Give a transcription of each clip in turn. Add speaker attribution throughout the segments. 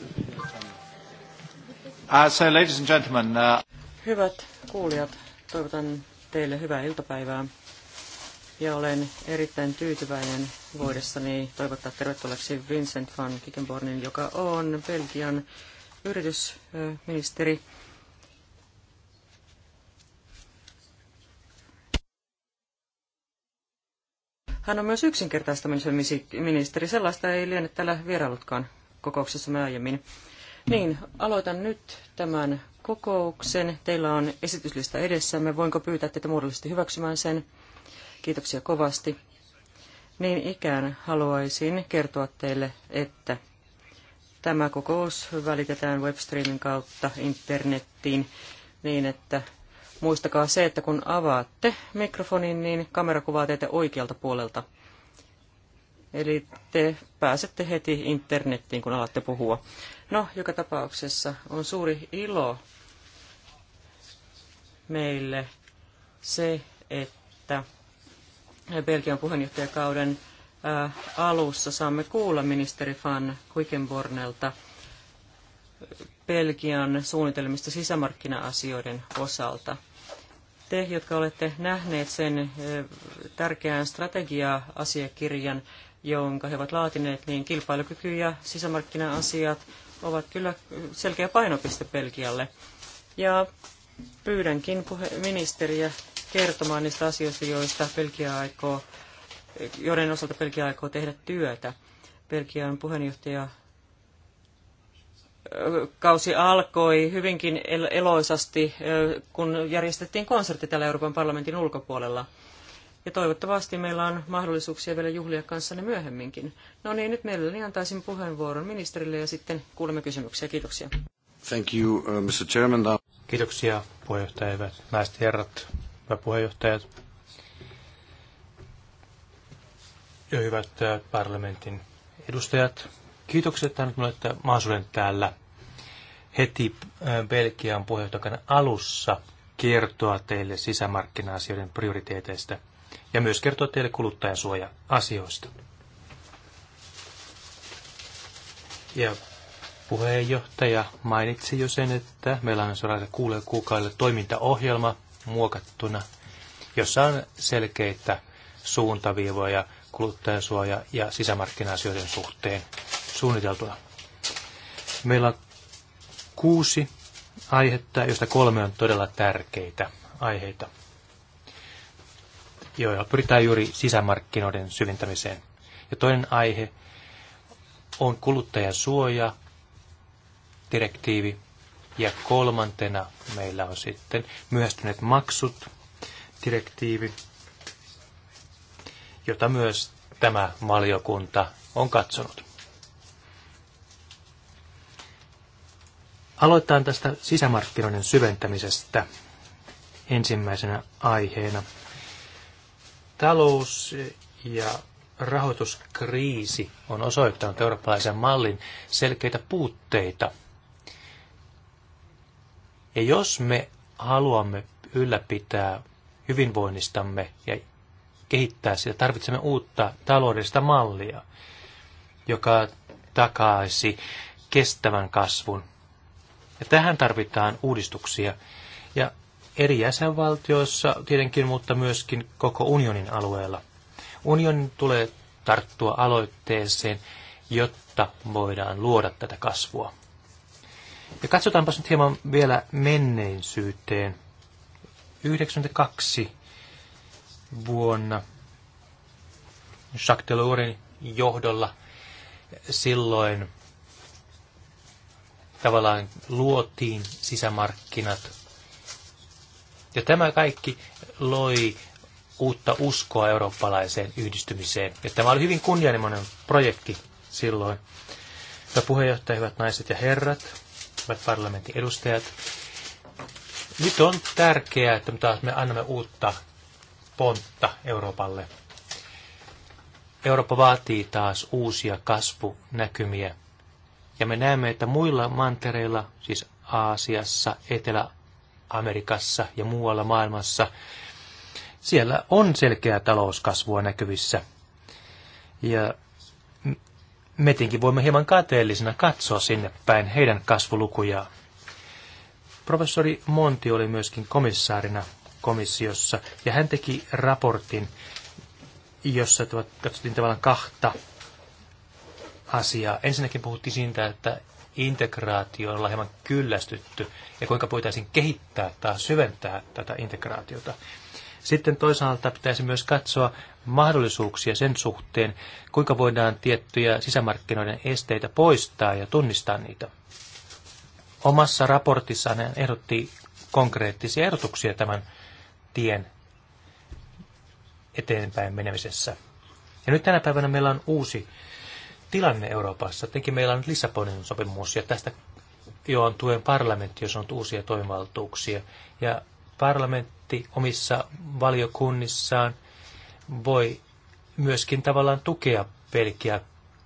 Speaker 1: Uh, uh,
Speaker 2: Hyvät kuulijat, toivotan teille hyvää iltapäivää. Ja olen erittäin tyytyväinen voidessani toivottaa tervetulleeksi Vincent van Kickenbornin, joka on Belgian yritysministeri. Hän on myös yksinkertaistamisen ministeri. Sellaista ei liene täällä vierailutkaan kokouksessa aiemmin. Niin, aloitan nyt tämän kokouksen. Teillä on esityslista edessämme. Voinko pyytää teitä muodollisesti hyväksymään sen? Kiitoksia kovasti. Niin ikään haluaisin kertoa teille, että tämä kokous välitetään webstreamin kautta internettiin niin, että muistakaa se, että kun avaatte mikrofonin, niin kamera kuvaa teitä oikealta puolelta – Eli te pääsette heti internettiin, kun alatte puhua. No, joka tapauksessa on suuri ilo meille se, että Belgian puheenjohtajakauden äh, alussa saamme kuulla ministeri Van Quickenbornelta Belgian suunnitelmista sisämarkkina-asioiden osalta. Te, jotka olette nähneet sen äh, tärkeän strategia-asiakirjan, jonka he ovat laatineet, niin kilpailukyky ja sisämarkkina-asiat ovat kyllä selkeä painopiste Belgialle. Ja pyydänkin ministeriä kertomaan niistä asioista, joista Belgia aikoo, joiden osalta Belgia aikoo tehdä työtä. Belgian puheenjohtaja kausi alkoi hyvinkin eloisasti, kun järjestettiin konsertti täällä Euroopan parlamentin ulkopuolella – ja toivottavasti meillä on mahdollisuuksia vielä juhlia kanssanne myöhemminkin. No niin, nyt mielelläni antaisin puheenvuoron ministerille ja sitten kuulemme kysymyksiä. Kiitoksia.
Speaker 1: Thank you, uh, Mr. Chairman. Kiitoksia
Speaker 3: puheenjohtaja, hyvät naiset herrat, hyvät puheenjohtajat ja hyvät uh, parlamentin edustajat. Kiitokset tänne minulle, että mahdollisuuden täällä heti uh, Belgian puheenjohtajan alussa kertoa teille sisämarkkina-asioiden prioriteeteista – ja myös kertoa teille kuluttajansuoja-asioista. Ja puheenjohtaja mainitsi jo sen, että meillä on sellainen kuulee kuukaudelle toimintaohjelma muokattuna, jossa on selkeitä suuntaviivoja kuluttajansuoja- ja sisämarkkina-asioiden suhteen suunniteltuna. Meillä on kuusi aihetta, joista kolme on todella tärkeitä aiheita joilla pyritään juuri sisämarkkinoiden syventämiseen. Ja toinen aihe on kuluttajasuoja, direktiivi. Ja kolmantena meillä on sitten myöhästyneet maksut, direktiivi, jota myös tämä valiokunta on katsonut. Aloitetaan tästä sisämarkkinoiden syventämisestä ensimmäisenä aiheena. Talous ja rahoituskriisi on osoittanut eurooppalaisen mallin selkeitä puutteita. Ja jos me haluamme ylläpitää hyvinvoinnistamme ja kehittää sitä, tarvitsemme uutta taloudellista mallia, joka takaisi kestävän kasvun. Ja tähän tarvitaan uudistuksia eri jäsenvaltioissa tietenkin, mutta myöskin koko unionin alueella. Unionin tulee tarttua aloitteeseen, jotta voidaan luoda tätä kasvua. Ja katsotaanpa nyt hieman vielä menneisyyteen. 92 vuonna Jacques Delorsin johdolla silloin tavallaan luotiin sisämarkkinat ja tämä kaikki loi uutta uskoa eurooppalaiseen yhdistymiseen. Ja tämä oli hyvin kunnianhimoinen projekti silloin. Hyvä puheenjohtaja, hyvät naiset ja herrat, hyvät parlamentin edustajat. Nyt on tärkeää, että me annamme uutta pontta Euroopalle. Eurooppa vaatii taas uusia kasvunäkymiä. Ja me näemme, että muilla mantereilla, siis Aasiassa, Etelä- Amerikassa ja muualla maailmassa, siellä on selkeää talouskasvua näkyvissä. Ja metinkin voimme hieman kateellisena katsoa sinne päin heidän kasvulukujaan. Professori Monti oli myöskin komissaarina komissiossa, ja hän teki raportin, jossa katsottiin tavallaan kahta asiaa. Ensinnäkin puhuttiin siitä, että integraatioon hieman kyllästytty ja kuinka voitaisiin kehittää tai syventää tätä integraatiota. Sitten toisaalta pitäisi myös katsoa mahdollisuuksia sen suhteen, kuinka voidaan tiettyjä sisämarkkinoiden esteitä poistaa ja tunnistaa niitä. Omassa raportissaan hän ehdotti konkreettisia ehdotuksia tämän tien eteenpäin menemisessä. Ja nyt tänä päivänä meillä on uusi tilanne Euroopassa. Tietenkin meillä on nyt Lissabonin sopimus ja tästä on tuen parlamentti, jos on uusia toimivaltuuksia. Ja parlamentti omissa valiokunnissaan voi myöskin tavallaan tukea pelkiä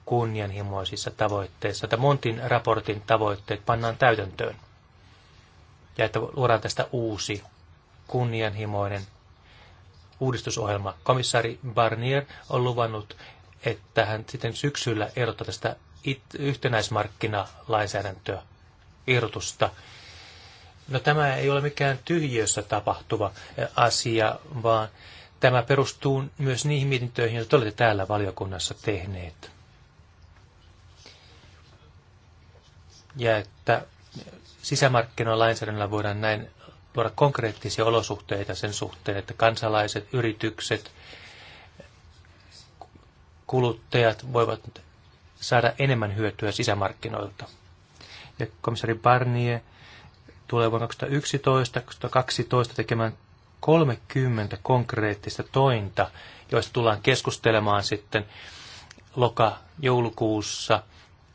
Speaker 3: kunnianhimoisissa tavoitteissa, että Montin raportin tavoitteet pannaan täytäntöön. Ja että luodaan tästä uusi kunnianhimoinen uudistusohjelma. Komissaari Barnier on luvannut että hän sitten syksyllä ehdottaa tästä it- yhtenäismarkkinalainsäädäntöä, irrotusta. No tämä ei ole mikään tyhjiössä tapahtuva asia, vaan tämä perustuu myös niihin mietintöihin, joita olette täällä valiokunnassa tehneet. Ja että sisämarkkinalainsäädännöllä voidaan näin luoda konkreettisia olosuhteita sen suhteen, että kansalaiset, yritykset kuluttajat voivat saada enemmän hyötyä sisämarkkinoilta. Ja komissari Barnier tulee vuonna 2011-2012 tekemään 30 konkreettista tointa, joista tullaan keskustelemaan sitten loka-joulukuussa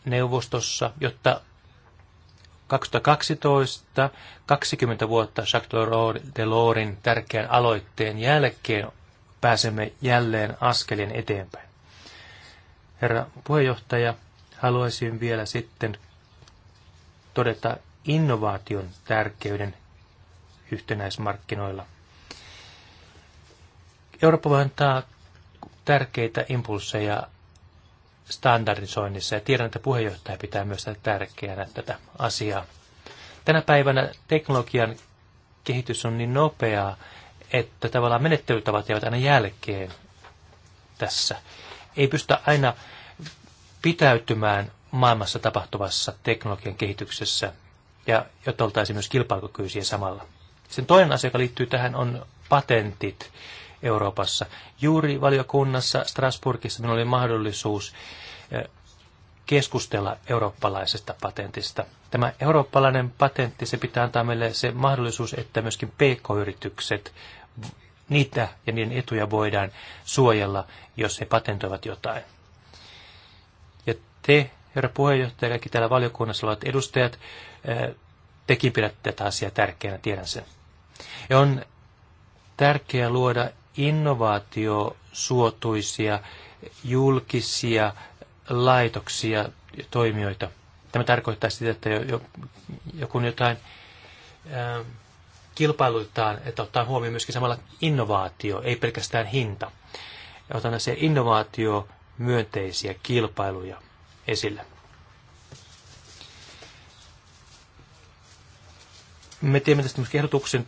Speaker 3: neuvostossa, jotta 2012, 20 vuotta Jacques Delorsin tärkeän aloitteen jälkeen pääsemme jälleen askelien eteenpäin. Herra puheenjohtaja, haluaisin vielä sitten todeta innovaation tärkeyden yhtenäismarkkinoilla. Eurooppa voi antaa tärkeitä impulseja standardisoinnissa ja tiedän, että puheenjohtaja pitää myös tärkeänä tätä asiaa. Tänä päivänä teknologian kehitys on niin nopeaa, että tavallaan menettelytavat jäävät aina jälkeen tässä ei pystytä aina pitäytymään maailmassa tapahtuvassa teknologian kehityksessä, ja jotta oltaisiin myös kilpailukykyisiä samalla. Sen toinen asia, joka liittyy tähän, on patentit Euroopassa. Juuri valiokunnassa Strasbourgissa minulla oli mahdollisuus eh, keskustella eurooppalaisesta patentista. Tämä eurooppalainen patentti, se pitää antaa meille se mahdollisuus, että myöskin pk-yritykset niitä ja niiden etuja voidaan suojella, jos he patentoivat jotain. Ja te, herra puheenjohtaja, kaikki täällä valiokunnassa olevat edustajat, tekin pidätte tätä asiaa tärkeänä, tiedän sen. Ja on tärkeää luoda innovaatiosuotuisia julkisia laitoksia ja toimijoita. Tämä tarkoittaa sitä, että kun jotain kilpailutetaan, että ottaa huomioon myöskin samalla innovaatio, ei pelkästään hinta. Ja otan se innovaatio myönteisiä kilpailuja esille. Me teemme tästä myöskin ehdotuksen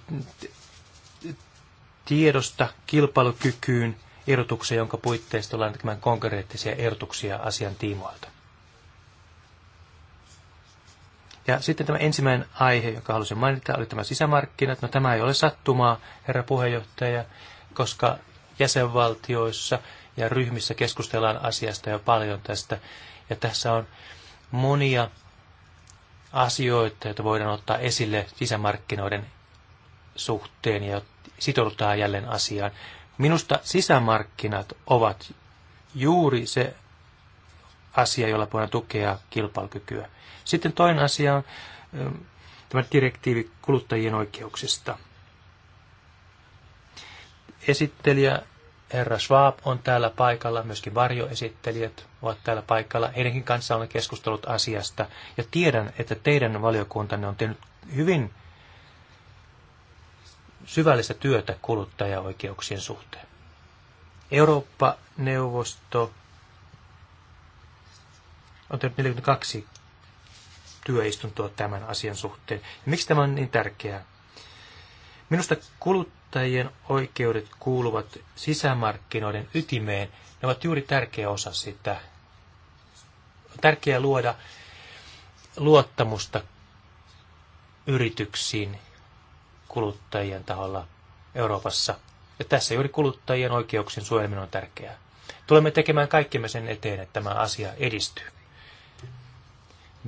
Speaker 3: tiedosta kilpailukykyyn, ehdotuksen, jonka puitteista ollaan tekemään konkreettisia ehdotuksia asian tiimoilta. Ja sitten tämä ensimmäinen aihe, jonka halusin mainita, oli tämä sisämarkkinat. No tämä ei ole sattumaa, herra puheenjohtaja, koska jäsenvaltioissa ja ryhmissä keskustellaan asiasta jo paljon tästä. Ja tässä on monia asioita, joita voidaan ottaa esille sisämarkkinoiden suhteen ja sitoudutaan jälleen asiaan. Minusta sisämarkkinat ovat juuri se asia, jolla voidaan tukea kilpailukykyä. Sitten toinen asia on ähm, tämä direktiivi kuluttajien oikeuksista. Esittelijä herra Schwab on täällä paikalla, myöskin varjoesittelijät ovat täällä paikalla. Heidänkin kanssa olen keskustellut asiasta ja tiedän, että teidän valiokuntanne on tehnyt hyvin syvällistä työtä kuluttajaoikeuksien suhteen. Eurooppa-neuvosto on tehnyt 42 työistuntoa tämän asian suhteen. Ja miksi tämä on niin tärkeää? Minusta kuluttajien oikeudet kuuluvat sisämarkkinoiden ytimeen. Ne ovat juuri tärkeä osa sitä. On tärkeää luoda luottamusta yrityksiin kuluttajien taholla Euroopassa. Ja tässä juuri kuluttajien oikeuksien suojeleminen on tärkeää. Tulemme tekemään kaikkemme sen eteen, että tämä asia edistyy.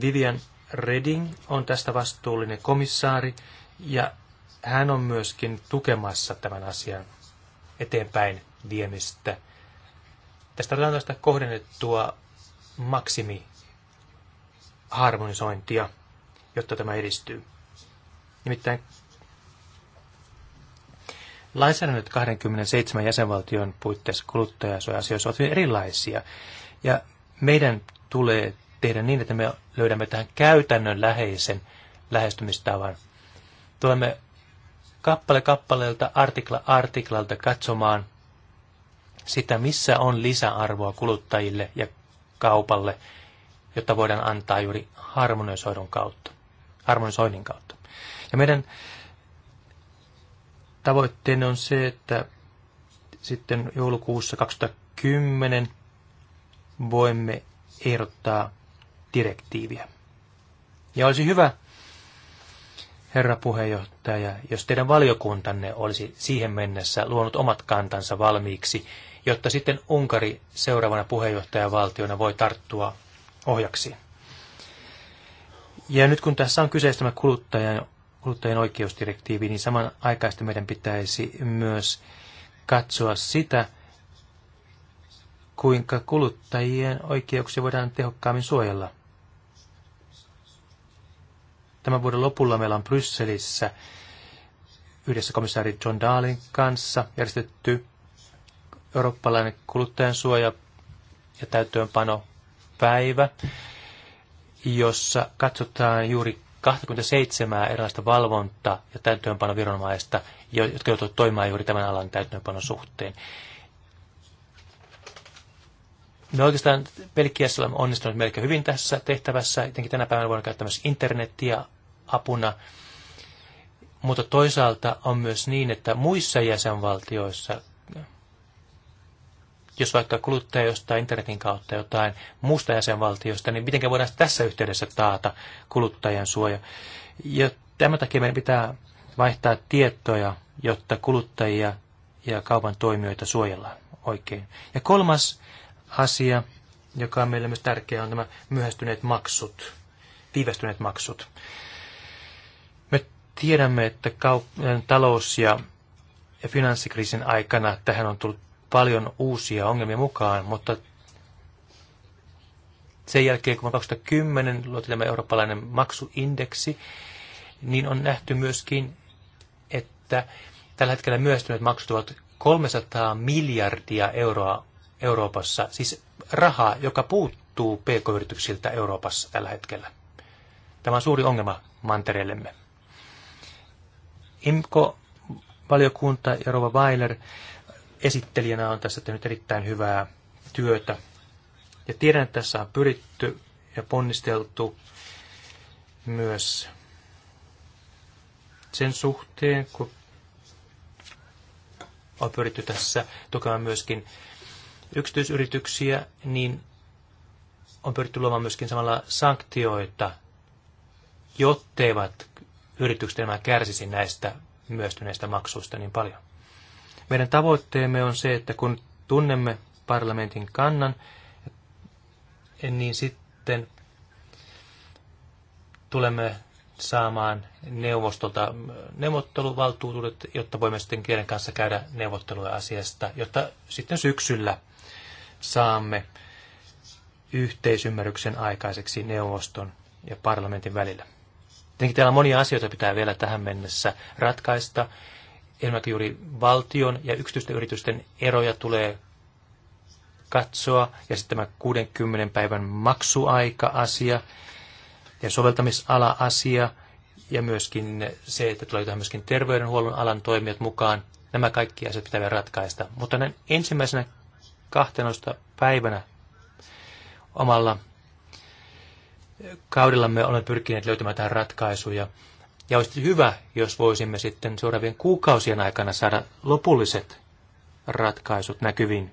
Speaker 3: Vivian Redding on tästä vastuullinen komissaari ja hän on myöskin tukemassa tämän asian eteenpäin viemistä. Tästä on tästä kohdennettua maksimiharmonisointia, jotta tämä edistyy. Nimittäin lainsäädännöt 27 jäsenvaltion puitteissa kuluttajasuoja-asioissa ovat hyvin erilaisia. Ja meidän tulee tehdä niin, että me löydämme tähän käytännön läheisen lähestymistavan. Tulemme kappale kappaleelta, artikla artiklalta katsomaan sitä, missä on lisäarvoa kuluttajille ja kaupalle, jotta voidaan antaa juuri harmonisoidun kautta, harmonisoinnin kautta. Ja meidän tavoitteena on se, että sitten joulukuussa 2010 voimme ehdottaa direktiiviä. Ja olisi hyvä, herra puheenjohtaja, jos teidän valiokuntanne olisi siihen mennessä luonut omat kantansa valmiiksi, jotta sitten Unkari seuraavana puheenjohtajavaltiona voi tarttua ohjaksiin. Ja nyt kun tässä on kyseessä tämä kuluttajan, kuluttajien oikeusdirektiivi, niin samanaikaisesti meidän pitäisi myös katsoa sitä, kuinka kuluttajien oikeuksia voidaan tehokkaammin suojella – Tämän vuoden lopulla meillä on Brysselissä yhdessä komissaari John Dahlin kanssa järjestetty eurooppalainen kuluttajansuoja ja täytöönpanopäivä, jossa katsotaan juuri 27 erilaista valvonta- ja täytöönpanoviranomaista, jotka joutuvat toimimaan juuri tämän alan täytöönpanon suhteen. Me oikeastaan Belgiassa olemme onnistuneet melkein hyvin tässä tehtävässä. Etenkin tänä päivänä voidaan käyttää myös internetiä apuna. Mutta toisaalta on myös niin, että muissa jäsenvaltioissa, jos vaikka kuluttaja jostain internetin kautta jotain muusta jäsenvaltiosta, niin miten voidaan tässä yhteydessä taata kuluttajan suoja. Ja tämän takia meidän pitää vaihtaa tietoja, jotta kuluttajia ja kaupan toimijoita suojellaan oikein. Ja kolmas asia, joka on meille myös tärkeä, on tämä myöhästyneet maksut, viivästyneet maksut. Tiedämme, että äh, talous- ja, ja finanssikriisin aikana tähän on tullut paljon uusia ongelmia mukaan, mutta sen jälkeen, kun 2010 luotiin tämä eurooppalainen maksuindeksi, niin on nähty myöskin, että tällä hetkellä myöstyneet maksut ovat 300 miljardia euroa Euroopassa, siis rahaa, joka puuttuu pk-yrityksiltä Euroopassa tällä hetkellä. Tämä on suuri ongelma mantereellemme imco valiokunta ja Rova Weiler esittelijänä on tässä tehnyt erittäin hyvää työtä. Ja tiedän, että tässä on pyritty ja ponnisteltu myös sen suhteen, kun on pyritty tässä tukemaan myöskin yksityisyrityksiä, niin on pyritty luomaan myöskin samalla sanktioita, jotteivät yritykset enemmän kärsisi näistä myöstyneistä maksuista niin paljon. Meidän tavoitteemme on se, että kun tunnemme parlamentin kannan, niin sitten tulemme saamaan neuvostolta neuvotteluvaltuutudet, jotta voimme sitten kielen kanssa käydä neuvotteluja asiasta, jotta sitten syksyllä saamme yhteisymmärryksen aikaiseksi neuvoston ja parlamentin välillä. Tietenkin täällä on monia asioita pitää vielä tähän mennessä ratkaista. Enemmänkin juuri valtion ja yksityisten yritysten eroja tulee katsoa. Ja sitten tämä 60 päivän maksuaika-asia ja soveltamisala-asia ja myöskin se, että tulee tähän myöskin terveydenhuollon alan toimijat mukaan. Nämä kaikki asiat pitää vielä ratkaista. Mutta näin ensimmäisenä 12 päivänä omalla kaudellamme olemme pyrkineet löytämään tähän ratkaisuja. Ja olisi hyvä, jos voisimme sitten seuraavien kuukausien aikana saada lopulliset ratkaisut näkyviin.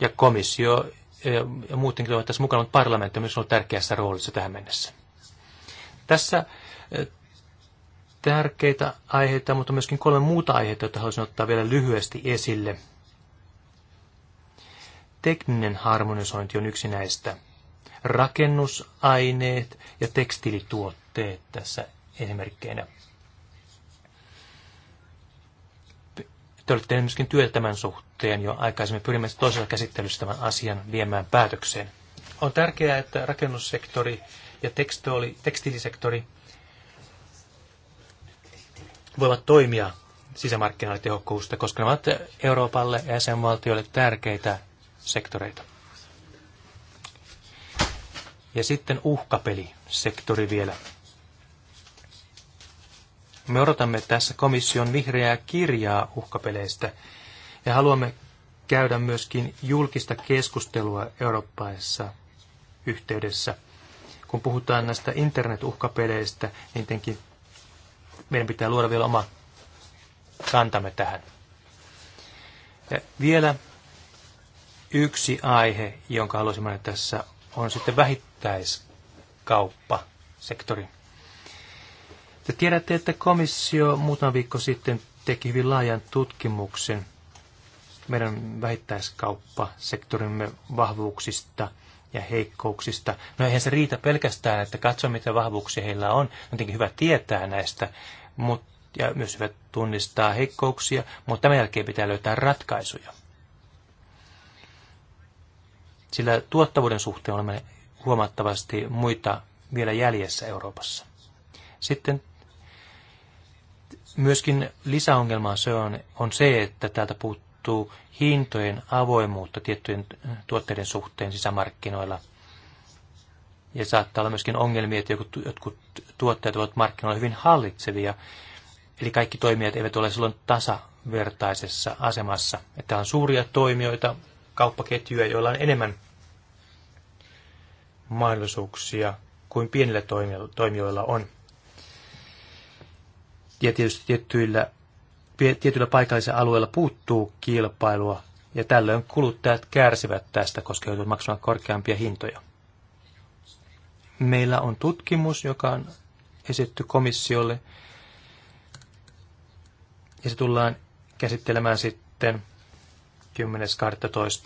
Speaker 3: Ja komissio eh, ja muutenkin ovat tässä mukana, mutta parlamentti on myös ollut tärkeässä roolissa tähän mennessä. Tässä eh, tärkeitä aiheita, mutta myöskin kolme muuta aihetta, joita haluaisin ottaa vielä lyhyesti esille. Tekninen harmonisointi on yksi näistä rakennusaineet ja tekstilituotteet tässä esimerkkeinä. Te olette tehneet myöskin työtä tämän suhteen jo aikaisemmin. Pyrimme toisella käsittelyssä tämän asian viemään päätökseen. On tärkeää, että rakennussektori ja tekstooli, tekstilisektori voivat toimia sisämarkkinoiden tehokkuusta, koska ne ovat Euroopalle ja valtiolle tärkeitä sektoreita. Ja sitten uhkapeli sektori vielä. Me odotamme tässä komission vihreää kirjaa uhkapeleistä ja haluamme käydä myöskin julkista keskustelua eurooppaissa yhteydessä. Kun puhutaan näistä internet-uhkapeleistä, niin tietenkin meidän pitää luoda vielä oma kantamme tähän. Ja vielä yksi aihe, jonka haluaisin mainita tässä, on sitten vähit vähittäiskauppasektori. Te tiedätte, että komissio muutama viikko sitten teki hyvin laajan tutkimuksen meidän vähittäiskauppasektorimme vahvuuksista ja heikkouksista. No eihän se riitä pelkästään, että katsoa mitä vahvuuksia heillä on. On tietenkin hyvä tietää näistä, mutta, ja myös hyvä tunnistaa heikkouksia, mutta tämän jälkeen pitää löytää ratkaisuja. Sillä tuottavuuden suhteen olemme huomattavasti muita vielä jäljessä Euroopassa. Sitten myöskin lisäongelma se on, on se, että täältä puuttuu hintojen avoimuutta tiettyjen tuotteiden suhteen sisämarkkinoilla. Ja saattaa olla myöskin ongelmia, että jotkut tuotteet ovat markkinoilla hyvin hallitsevia, eli kaikki toimijat eivät ole silloin tasavertaisessa asemassa. Että on suuria toimijoita, kauppaketjuja, joilla on enemmän mahdollisuuksia kuin pienillä toimijoilla on. Ja tietysti tiettyillä, tietyillä paikallisilla alueilla puuttuu kilpailua, ja tällöin kuluttajat kärsivät tästä, koska joutuvat maksamaan korkeampia hintoja. Meillä on tutkimus, joka on esitetty komissiolle, ja se tullaan käsittelemään sitten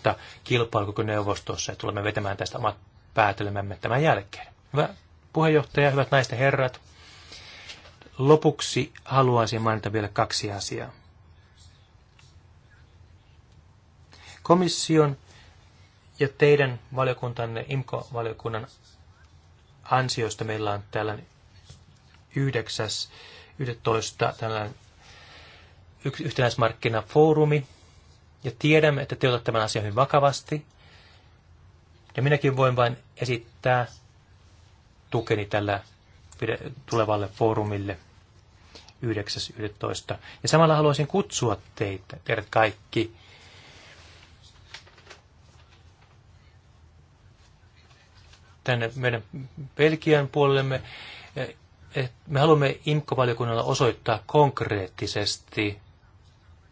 Speaker 3: 10.12. kilpailukykyneuvostossa ja tulemme vetämään tästä omat päätelmämme tämän jälkeen. Hyvä puheenjohtaja, hyvät naiset ja herrat. Lopuksi haluaisin mainita vielä kaksi asiaa. Komission ja teidän valiokuntanne, IMKO-valiokunnan ansiosta meillä on tällainen 9.11. tällainen yhtenäismarkkinafoorumi. Ja tiedämme, että te otatte tämän asian hyvin vakavasti. Ja minäkin voin vain esittää tukeni tällä tulevalle foorumille 9.11. Ja samalla haluaisin kutsua teitä, teidät kaikki, tänne meidän Belgian puolellemme. Eh, eh, me haluamme IMKO-valiokunnalla osoittaa konkreettisesti,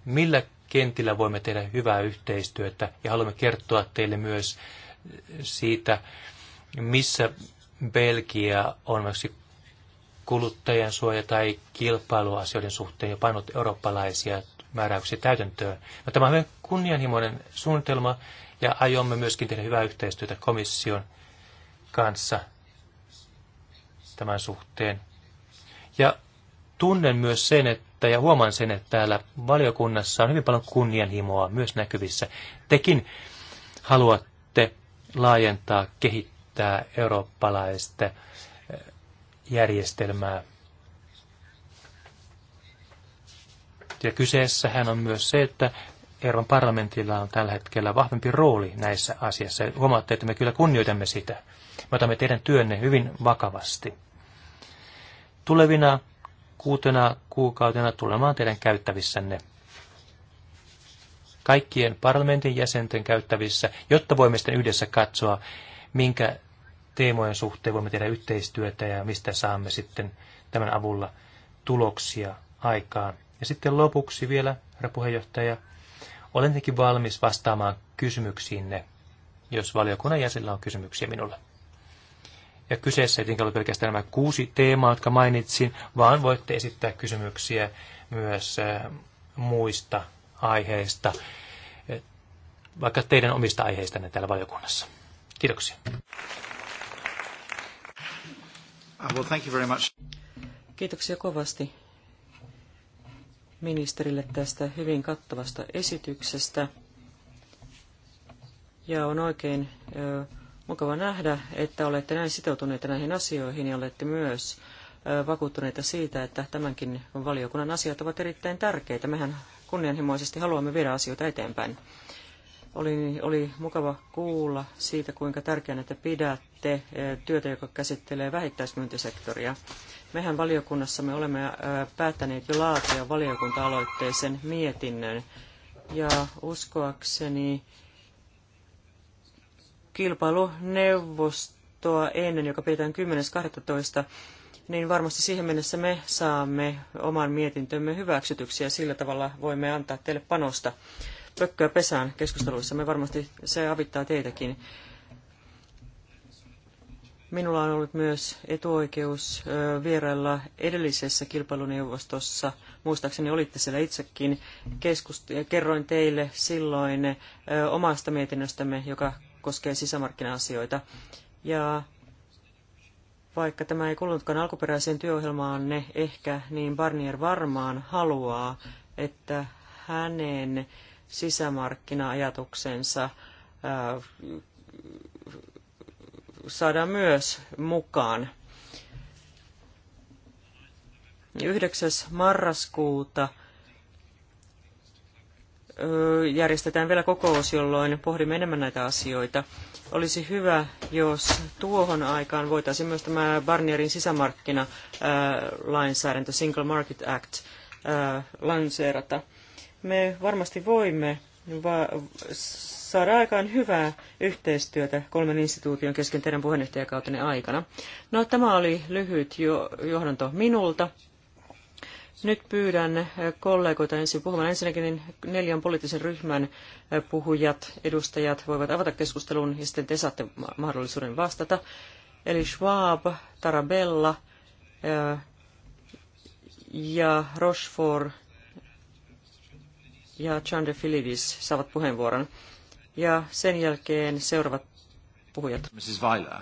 Speaker 3: millä kentillä voimme tehdä hyvää yhteistyötä ja haluamme kertoa teille myös siitä, missä Belgia on myös kuluttajan suoja tai kilpailuasioiden suhteen jo pannut eurooppalaisia määräyksiä täytäntöön. No, tämä on hyvin kunnianhimoinen suunnitelma ja aiomme myöskin tehdä hyvää yhteistyötä komission kanssa tämän suhteen. Ja tunnen myös sen, että ja huomaan sen, että täällä valiokunnassa on hyvin paljon kunnianhimoa myös näkyvissä. Tekin haluatte laajentaa, kehittää eurooppalaista eh, järjestelmää. Ja kyseessähän on myös se, että Euroopan parlamentilla on tällä hetkellä vahvempi rooli näissä asiassa. Huomaatte, että me kyllä kunnioitamme sitä. Me otamme teidän työnne hyvin vakavasti. Tulevina kuutena kuukautena tulemaan teidän käyttävissänne kaikkien parlamentin jäsenten käyttävissä, jotta voimme sitten yhdessä katsoa, minkä teemojen suhteen voimme tehdä yhteistyötä ja mistä saamme sitten tämän avulla tuloksia aikaan. Ja sitten lopuksi vielä, herra puheenjohtaja, olen tietenkin valmis vastaamaan kysymyksiinne, jos valiokunnan jäsenillä on kysymyksiä minulle. Ja kyseessä ei tietenkään ole pelkästään nämä kuusi teemaa, jotka mainitsin, vaan voitte esittää kysymyksiä myös äh, muista aiheista, eh, vaikka teidän omista aiheistanne täällä valiokunnassa. Kiitoksia.
Speaker 1: Uh, well, thank you very much.
Speaker 2: Kiitoksia kovasti ministerille tästä hyvin kattavasta esityksestä. Ja on oikein ö, mukava nähdä, että olette näin sitoutuneita näihin asioihin ja olette myös ö, vakuuttuneita siitä, että tämänkin valiokunnan asiat ovat erittäin tärkeitä. Mehän kunnianhimoisesti haluamme viedä asioita eteenpäin. Oli, oli mukava kuulla siitä, kuinka tärkeänä te pidätte eh, työtä, joka käsittelee vähittäismyyntisektoria. Mehän valiokunnassamme olemme eh, päättäneet jo laatia valiokunta-aloitteisen mietinnön, ja uskoakseni kilpailuneuvostoa ennen, joka pidetään 10.12 niin varmasti siihen mennessä me saamme oman mietintömme ja Sillä tavalla voimme antaa teille panosta pökköä pesään keskusteluissa. Me varmasti se avittaa teitäkin. Minulla on ollut myös etuoikeus vierailla edellisessä kilpailuneuvostossa. Muistaakseni olitte siellä itsekin. Keskust- kerroin teille silloin omasta mietinnöstämme, joka koskee sisämarkkina-asioita. Ja vaikka tämä ei kuulunutkaan alkuperäiseen työohjelmaan, ne ehkä, niin Barnier varmaan haluaa, että hänen sisämarkkina-ajatuksensa äh, saadaan myös mukaan. 9. marraskuuta järjestetään vielä kokous, jolloin pohdimme enemmän näitä asioita. Olisi hyvä, jos tuohon aikaan voitaisiin myös tämä Barnierin sisämarkkinalainsäädäntö, Single Market Act, äh, lanseerata. Me varmasti voimme saada aikaan hyvää yhteistyötä kolmen instituution kesken teidän puheenjohtajakautenne aikana. No, tämä oli lyhyt jo- johdanto minulta. Nyt pyydän äh, kollegoita ensin puhumaan. Ensinnäkin niin neljän poliittisen ryhmän äh, puhujat, edustajat voivat avata keskustelun ja sitten te saatte mahdollisuuden vastata. Eli Schwab, Tarabella äh, ja Rochefort ja Chande saavat puheenvuoron. Ja sen jälkeen seuraavat puhujat. Mrs. Weiler,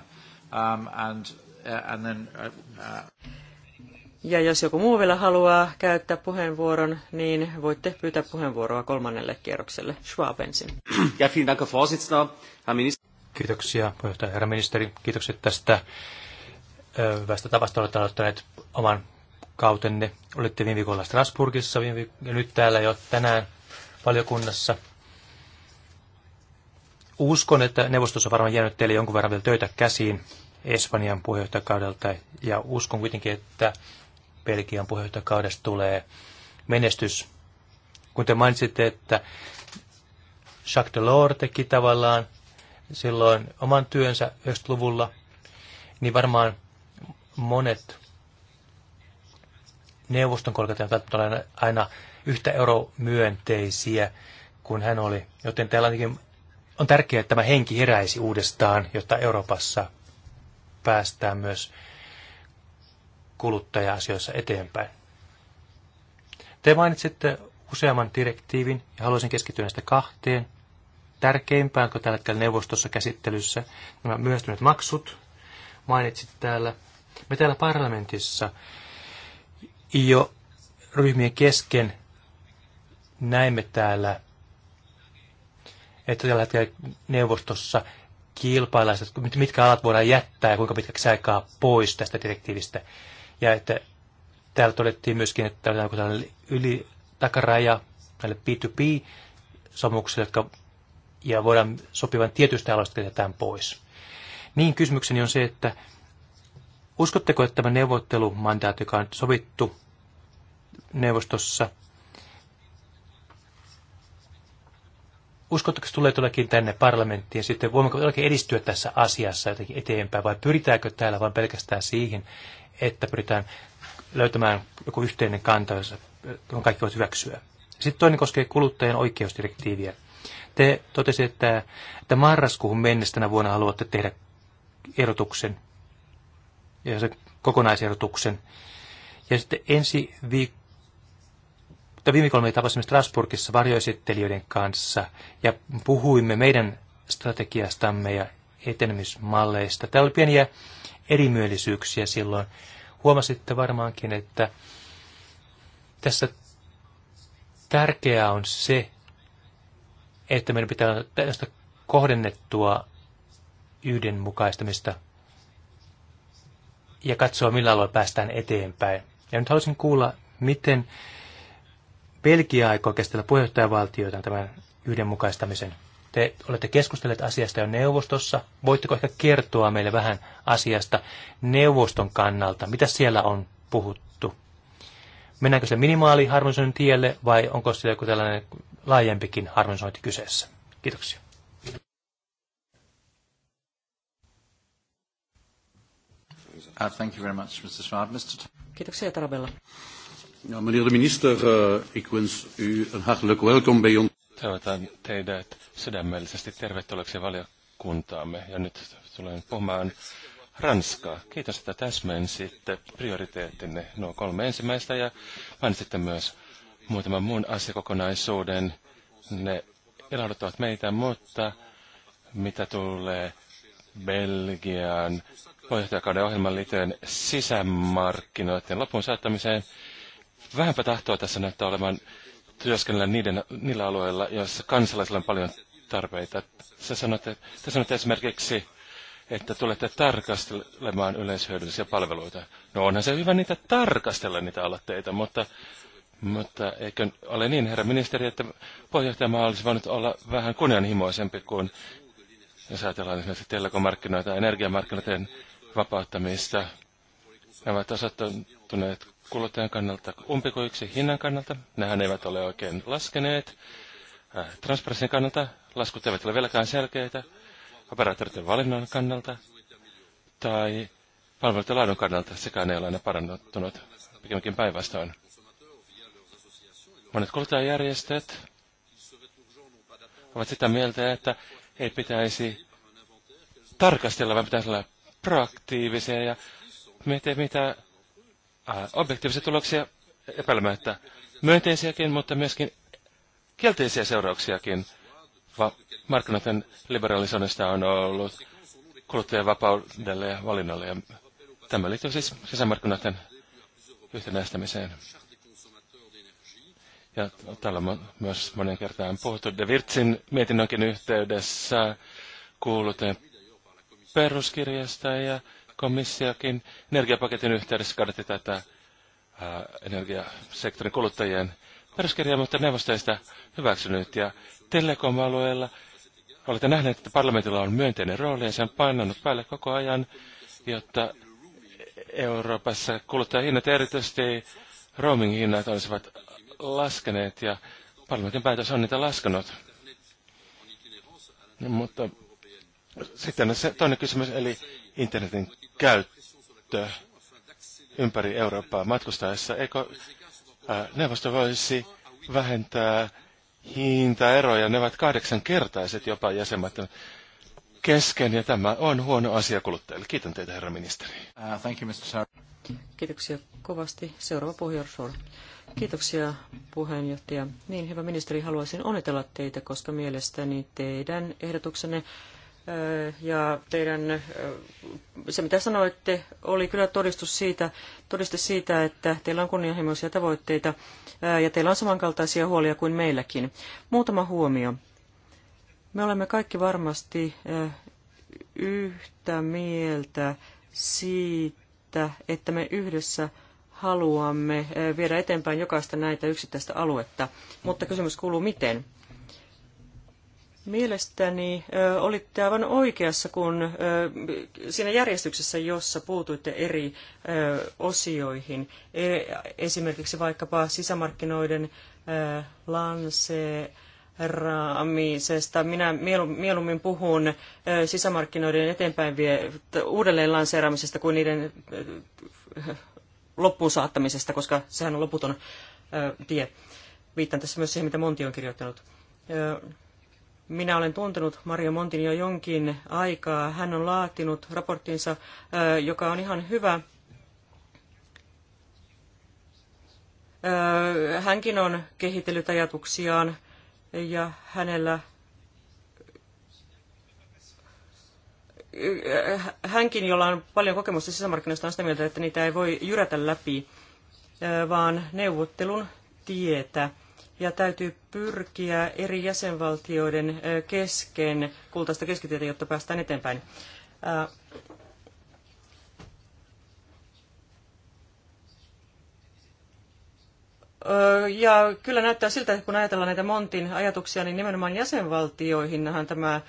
Speaker 2: um, and, uh, and then, uh, uh... Ja jos joku muu vielä haluaa käyttää puheenvuoron, niin voitte pyytää puheenvuoroa kolmannelle kierrokselle. Schwab ensin.
Speaker 3: Ja, vielen Dank, Kiitoksia, puheenjohtaja herra ministeri. Kiitokset tästä hyvästä tavasta. Olette aloittaneet oman kautenne. Olette viime viikolla Strasbourgissa viime viik- ja nyt täällä jo tänään valiokunnassa. Uskon, että neuvostossa on varmaan jäänyt teille jonkun verran vielä töitä käsiin Espanjan puheenjohtajakaudelta ja uskon kuitenkin, että Belgian puheenjohtajakaudesta tulee menestys. Kun te mainitsitte, että Jacques Delors teki tavallaan silloin oman työnsä 90-luvulla, niin varmaan monet neuvoston kolkat eivät aina yhtä euromyönteisiä kuin hän oli. Joten täällä on tärkeää, että tämä henki heräisi uudestaan, jotta Euroopassa päästään myös kuluttaja-asioissa eteenpäin. Te mainitsitte useamman direktiivin ja haluaisin keskittyä näistä kahteen. Tärkeimpään, kun tällä hetkellä neuvostossa käsittelyssä nämä myöhästyneet maksut mainitsit täällä. Me täällä parlamentissa jo ryhmien kesken näemme täällä, että tällä hetkellä neuvostossa kilpaillaan, mitkä alat voidaan jättää ja kuinka pitkäksi aikaa pois tästä direktiivistä. Ja että täällä todettiin myöskin, että on tällainen yli takaraja näille B2B-sopimuksille, jotka ja voidaan sopivan tietystä aloista jätetään pois. Niin kysymykseni on se, että uskotteko, että tämä neuvottelumandaat, joka on sovittu neuvostossa, uskotteko, että tulee todellakin tänne parlamenttiin sitten, voimmeko todellakin edistyä tässä asiassa jotenkin eteenpäin vai pyritäänkö täällä vain pelkästään siihen, että pyritään löytämään joku yhteinen kanta, jossa kaikki voivat hyväksyä. Sitten toinen koskee kuluttajan oikeusdirektiiviä. Te totesitte, että, että marraskuuhun mennessä tänä vuonna haluatte tehdä erotuksen, ja se kokonaiserotuksen. Ja sitten ensi viikko, mutta viime kolme tapasimme Strasbourgissa varjoesittelijöiden kanssa ja puhuimme meidän strategiastamme ja etenemismalleista. Täällä oli pieniä erimielisyyksiä silloin. Huomasitte varmaankin, että tässä tärkeää on se, että meidän pitää tästä kohdennettua yhdenmukaistamista ja katsoa, millä alueella päästään eteenpäin. Ja nyt haluaisin kuulla, miten Belgia aikoo kestellä puheenjohtajavaltioita tämän yhdenmukaistamisen te olette keskustelleet asiasta jo neuvostossa. Voitteko ehkä kertoa meille vähän asiasta neuvoston kannalta? Mitä siellä on puhuttu? Mennäänkö se minimaaliharmonisoinnin tielle vai onko siellä joku tällainen laajempikin harmonisointi kyseessä? Kiitoksia.
Speaker 1: Uh, thank you very much, Mr. Schwab. Mr.
Speaker 2: Kiitoksia, Tarabella.
Speaker 1: Ja, meneer de minister, uh, ik wens u een hartelijk welkom bij ons.
Speaker 4: Toivotan teidät sydämellisesti tervetulleeksi valiokuntaamme. Ja nyt tulen puhumaan Ranskaa. Kiitos, että täsmensitte prioriteettinne nuo kolme ensimmäistä ja mainitsitte myös muutaman muun asiakokonaisuuden. Ne ilahduttavat meitä, mutta mitä tulee Belgian puheenjohtajakauden ohjelman liittyen sisämarkkinoiden lopun saattamiseen, vähänpä tahtoa tässä näyttää olevan työskennellä niiden, niillä alueilla, joissa kansalaisilla on paljon tarpeita. Sä sanotte, te sanotte esimerkiksi, että tulette tarkastelemaan yleishyödyllisiä palveluita. No onhan se hyvä niitä tarkastella niitä aloitteita, mutta, mutta eikö ole niin, herra ministeri, että puheenjohtajamaa olisi voinut olla vähän kunnianhimoisempi kuin, jos ajatellaan esimerkiksi telekomarkkinoita, energiamarkkinoiden vapauttamista. Nämä ovat osoittaneet kuluttajan kannalta, umpiko yksi hinnan kannalta, nehän eivät ole oikein laskeneet. Äh, transparenssin kannalta laskut eivät ole vieläkään selkeitä. Operaattoreiden valinnan kannalta tai palveluiden laadun kannalta sekään ei ole aina parannuttunut, pikemminkin päinvastoin. Monet kuluttajajärjestöt ovat sitä mieltä, että ei pitäisi tarkastella, vaan pitäisi olla proaktiivisia ja miettiä, mitä Äh, objektiivisia tuloksia epäilemättä myönteisiäkin, mutta myöskin kielteisiä seurauksiakin va- markkinoiden liberalisoinnista on ollut kuluttajien vapaudelle ja valinnalle. Ja tämä liittyy siis sisämarkkinoiden yhtenäistämiseen. Ja täällä on myös monen kertaan puhuttu De Virtsin mietinnönkin yhteydessä kuuluten peruskirjasta ja komissiokin energiapaketin yhteydessä kadotti tätä ää, energiasektorin kuluttajien peruskirjaa, mutta neuvosto ei sitä hyväksynyt. Ja telekom-alueella olette nähneet, että parlamentilla on myönteinen rooli ja se on painanut päälle koko ajan, jotta Euroopassa kuluttajahinnat erityisesti roaming-hinnat olisivat laskeneet ja parlamentin päätös on niitä laskenut. Mutta sitten se toinen kysymys, eli internetin käyttö ympäri Eurooppaa matkustaessa. Eikö neuvosto voisi vähentää hintaeroja? Ne ovat kahdeksankertaiset jopa jäsenmaat kesken, ja tämä on huono asia kuluttajille. Kiitän teitä, herra ministeri.
Speaker 2: Uh, Kiitoksia kovasti. Seuraava puheenjohtaja. Kiitoksia puheenjohtaja. Niin, hyvä ministeri, haluaisin onnitella teitä, koska mielestäni teidän ehdotuksenne ja teidän, se mitä sanoitte, oli kyllä todistus siitä, todiste siitä, että teillä on kunnianhimoisia tavoitteita ja teillä on samankaltaisia huolia kuin meilläkin. Muutama huomio. Me olemme kaikki varmasti yhtä mieltä siitä, että me yhdessä haluamme viedä eteenpäin jokaista näitä yksittäistä aluetta, mutta kysymys kuuluu miten. Mielestäni ö, olitte aivan oikeassa, kun ö, siinä järjestyksessä, jossa puutuitte eri ö, osioihin, e, esimerkiksi vaikkapa sisämarkkinoiden ö, lanseeraamisesta. Minä mielu, mieluummin puhun ö, sisämarkkinoiden eteenpäin vie, uudelleen lanseeraamisesta kuin niiden loppuun saattamisesta, koska sehän on loputon ö, tie. Viittaan tässä myös siihen, mitä Monti on kirjoittanut. Ö, minä olen tuntenut Mario Montin jo jonkin aikaa. Hän on laatinut raporttinsa, joka on ihan hyvä. Hänkin on kehitellyt ajatuksiaan ja hänellä hänkin, jolla on paljon kokemusta sisämarkkinoista, on sitä mieltä, että niitä ei voi jyrätä läpi, vaan neuvottelun tietä ja täytyy pyrkiä eri jäsenvaltioiden kesken kultaista keskitietä, jotta päästään eteenpäin. Ja kyllä näyttää siltä, että kun ajatellaan näitä Montin ajatuksia, niin nimenomaan jäsenvaltioihinhan tämä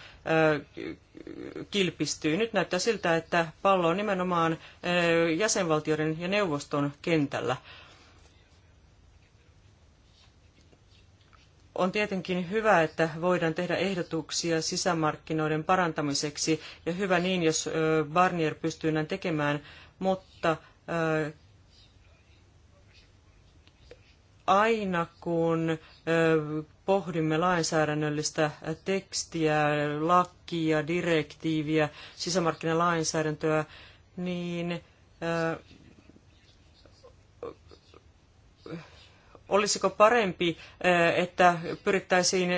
Speaker 2: kilpistyy. Nyt näyttää siltä, että pallo on nimenomaan jäsenvaltioiden ja neuvoston kentällä on tietenkin hyvä, että voidaan tehdä ehdotuksia sisämarkkinoiden parantamiseksi, ja hyvä niin, jos Barnier pystyy näin tekemään, mutta aina kun pohdimme lainsäädännöllistä tekstiä, lakia, direktiiviä, sisämarkkinalainsäädäntöä, niin Olisiko parempi, eh, että pyrittäisiin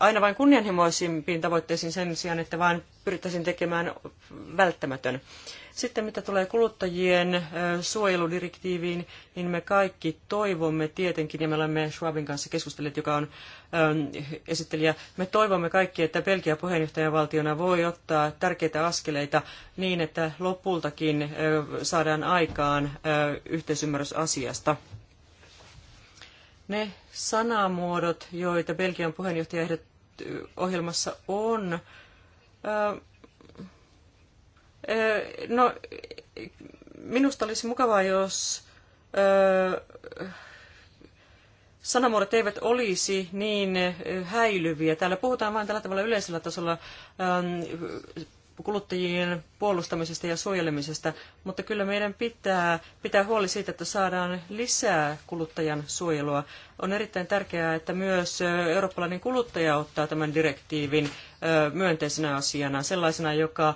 Speaker 2: aina vain kunnianhimoisimpiin tavoitteisiin sen sijaan, että vain pyrittäisiin tekemään välttämätön? Sitten mitä tulee kuluttajien eh, suojeludirektiiviin, niin me kaikki toivomme tietenkin, ja me olemme Schwabin kanssa keskustelleet, joka on ehm, esittelijä, me toivomme kaikki, että Belgia puheenjohtajavaltiona voi ottaa tärkeitä askeleita niin, että lopultakin eh, saadaan aikaan yhteisymmärrys asiasta. Ne sanamuodot, joita Belgian puheenjohtaja ohjelmassa on, no, minusta olisi mukavaa, jos sanamuodot eivät olisi niin häilyviä. Täällä puhutaan vain tällä tavalla yleisellä tasolla kuluttajien puolustamisesta ja suojelemisesta, mutta kyllä meidän pitää pitää huoli siitä, että saadaan lisää kuluttajan suojelua. On erittäin tärkeää, että myös eurooppalainen kuluttaja ottaa tämän direktiivin myönteisenä asiana, sellaisena, joka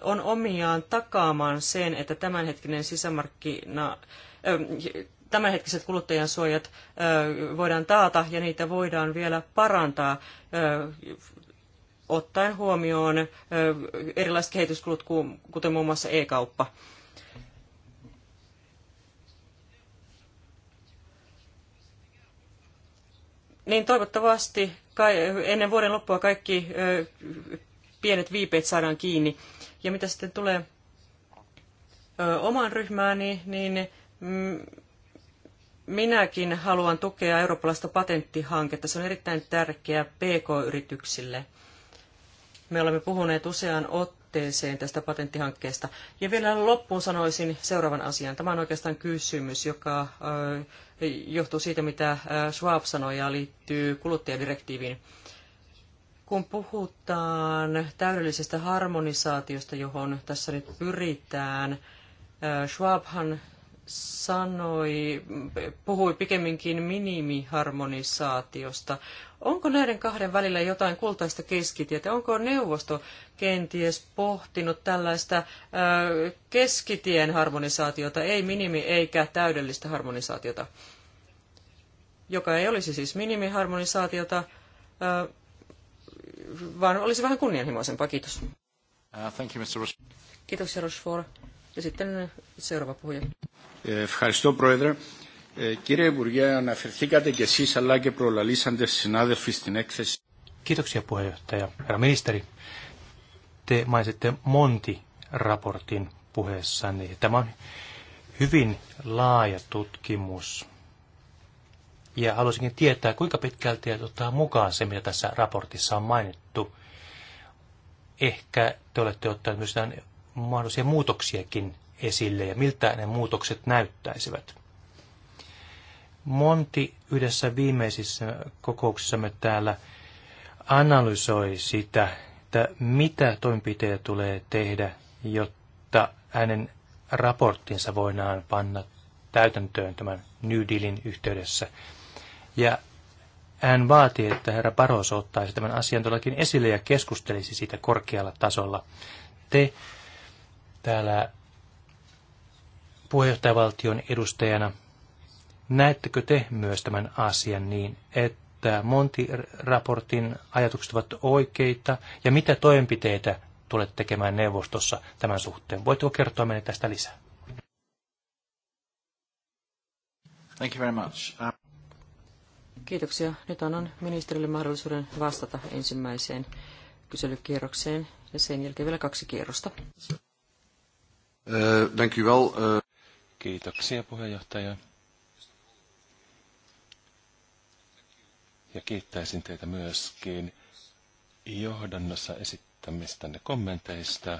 Speaker 2: on omiaan takaamaan sen, että tämänhetkinen sisämarkkina tämänhetkiset kuluttajansuojat voidaan taata ja niitä voidaan vielä parantaa ottaen huomioon erilaiset kehityskulut, kuten muun muassa e-kauppa. Niin toivottavasti ennen vuoden loppua kaikki pienet viipeet saadaan kiinni. Ja mitä sitten tulee omaan ryhmääni, niin mm, minäkin haluan tukea eurooppalaista patenttihanketta. Se on erittäin tärkeää PK-yrityksille – me olemme puhuneet useaan otteeseen tästä patenttihankkeesta. Ja vielä loppuun sanoisin seuraavan asian. Tämä on oikeastaan kysymys, joka johtuu siitä, mitä Schwab sanoi ja liittyy kuluttajadirektiiviin. Kun puhutaan täydellisestä harmonisaatiosta, johon tässä nyt pyritään, Schwabhan sanoi, puhui pikemminkin minimiharmonisaatiosta. Onko näiden kahden välillä jotain kultaista keskitietä? Onko neuvosto kenties pohtinut tällaista ö, keskitien harmonisaatiota, ei minimi eikä täydellistä harmonisaatiota, joka ei olisi siis minimiharmonisaatiota, ö, vaan olisi vähän kunnianhimoisempaa. Kiitos. Uh, thank you, Mr. Kiitos, Rochefort. Ja sitten seuraava puhuja.
Speaker 1: Eh, ευχαριστώ,
Speaker 3: Κύριε Υπουργέ, αναφερθήκατε κι εσείς αλλά και προλαλήσαντε συνάδελφοι στην έκθεση. Kiitoksia puheenjohtaja. Herra ministeri, te mainitsitte Monti-raportin niin Tämä on hyvin laaja tutkimus. Ja haluaisinkin tietää, kuinka pitkälti ottaa mukaan se, mitä tässä raportissa on mainittu. Ehkä te olette ottaneet myös mahdollisia muutoksiakin esille ja miltä ne muutokset näyttäisivät. Monti yhdessä viimeisissä kokouksissamme täällä analysoi sitä, että mitä toimenpiteitä tulee tehdä, jotta hänen raporttinsa voidaan panna täytäntöön tämän New Dealin yhteydessä. Ja hän vaatii, että herra Paros ottaisi tämän asian todellakin esille ja keskustelisi siitä korkealla tasolla. Te täällä puheenjohtajavaltion edustajana – Näettekö te myös tämän asian niin, että Monti-raportin ajatukset ovat oikeita ja mitä toimenpiteitä tulet tekemään neuvostossa tämän suhteen? Voitko kertoa meille tästä lisää?
Speaker 1: Thank you very much. Uh,
Speaker 2: Kiitoksia. Nyt annan ministerille mahdollisuuden vastata ensimmäiseen kyselykierrokseen ja sen jälkeen vielä kaksi kierrosta. Uh,
Speaker 4: thank you well. uh... Kiitoksia puheenjohtaja. Ja kiittäisin teitä myöskin johdannossa esittämistänne kommenteista.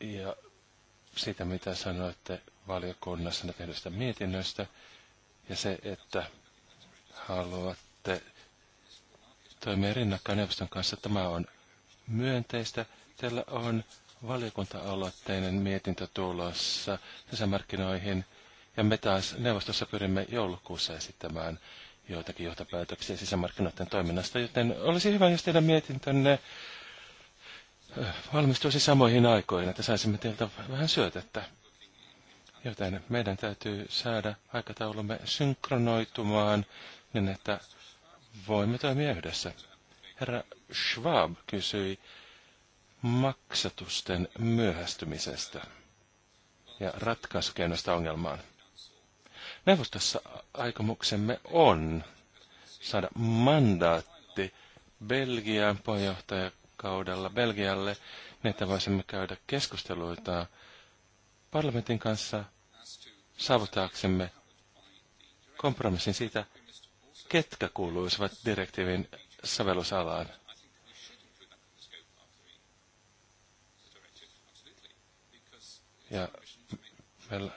Speaker 4: Ja siitä, mitä sanoitte valiokunnassa tehdystä mietinnöstä. Ja se, että haluatte toimia rinnakkain neuvoston kanssa, tämä on myönteistä. Teillä on valiokunta-aloitteinen mietintö tulossa sisämarkkinoihin ja me taas neuvostossa pyrimme joulukuussa esittämään joitakin johtopäätöksiä sisämarkkinoiden toiminnasta, joten olisi hyvä, jos teidän mietintönne valmistuisi samoihin aikoihin, että saisimme teiltä vähän syötettä. Joten meidän täytyy saada aikataulumme synkronoitumaan niin, että voimme toimia yhdessä. Herra Schwab kysyi maksatusten myöhästymisestä ja ratkaisukeinoista ongelmaan. Neuvostossa aikomuksemme on saada mandaatti Belgian puheenjohtajakaudella Belgialle, niin että voisimme käydä keskusteluita parlamentin kanssa saavuttaaksemme kompromissin siitä, ketkä kuuluisivat direktiivin sovellusalaan. Ja meillä,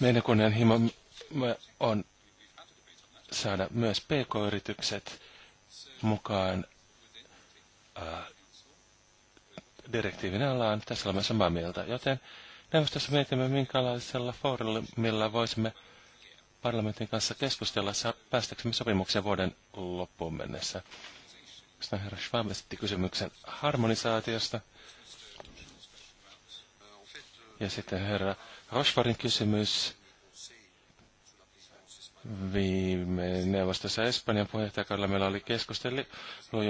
Speaker 4: meidän kunnianhimo on saada myös pk-yritykset mukaan äh, direktiivin alaan. Tässä olemme samaa mieltä, joten neuvostossa mietimme, minkälaisella foorumilla voisimme parlamentin kanssa keskustella päästäksemme sopimuksia vuoden loppuun mennessä. Sitten herra Schwab esitti kysymyksen harmonisaatiosta. Ja sitten herra Rochefortin kysymys viime neuvostossa Espanjan puheenjohtajakaudella meillä oli keskustelu,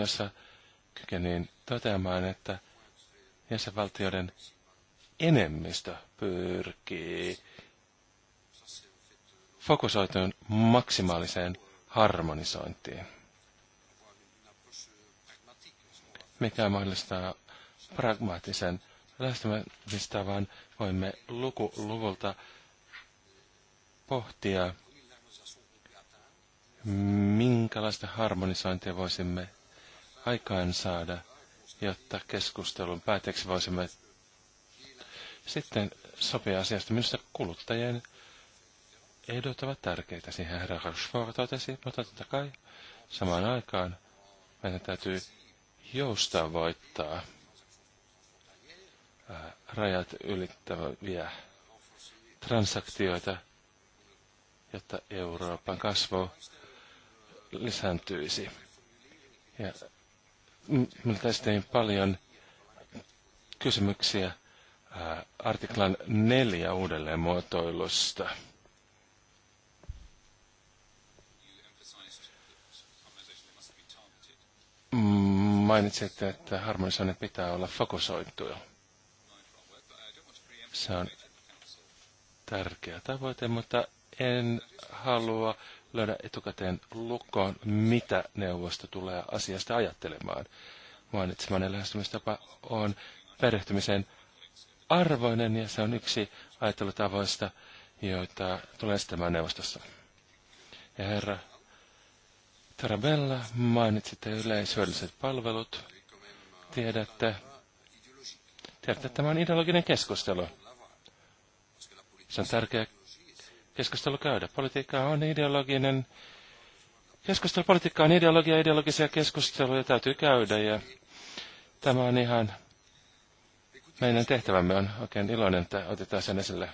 Speaker 4: jossa kykenin toteamaan, että jäsenvaltioiden enemmistö pyrkii fokusoituun maksimaaliseen harmonisointiin, mikä mahdollistaa pragmaattisen lähestymistavan voimme luku luvulta pohtia minkälaista harmonisointia voisimme aikaan saada, jotta keskustelun päätteeksi voisimme sitten sopia asiasta. Minusta kuluttajien ehdot ovat tärkeitä. Siihen herra Rochefort totesi, mutta totta kai samaan aikaan meidän täytyy voittaa rajat ylittäviä transaktioita, jotta Euroopan kasvu lisääntyisi. Ja tästä tein paljon kysymyksiä ää, artiklan neljä uudelleenmuotoilusta. Mainitsitte, että harmonisoinnin pitää olla fokusoitu. Se on tärkeä tavoite, mutta en halua löydä etukäteen lukkoon, mitä neuvosto tulee asiasta ajattelemaan. Mainitsemani lähestymistapa on perehtymisen arvoinen ja se on yksi ajattelutavoista, joita tulee estämään neuvostossa. Ja herra Tarabella, mainitsitte yleishyödylliset palvelut. Tiedätte, tiedätte, että tämä on ideologinen keskustelu. Se on tärkeä keskustelu käydä. Politiikka on ideologinen. Keskustelu politiikka on ideologia, ideologisia keskusteluja täytyy käydä ja tämä on ihan meidän tehtävämme on oikein iloinen, että otetaan sen esille.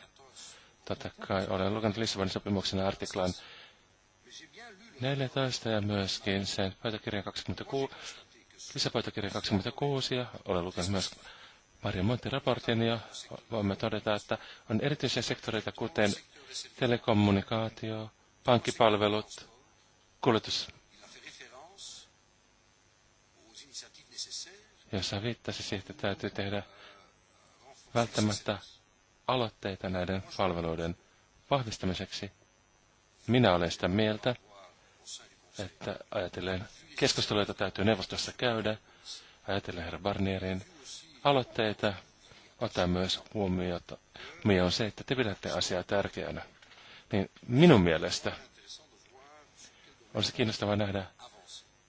Speaker 4: Totta kai olen lukenut Lissabonin sopimuksen artiklan 14 ja myöskin sen pöytäkirjan 26, lisäpöytäkirjan 26 ja olen lukenut myös Marja Montin raportin ja voimme todeta, että on erityisiä sektoreita, kuten telekommunikaatio, pankkipalvelut, kuljetus. Jossa viittasi siihen, että täytyy tehdä välttämättä aloitteita näiden palveluiden vahvistamiseksi. Minä olen sitä mieltä, että ajatellen keskusteluita täytyy neuvostossa käydä, ajatellen herra Barnierin aloitteita, ottaa myös huomiota, on se, että te pidätte asiaa tärkeänä. Niin minun mielestä olisi kiinnostavaa nähdä,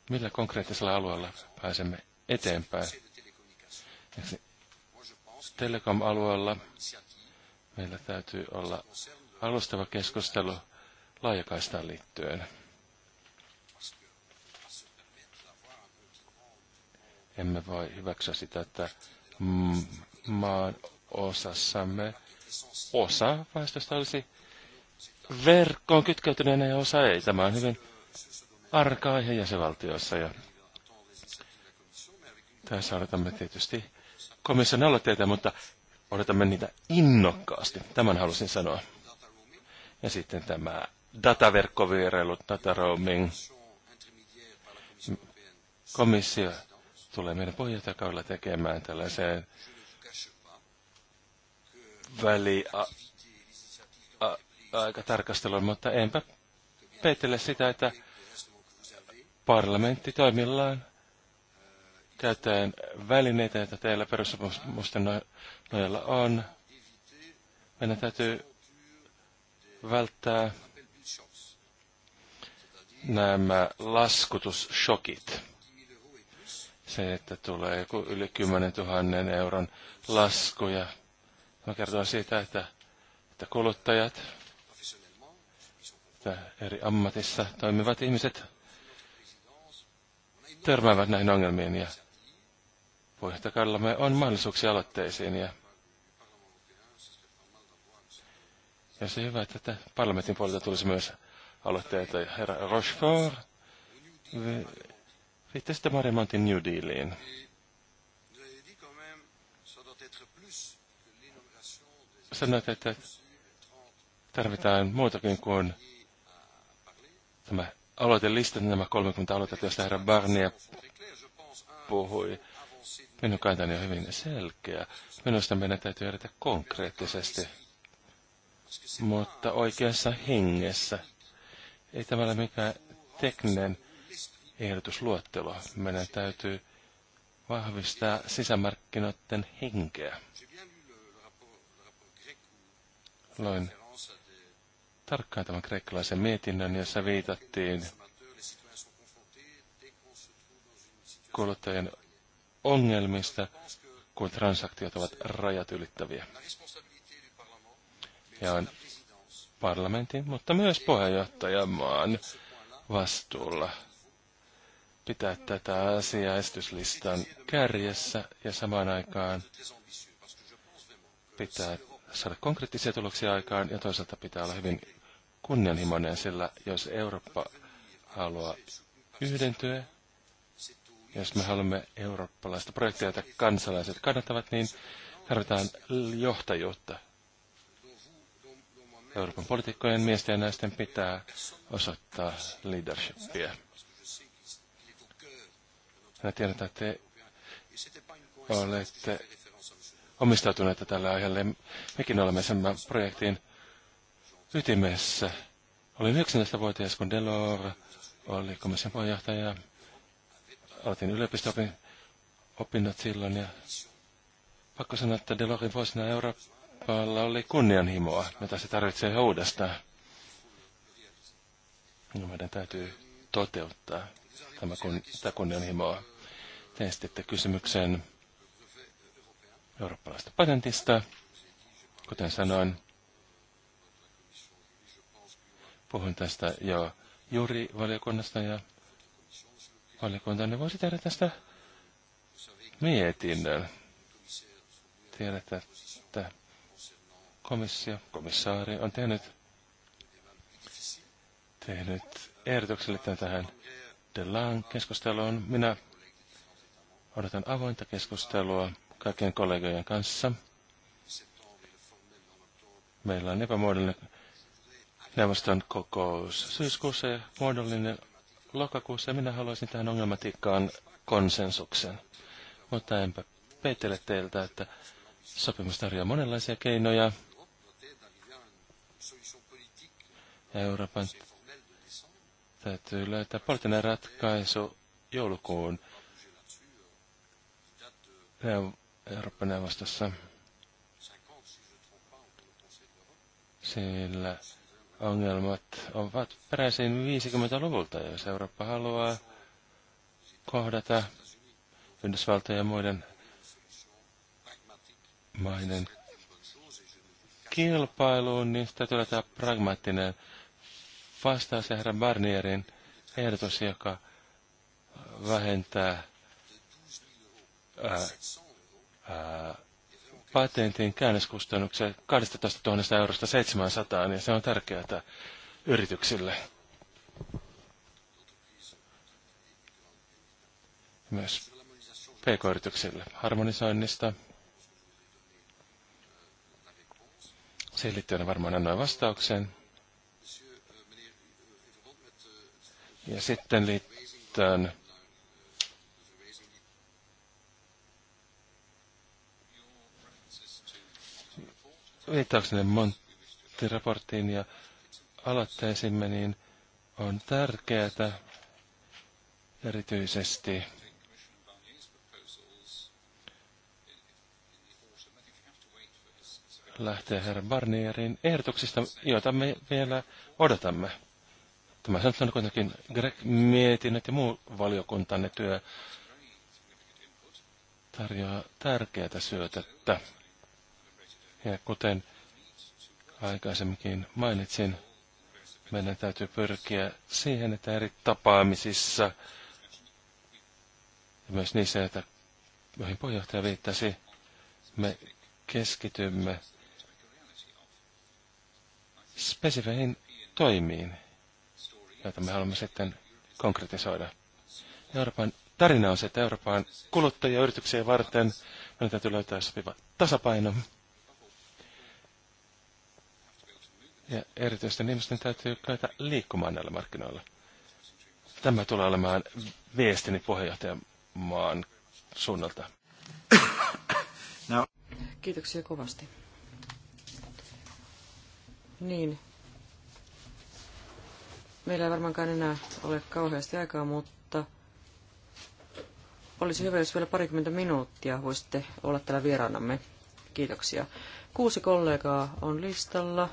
Speaker 4: millä konkreettisella alueella pääsemme eteenpäin. Telekom-alueella meillä täytyy olla alustava keskustelu laajakaistaan liittyen. Emme voi hyväksyä sitä, että mm, maan osassamme osa väestöstä olisi verkkoon kytkeytyneenä ja osa ei. Tämä on hyvin arka aihe jäsenvaltioissa ja tässä odotamme tietysti komission aloitteita, mutta odotamme niitä innokkaasti. Tämän halusin sanoa. Ja sitten tämä dataverkkovierailu, data roaming. Komissio tulee meidän puheenjohtajakaudella tekemään tällaiseen väliaika aika tarkastelua, mutta enpä peitele sitä, että parlamentti toimillaan käyttäen välineitä, joita teillä perussopimusten no-, nojalla on. Meidän täytyy välttää nämä laskutusshokit. Se, että tulee joku yli 10 000 euron laskuja. Mä kertoo siitä, että, että kuluttajat, että eri ammatissa toimivat ihmiset törmäävät näihin ongelmiin ja puheenjohtajakallamme on mahdollisuuksia aloitteisiin ja Ja se hyvä, että parlamentin puolelta tulisi myös aloitteita. Herra Rochefort sitten sitä Marimontin New Dealiin. Sanoit, että tarvitaan muutakin kuin tämä aloitelista, niin nämä 30 aloitetta, joista herra Barnia puhui. Minun kantani on hyvin selkeä. Minusta meidän täytyy edetä konkreettisesti, mutta oikeassa hengessä. Ei tämä ole mikään tekninen ehdotusluetteloa. Meidän täytyy vahvistaa sisämarkkinoiden henkeä. Loin tarkkaan tämän kreikkalaisen mietinnön, jossa viitattiin kuluttajien ongelmista, kun transaktiot ovat rajat ylittäviä. Ja on parlamentin, mutta myös puheenjohtajamaan vastuulla pitää tätä asiaa estyslistan kärjessä ja samaan aikaan pitää saada konkreettisia tuloksia aikaan ja toisaalta pitää olla hyvin
Speaker 1: kunnianhimoinen,
Speaker 4: sillä jos Eurooppa haluaa yhdentyä, jos me haluamme eurooppalaista projektia, jota kansalaiset kannattavat, niin tarvitaan johtajuutta. Euroopan poliitikkojen miesten ja naisten pitää osoittaa leadershipia. Minä tiedän, että te olette omistautuneita tälle aiheelle. Mekin olemme sen projektin ytimessä. Olin 19-vuotias, kun Delor oli komission puheenjohtaja. Aloitin yliopistopin opinnot silloin ja pakko sanoa, että Delorin vuosina Euroopalla oli kunnianhimoa, mitä se tarvitsee uudestaan. No, meidän täytyy toteuttaa tämä kun, kunnianhimoa. Te estitte kysymyksen eurooppalaista patentista. Kuten sanoin, puhun tästä jo juuri valiokunnasta ja valiokunta ne voisi tehdä tästä mietinnön. Tiedätte, että komissio, komissaari on tehnyt, tehnyt ehdotukselle tähän Delan keskusteluun. Minä Odotan avointa keskustelua kaikkien kollegojen kanssa. Meillä on epämuodollinen neuvoston kokous syyskuussa ja muodollinen lokakuussa. Ja minä haluaisin tähän ongelmatiikkaan konsensuksen. Mutta enpä peitele teiltä, että sopimus tarjoaa monenlaisia keinoja. Ja Euroopan täytyy löytää poliittinen ratkaisu joulukuun Eurooppa-neuvostossa, sillä ongelmat ovat peräisin 50-luvulta, jos Eurooppa haluaa kohdata Yhdysvaltojen ja muiden maiden kilpailuun, niin sitä tulee tämä pragmaattinen vastaus ja herra Barnierin ehdotus, joka vähentää ää, patentin käännöskustannuksia 12 000 eurosta 700, niin se on tärkeää yrityksille. Myös pk-yrityksille harmonisoinnista. Siihen liittyen varmaan annoin vastauksen. Ja sitten liittyen viittauksenne Montti-raporttiin ja aloitteisimme, niin on tärkeää erityisesti lähteä herra Barnierin ehdotuksista, joita me vielä odotamme. Tämä on kuitenkin Greg-mietinnät ja muu valiokuntanne työ tarjoaa tärkeää syötettä. Ja kuten aikaisemminkin mainitsin, meidän täytyy pyrkiä siihen, että eri tapaamisissa ja myös niissä, että joihin puheenjohtaja viittasi, me keskitymme spesifeihin toimiin, joita me haluamme sitten konkretisoida. Euroopan tarina on se, että Euroopan kuluttajia yrityksiä varten meidän täytyy löytää sopiva tasapaino. Ja erityisesti ihmisten täytyy kyetä liikkumaan näillä markkinoilla. Tämä tulee olemaan viestini puheenjohtajan maan suunnalta. No.
Speaker 2: Kiitoksia kovasti. Niin. Meillä ei varmaankaan enää ole kauheasti aikaa, mutta olisi hyvä, jos vielä parikymmentä minuuttia voisitte olla täällä vieraanamme. Kiitoksia. Kuusi kollegaa on listalla.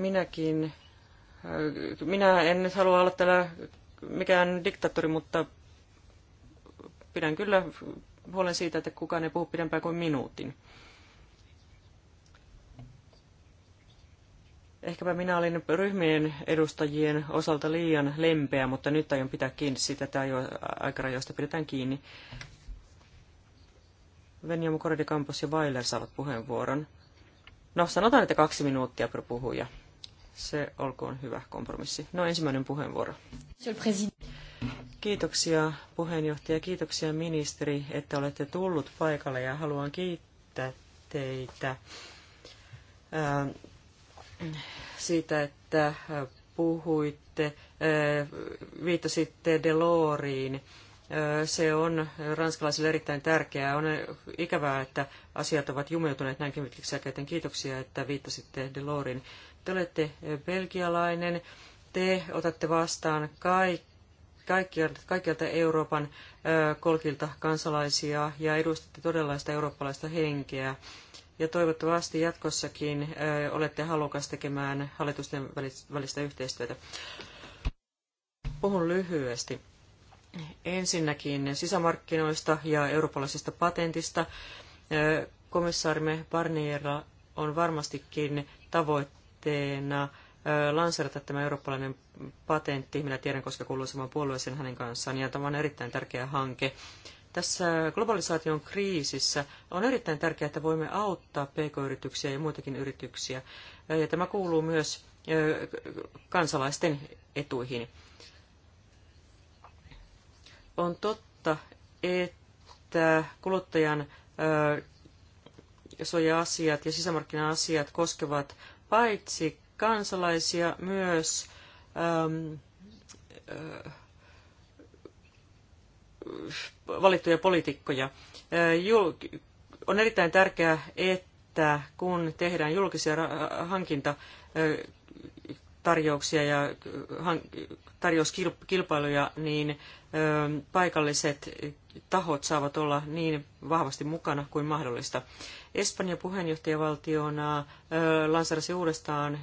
Speaker 2: minäkin, äh, minä en halua olla täällä mikään diktaattori, mutta pidän kyllä huolen siitä, että kukaan ei puhu pidempään kuin minuutin. Ehkäpä minä olin ryhmien edustajien osalta liian lempeä, mutta nyt aion pitää kiinni siitä, että aikarajoista pidetään kiinni. Venjamo Koredi Campos ja Weiler saavat puheenvuoron. No, sanotaan, että kaksi minuuttia per puhuja. Se olkoon hyvä kompromissi. No ensimmäinen puheenvuoro. Kiitoksia puheenjohtaja, kiitoksia ministeri, että olette tullut paikalle ja haluan kiittää teitä äh, siitä, että äh, puhuitte, äh, viittasitte Deloriin. Se on ranskalaisille erittäin tärkeää. On ikävää, että asiat ovat jumeutuneet näinkin pitkiksi Kiitoksia, että viittasitte Delorin te olette belgialainen, te otatte vastaan kaikkialta Euroopan kolkilta kansalaisia ja edustatte todellaista eurooppalaista henkeä. Ja toivottavasti jatkossakin olette halukas tekemään hallitusten välistä yhteistyötä. Puhun lyhyesti. Ensinnäkin sisämarkkinoista ja eurooppalaisesta patentista. Komissaarimme Barnier on varmastikin tavoitteena tavoitteena lanserata tämä eurooppalainen patentti. Minä tiedän, koska kuuluu saman puolueeseen hänen kanssaan, ja tämä on erittäin tärkeä hanke. Tässä globalisaation kriisissä on erittäin tärkeää, että voimme auttaa pk-yrityksiä ja muitakin yrityksiä. Ja tämä kuuluu myös kansalaisten etuihin. On totta, että kuluttajan suoja-asiat ja sisämarkkina-asiat koskevat paitsi kansalaisia myös ähm, äh, valittuja poliitikkoja. Äh, jul, on erittäin tärkeää, että kun tehdään julkisia ra- hankinta, äh, tarjouksia ja äh, tarjouskilpailuja, niin ähm, paikalliset tahot saavat olla niin vahvasti mukana kuin mahdollista. Espanja puheenjohtajavaltiona lanserasi uudestaan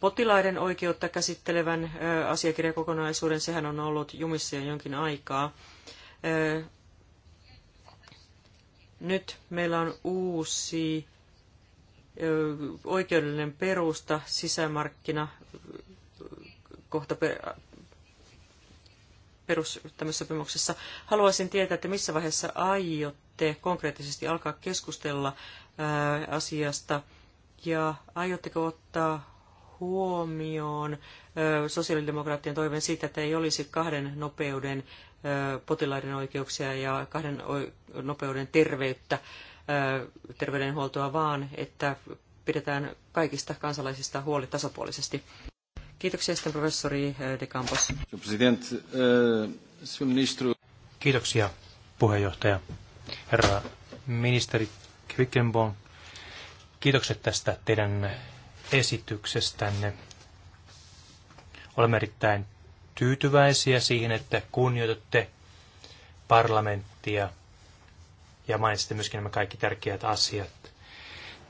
Speaker 2: potilaiden oikeutta käsittelevän asiakirjakokonaisuuden. Sehän on ollut jumissa jo jonkin aikaa. Nyt meillä on uusi oikeudellinen perusta sisämarkkina kohta perussopimuksessa. Haluaisin tietää, että missä vaiheessa aiotte konkreettisesti alkaa keskustella asiasta ja aiotteko ottaa huomioon sosiaalidemokraattien toiveen siitä, että ei olisi kahden nopeuden potilaiden oikeuksia ja kahden nopeuden terveyttä, terveydenhuoltoa, vaan että pidetään kaikista kansalaisista huoli tasapuolisesti. Kiitoksia sitten professori eh, De Campos.
Speaker 3: Eh, Kiitoksia puheenjohtaja. Herra ministeri Quickenborn, kiitokset tästä teidän esityksestänne. Olemme erittäin tyytyväisiä siihen, että kunnioitatte parlamenttia ja mainitsitte myöskin nämä kaikki tärkeät asiat.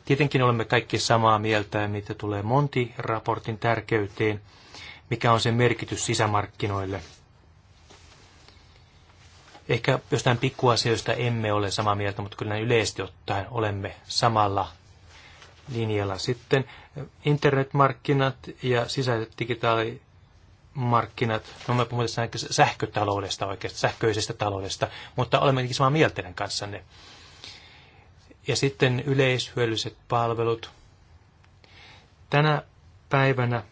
Speaker 3: Tietenkin olemme kaikki samaa mieltä, mitä tulee Monti-raportin tärkeyteen, mikä on sen merkitys sisämarkkinoille. Ehkä jostain pikkuasioista emme ole samaa mieltä, mutta kyllä näin yleisesti ottaen olemme samalla linjalla. Sitten internetmarkkinat ja sisäiset digitaalimarkkinat, no me puhumme sähkötaloudesta oikeastaan, sähköisestä taloudesta, mutta olemme samaa mieltä kanssa ne ja sitten yleishyödylliset palvelut. Tänä päivänä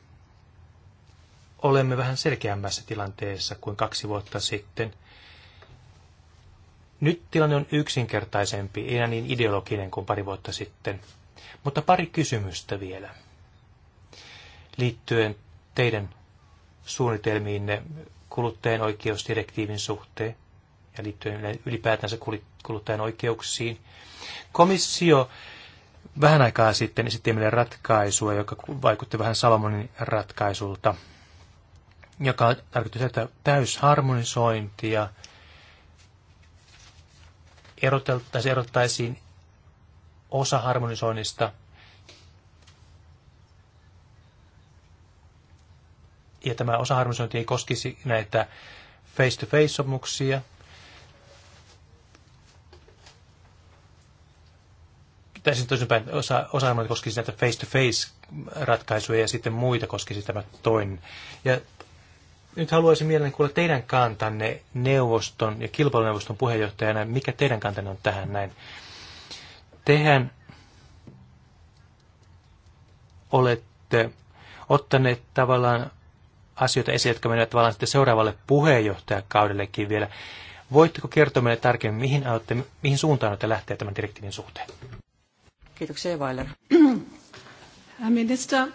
Speaker 3: olemme vähän selkeämmässä tilanteessa kuin kaksi vuotta sitten. Nyt tilanne on yksinkertaisempi, ei niin ideologinen kuin pari vuotta sitten. Mutta pari kysymystä vielä liittyen teidän suunnitelmiinne kuluttajan oikeusdirektiivin suhteen ja liittyen ylipäätänsä kuluttajan oikeuksiin. Komissio vähän aikaa sitten esitti meille ratkaisua, joka vaikutti vähän Salomonin ratkaisulta, joka tarkoitti sitä täysharmonisointia. Eroteltaisiin, erottaisiin osa harmonisoinnista ja tämä osaharmonisointi ei koskisi näitä face-to-face-sopimuksia, täysin siis toisinpäin, osa, osa koski näitä face-to-face-ratkaisuja ja sitten muita koski tämä toinen. Ja nyt haluaisin mielelläni kuulla teidän kantanne neuvoston ja kilpailuneuvoston puheenjohtajana, mikä teidän kantanne on tähän näin. Tehän olette ottaneet tavallaan asioita esiin, jotka menevät tavallaan sitten seuraavalle puheenjohtajakaudellekin vielä. Voitteko kertoa meille tarkemmin, mihin, aiotte, mihin suuntaan olette lähteä tämän direktiivin suhteen?
Speaker 2: Kiitoksia, Weiler. Minister.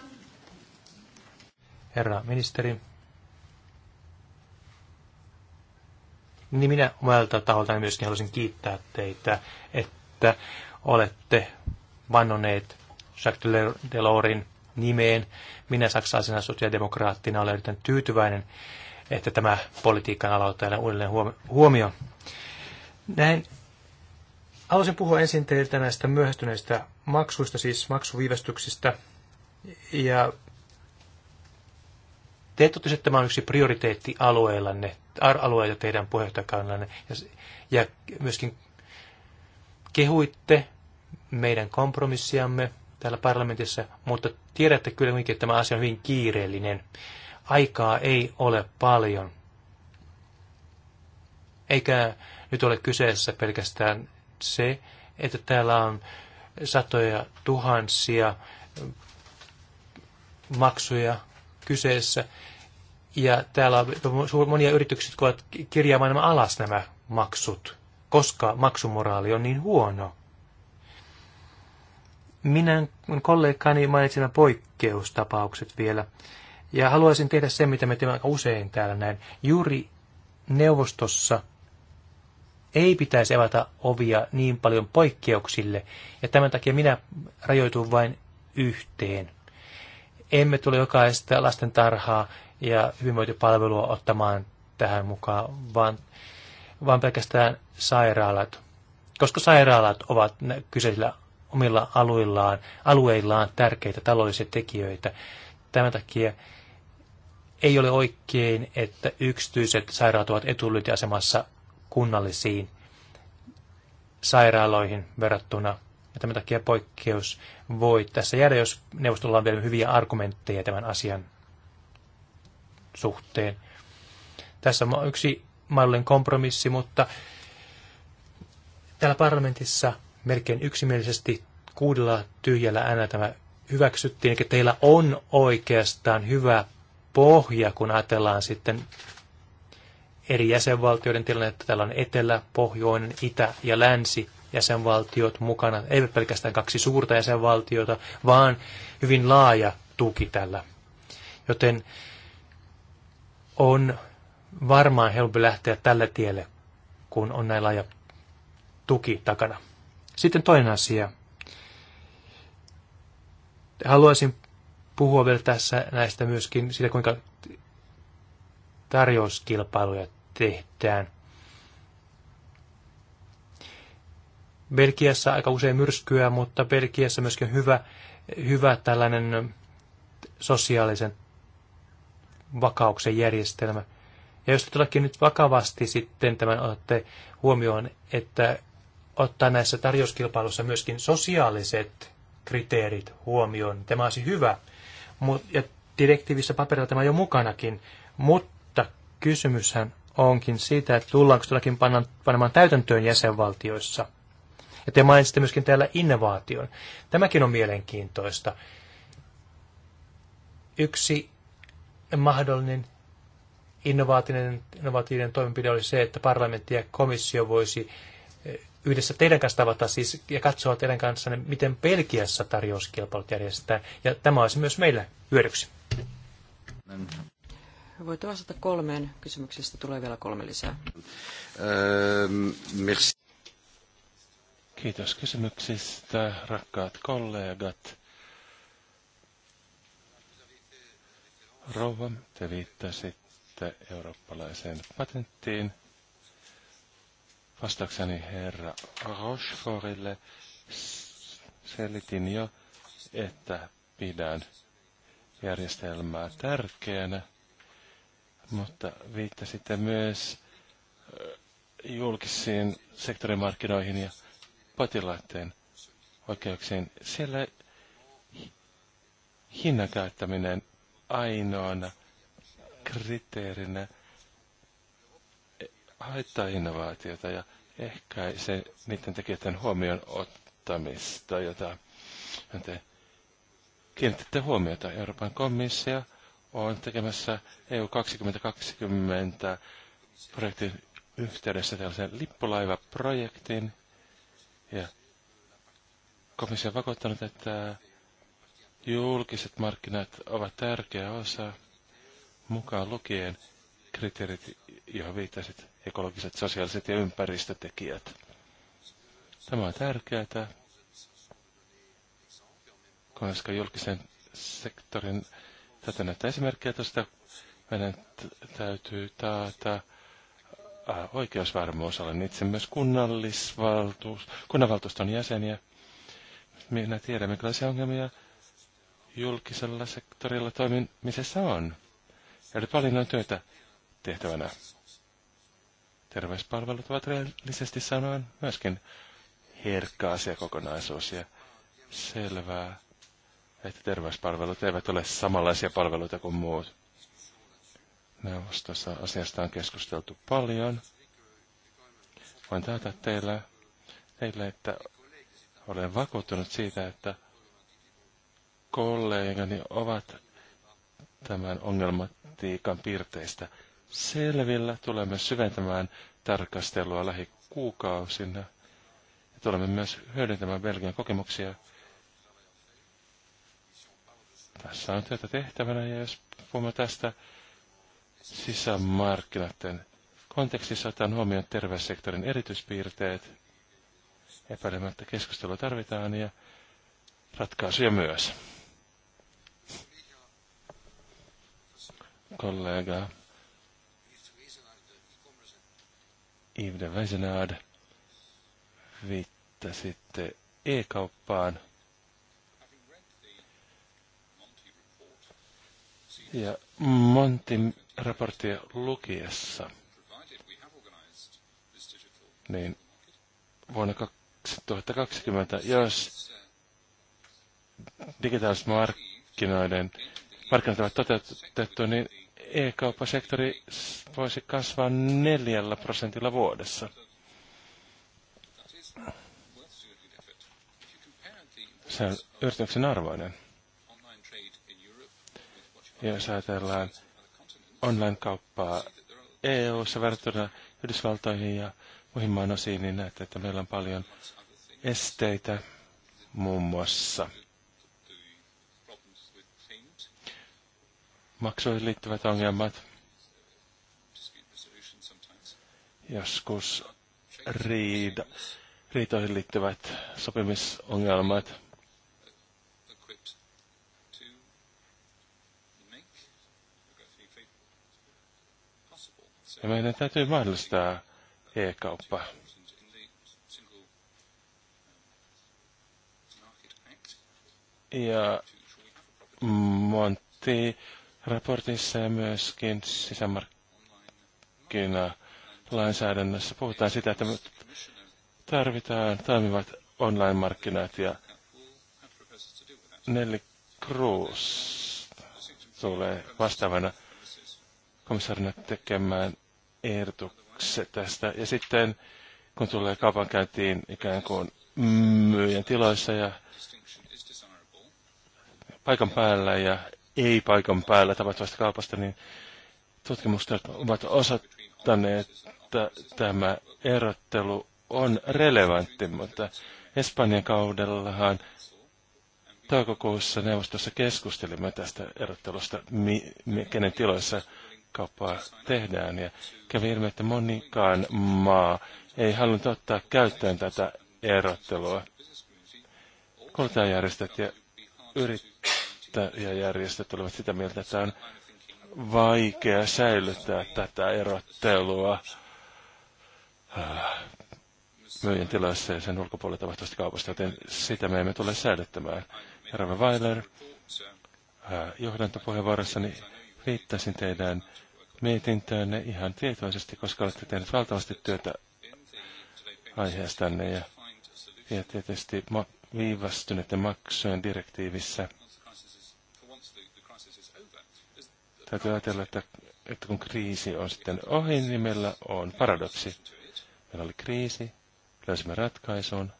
Speaker 3: Herra ministeri. Niin minä omalta taholta myöskin haluaisin kiittää teitä, että olette vannoneet Jacques Delorin nimeen. Minä saksalaisena sosiaalidemokraattina olen erittäin tyytyväinen, että tämä politiikan aloitteella uudelleen huomio. Näin Haluaisin puhua ensin teiltä näistä myöhästyneistä maksuista, siis maksuviivästyksistä. Ja te että tämä on yksi alueellanne, alueita teidän puheenjohtajakaudellanne, ja, ja myöskin kehuitte meidän kompromissiamme täällä parlamentissa, mutta tiedätte kyllä kuitenkin, että tämä asia on hyvin kiireellinen. Aikaa ei ole paljon. Eikä nyt ole kyseessä pelkästään se, että täällä on satoja tuhansia maksuja kyseessä. Ja täällä on monia yrityksiä, jotka ovat kirjaamaan nämä alas nämä maksut, koska maksumoraali on niin huono. Minä kollegani mainitsin nämä poikkeustapaukset vielä. Ja haluaisin tehdä sen, mitä me teemme aika usein täällä näin. Juuri neuvostossa – ei pitäisi avata ovia niin paljon poikkeuksille, ja tämän takia minä rajoitun vain yhteen. Emme tule jokaista lasten tarhaa ja hyvinvointipalvelua ottamaan tähän mukaan, vaan, vaan pelkästään sairaalat, koska sairaalat ovat kyseisillä omilla alueillaan, alueillaan tärkeitä taloudellisia tekijöitä. Tämän takia ei ole oikein, että yksityiset sairaalat ovat etulyntiasemassa kunnallisiin sairaaloihin verrattuna. Ja tämän takia poikkeus voi tässä jäädä, jos neuvostolla on vielä hyviä argumentteja tämän asian suhteen. Tässä on yksi mahdollinen kompromissi, mutta täällä parlamentissa melkein yksimielisesti kuudella tyhjällä äänellä tämä hyväksyttiin, eli teillä on oikeastaan hyvä pohja, kun ajatellaan sitten eri jäsenvaltioiden että Täällä on etelä, pohjoinen, itä ja länsi jäsenvaltiot mukana. Ei pelkästään kaksi suurta jäsenvaltiota, vaan hyvin laaja tuki tällä. Joten on varmaan helpompi lähteä tälle tielle, kun on näin laaja tuki takana. Sitten toinen asia. Haluaisin puhua vielä tässä näistä myöskin siitä, kuinka tarjouskilpailuja tehdään. Belgiassa aika usein myrskyä, mutta Belgiassa myöskin hyvä, hyvä tällainen sosiaalisen vakauksen järjestelmä. Ja jos todellakin nyt vakavasti sitten tämän otatte huomioon, että ottaa näissä tarjouskilpailuissa myöskin sosiaaliset kriteerit huomioon, niin tämä olisi hyvä. Mut, ja direktiivissä paperilla tämä on jo mukanakin, mutta kysymyshän onkin siitä, että tullaanko todellakin panemaan täytäntöön jäsenvaltioissa. Ja te mainitsitte myöskin täällä innovaation. Tämäkin on mielenkiintoista. Yksi mahdollinen innovaatinen, innovaatinen toimenpide oli se, että parlamentti ja komissio voisi e, yhdessä teidän kanssa tavata siis, ja katsoa teidän kanssa, miten Belgiassa tarjouskilpailut järjestetään. Ja tämä olisi myös meillä hyödyksi.
Speaker 2: Voitte vastata kolmeen kysymyksestä tulee vielä kolme lisää.
Speaker 1: Ähm,
Speaker 4: Kiitos kysymyksistä, rakkaat kollegat. Rouva, te viittasitte eurooppalaiseen patenttiin. Vastaukseni herra Rochefortille selitin jo, että pidän järjestelmää tärkeänä – mutta viittasitte myös julkisiin sektorimarkkinoihin ja potilaiden oikeuksiin. Siellä hinnan käyttäminen ainoana kriteerinä haittaa innovaatiota ja ehkä se niiden tekijöiden huomioon ottamista, jota te kiinnitätte huomiota Euroopan komissio – on tekemässä EU 2020 projektin yhteydessä tällaisen lippulaivaprojektin. Ja komissio on vakuuttanut, että julkiset markkinat ovat tärkeä osa mukaan lukien kriteerit, johon viittasit, ekologiset, sosiaaliset ja ympäristötekijät. Tämä on tärkeää, koska julkisen sektorin Tätä näitä esimerkkejä tästä meidän täytyy taata oikeusvarmuus. Olen itse myös kunnallisvaltuus, kunnanvaltuuston jäseniä. Minä tiedän, millaisia ongelmia julkisella sektorilla toimimisessa on. Eli paljon on työtä tehtävänä. Terveyspalvelut ovat reellisesti sanoen myöskin herkka asiakokonaisuus ja selvää että terveyspalvelut eivät ole samanlaisia palveluita kuin muut. Neuvostossa asiasta on keskusteltu paljon. Voin taata teillä, teille, että olen vakuuttunut siitä, että kollegani ovat tämän ongelmatiikan piirteistä selvillä. Tulemme syventämään tarkastelua lähikuukausina ja tulemme myös hyödyntämään Belgian kokemuksia tässä on tätä tehtävänä ja jos puhumme tästä sisämarkkinoiden kontekstissa otetaan huomioon terveyssektorin erityispiirteet. Epäilemättä keskustelua tarvitaan ja ratkaisuja myös. Kollega Yves de Weisenard viittasitte e-kauppaan. Ja Montin raporttia lukiessa, niin vuonna 2020, jos digitaaliset markkinoiden markkinat ovat toteutettu, niin e-kauppasektori voisi kasvaa neljällä prosentilla vuodessa. Se on yrityksen arvoinen. Ja jos ajatellaan online-kauppaa EU-ssa verrattuna Yhdysvaltoihin ja muihin maan osiin, niin näette, että meillä on paljon esteitä muun muassa. Maksuihin liittyvät ongelmat. Joskus riida, riitoihin liittyvät sopimisongelmat Ja meidän täytyy mahdollistaa e-kauppa. Ja Monti raportissa ja myöskin lainsäädännössä puhutaan sitä, että me tarvitaan toimivat online-markkinat ja Nelly Cruz tulee vastaavana komissaarina tekemään ehdotukset tästä. Ja sitten kun tulee kaupankäyntiin ikään kuin
Speaker 1: myyjän
Speaker 4: tiloissa ja paikan päällä ja ei paikan päällä tapahtuvasta kaupasta, niin tutkimukset ovat osoittaneet, että tämä erottelu on relevantti, mutta Espanjan kaudellahan toukokuussa neuvostossa keskustelimme tästä erottelusta, mi, mi, kenen tiloissa kauppaa tehdään. Ja kävi ilmi, että monikaan maa ei halunnut ottaa käyttöön tätä erottelua. Kuluttajajärjestöt ja yrittäjäjärjestöt olivat sitä mieltä, että on vaikea säilyttää tätä erottelua myyjän tilassa ja sen ulkopuolella tapahtuvasta kaupasta, joten sitä me emme tule säilyttämään. Herra Weiler, äh, johdantopuheenvuorossani viittasin teidän mietintöönne ihan tietoisesti, koska olette tehneet valtavasti työtä aiheestanne ja, ja tietysti ma- viivästyneiden maksujen direktiivissä. Täytyy ajatella, että, että kun kriisi on sitten ohi, niin meillä on paradoksi. Meillä oli kriisi, löysimme ratkaisun.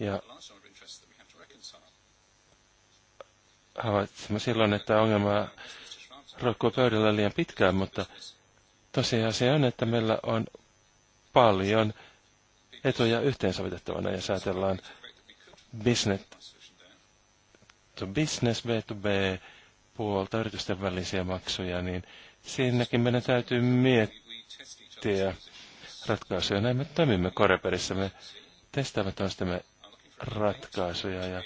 Speaker 4: Ja havaitsimme silloin, että ongelma roikkuu pöydällä liian pitkään, mutta tosiaan se on, että meillä on paljon etuja yhteensovitettavana, ja ajatellaan business to business, b to b puolta yritysten välisiä maksuja, niin siinäkin meidän täytyy miettiä ratkaisuja. Näin me toimimme Koreperissä. Me testaamme toistamme ratkaisuja ja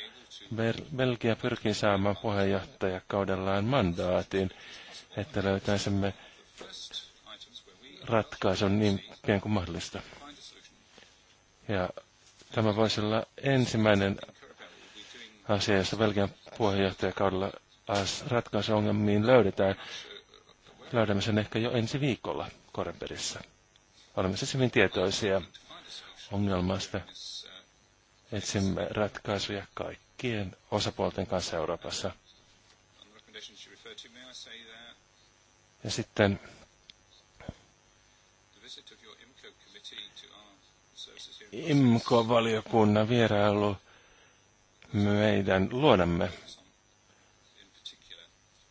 Speaker 4: Belgia pyrkii saamaan puheenjohtajakaudellaan mandaatin, että löytäisimme ratkaisun niin pian kuin mahdollista. Ja tämä voisi olla ensimmäinen asia, jossa Belgian puheenjohtajakaudella ratkaisuongelmiin löydetään. Löydämme sen ehkä jo ensi viikolla Korenperissä. Olemme siis hyvin tietoisia ongelmasta. Etsimme ratkaisuja kaikki kaikkien osapuolten kanssa Euroopassa. Ja sitten imco valiokunnan vierailu meidän luodamme.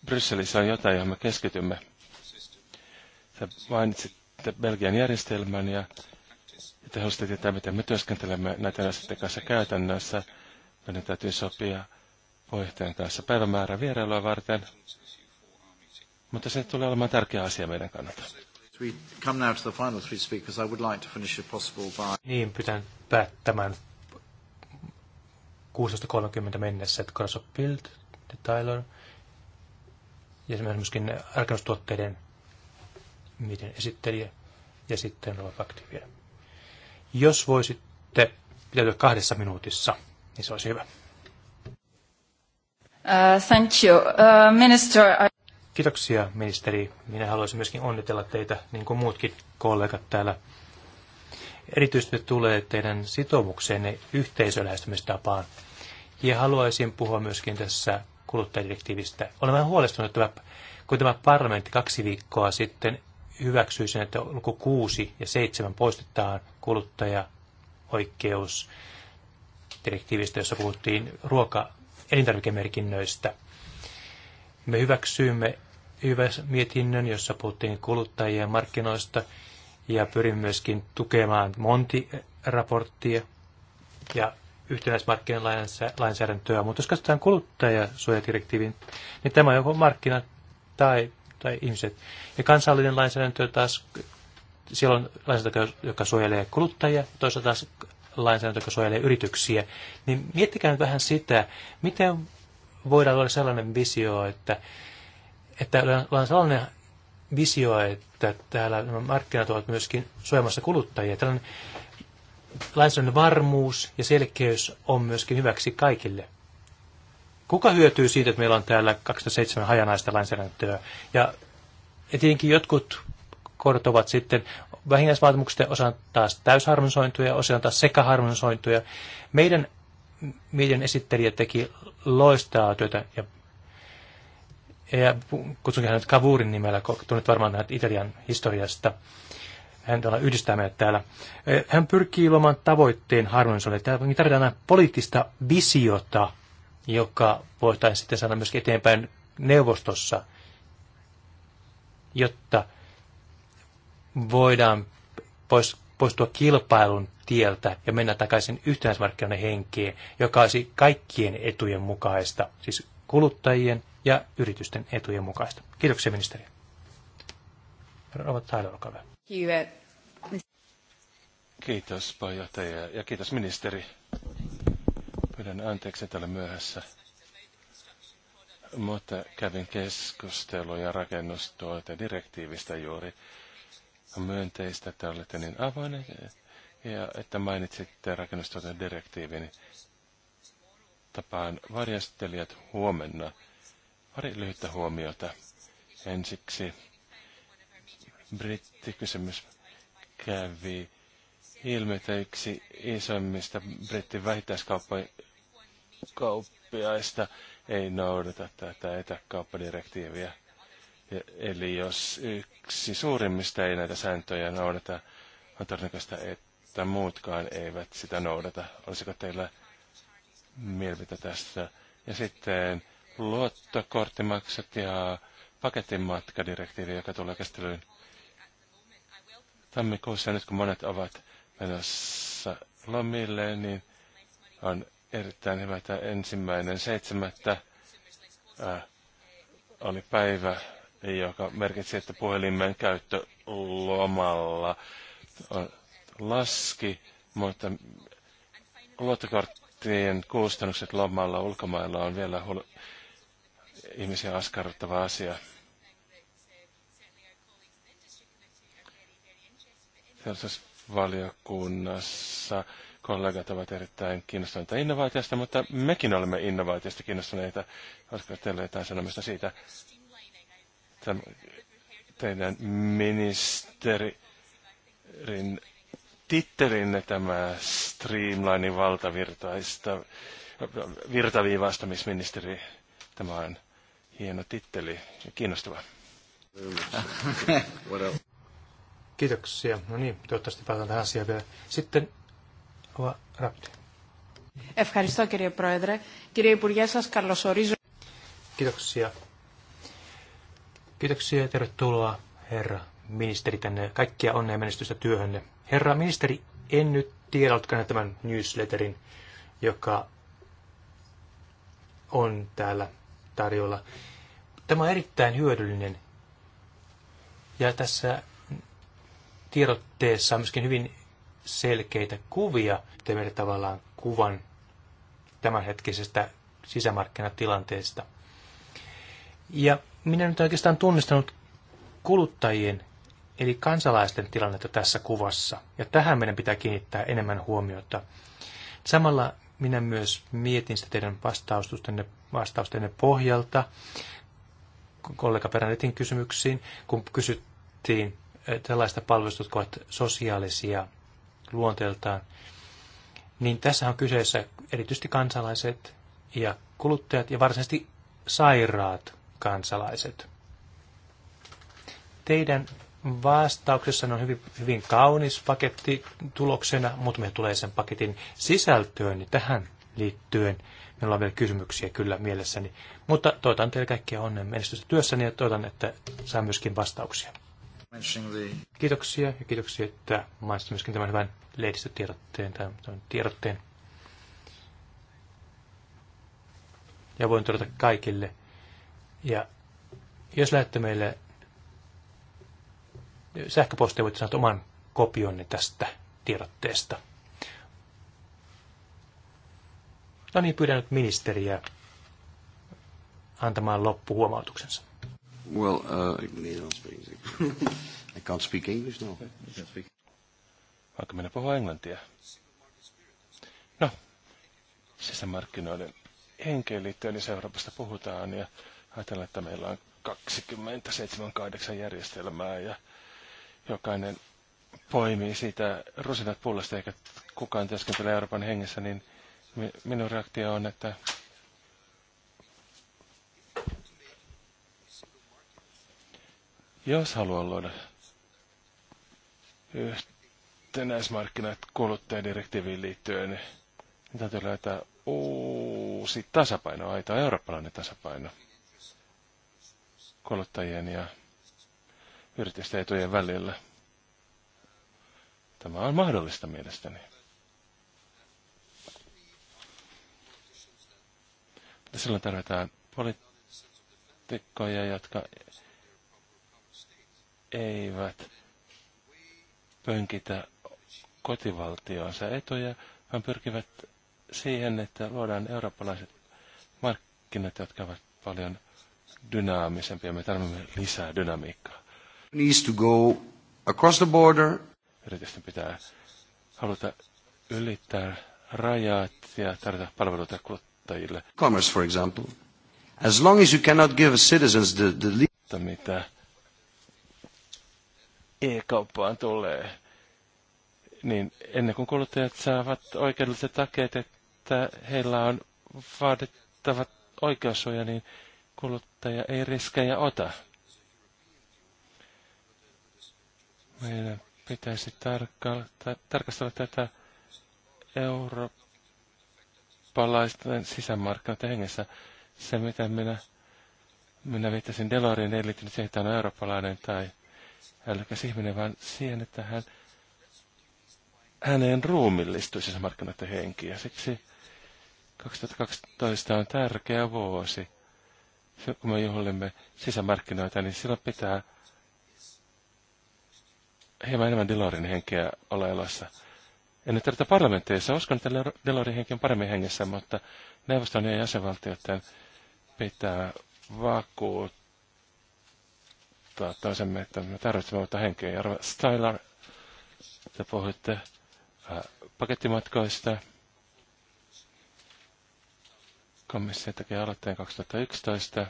Speaker 4: Brysselissä on jotain, johon me keskitymme. Sä mainitsitte Belgian järjestelmän ja, tehostit tätä, miten me työskentelemme näiden asioiden kanssa käytännössä. Meidän täytyy sopia puheenjohtajan kanssa päivämäärä vierailua varten, mutta se tulee olemaan tärkeä
Speaker 3: asia meidän kannalta. Niin, pytän päättämään 16.30 mennessä, että Cross of Build, The Tyler, ja myöskin rakennustuotteiden miten esittelijä ja sitten Robert Jos voisitte pitäytyä kahdessa minuutissa, niin se olisi hyvä.
Speaker 1: Uh, thank you. Uh, minister, I...
Speaker 3: Kiitoksia, ministeri. Minä haluaisin myöskin onnitella teitä, niin kuin muutkin kollegat täällä. Erityisesti tulee teidän sitoumukseenne yhteisölähestymistapaan. Ja haluaisin puhua myöskin tässä kuluttajadirektiivistä. Olen vähän huolestunut, että kun tämä parlamentti kaksi viikkoa sitten hyväksyi sen, että luku 6 ja 7 poistetaan kuluttajaoikeus direktiivistä, jossa puhuttiin ruoka- elintarvikemerkinnöistä. Me hyväksyimme hyvän mietinnön, jossa puhuttiin kuluttajien markkinoista ja pyrimme myöskin tukemaan Monti-raporttia ja yhtenäismarkkinalainsäädäntöä, mutta jos katsotaan kuluttajasuojadirektiivin, niin tämä on joko markkina tai, tai ihmiset. Ja kansallinen lainsäädäntö taas, siellä on lainsäädäntö, joka suojelee kuluttajia, toisaalta taas lainsäädäntö, joka suojelee yrityksiä, niin miettikää nyt vähän sitä, miten voidaan luoda sellainen visio, että, että on sellainen visio, että täällä nämä markkinat ovat myöskin suojamassa kuluttajia. Tällainen lainsäädännön varmuus ja selkeys on myöskin hyväksi kaikille. Kuka hyötyy siitä, että meillä on täällä 27 hajanaista lainsäädäntöä? Ja tietenkin jotkut korot ovat sitten vähimmäisvaatimukset ja osa taas täysharmonisointuja, osa taas sekaharmonisointuja. Meidän, meidän esittelijä teki loistaa työtä ja, ja kutsunkin hänet Kavurin nimellä, kun tunnet varmaan näitä Italian historiasta. Hän tuolla yhdistää meidät täällä. E, hän pyrkii luomaan tavoitteen harmonisoille. Täällä tarvitaan aina poliittista visiota, joka voitaisiin sitten saada myöskin eteenpäin neuvostossa, jotta – voidaan pois, poistua kilpailun tieltä ja mennä takaisin yhtenäismarkkinoiden henkeen, joka olisi kaikkien etujen mukaista, siis kuluttajien ja yritysten etujen mukaista. Kiitoksia ministeri. Robert Tyler, olkaa
Speaker 1: hyvä.
Speaker 4: Kiitos puheenjohtaja ja kiitos ministeri. Pyydän anteeksi, että olen myöhässä. Mutta kävin keskusteluja rakennustuotedirektiivistä juuri. On myönteistä, että olette niin avoinen ja että mainitsitte rakennustuotannon direktiivin. Tapaan varjastelijat huomenna. Pari lyhyttä huomiota. Ensiksi brittikysymys kävi ilmi, että yksi isommista brittin vähittäiskauppiaista ei noudata tätä etäkauppadirektiiviä Eli jos yksi suurimmista ei näitä sääntöjä noudata, on todennäköistä, että muutkaan eivät sitä noudata. Olisiko teillä mielipitä tästä? Ja sitten luottokorttimaksat ja pakettimatkadirektiivi, joka tulee käsittelyyn tammikuussa. Nyt kun monet ovat menossa lomille, niin on erittäin hyvä, että ensimmäinen seitsemättä äh, oli päivä joka merkitsi, että puhelimen käyttö lomalla laski, mutta luottokorttien kustannukset lomalla ulkomailla on vielä huol- ihmisiä askarruttava asia. valiokunnassa kollegat ovat erittäin kiinnostuneita innovaatiosta, mutta mekin olemme innovaatiosta kiinnostuneita. Olisiko teillä jotain sanomista siitä? tämän, teidän ministerin tittelin tämä Streamlinein valtavirtaista virtaviivastamisministeri. Tämä on hieno titteli ja kiinnostava.
Speaker 3: Kiitoksia. No niin, toivottavasti päätän tähän asiaan vielä. Sitten Ova Rapti.
Speaker 1: Ευχαριστώ κύριε Πρόεδρε. Κύριε Υπουργέ, σας
Speaker 2: καλωσορίζω.
Speaker 3: Kiitoksia Kiitoksia ja tervetuloa, herra ministeri, tänne. Kaikkia onnea menestystä työhönne. Herra ministeri, en nyt tiedä, oletko tämän newsletterin, joka on täällä tarjolla. Tämä on erittäin hyödyllinen. Ja tässä tiedotteessa on myöskin hyvin selkeitä kuvia, teemme tavallaan kuvan tämänhetkisestä sisämarkkinatilanteesta. Ja minä nyt oikeastaan tunnistanut kuluttajien eli kansalaisten tilannetta tässä kuvassa. Ja tähän meidän pitää kiinnittää enemmän huomiota. Samalla minä myös mietin sitä teidän vastaustenne, vastaustenne pohjalta kollega Peranetin kysymyksiin, kun kysyttiin eh, tällaista palvelusta, jotka ovat sosiaalisia luonteeltaan, niin tässä on kyseessä erityisesti kansalaiset ja kuluttajat ja varsinaisesti sairaat kansalaiset. Teidän vastauksessa on hyvin, hyvin kaunis paketti tuloksena, mutta me tulee sen paketin sisältöön, niin tähän liittyen minulla on vielä kysymyksiä kyllä mielessäni. Mutta toivotan teille kaikkia onnen menestystä työssäni ja toivotan, että saa myöskin vastauksia. Kiitoksia ja kiitoksia, että mainitsit myöskin tämän hyvän lehdistötiedotteen tai tiedotteen. Ja voin todeta kaikille, ja jos lähette meille sähköpostia, voitte saada oman kopionne tästä tiedotteesta. No niin, pyydän nyt ministeriä antamaan loppuhuomautuksensa.
Speaker 4: Well, uh,
Speaker 3: I can't speak English now. Vaikka minä puhun englantia.
Speaker 4: No, sisämarkkinoiden henkeen liittyen, niin Euroopasta puhutaan ja Ajatellaan, että meillä on 27-8 järjestelmää ja jokainen poimii siitä rusinat pullasta eikä kukaan työskentele Euroopan hengessä, niin minun reaktio on, että jos haluan luoda yhtenäismarkkinat kuluttajadirektiiviin liittyen, niin täytyy löytää uusi tasapaino, aito eurooppalainen tasapaino kuluttajien ja yritysten etujen välillä. Tämä on mahdollista mielestäni. Mutta silloin tarvitaan poliitikkoja, jotka eivät pönkitä kotivaltionsa etuja, vaan pyrkivät siihen, että luodaan eurooppalaiset markkinat, jotka ovat paljon dynaamisempia, me tarvitsemme lisää dynamiikkaa.
Speaker 3: Needs to go across the border.
Speaker 4: Yritysten pitää haluta ylittää rajat ja tarjota palveluita kuluttajille.
Speaker 3: Commerce, for example.
Speaker 4: As long as you cannot give citizens the, the... Mitä e-kauppaan tulee, niin ennen kuin kuluttajat saavat oikeudelliset takeet, että heillä on vaadittavat oikeussuoja, niin kuluttaja ei riskejä ota. Meidän pitäisi tarkastella tätä eurooppalaisten sisämarkkinoiden hengessä. Se, mitä minä, minä viittasin Delorin, ei liittynyt siihen, että hän on eurooppalainen tai älykäs ihminen, vaan siihen, että hän, häneen ruumillistui sisämarkkinoiden henki. Ja siksi 2012 on tärkeä vuosi kun me juhlimme sisämarkkinoita, niin silloin pitää hieman enemmän Delorin henkeä olla elossa. En nyt tarvita parlamentteissa, uskon, että Delorin henki on paremmin hengessä, mutta neuvoston ja jäsenvaltioiden pitää vakuuttaa toisemme, että me tarvitsemme uutta henkeä. Ja Styler, te puhuitte äh, pakettimatkoista. Komissio tekee aloitteen 2011.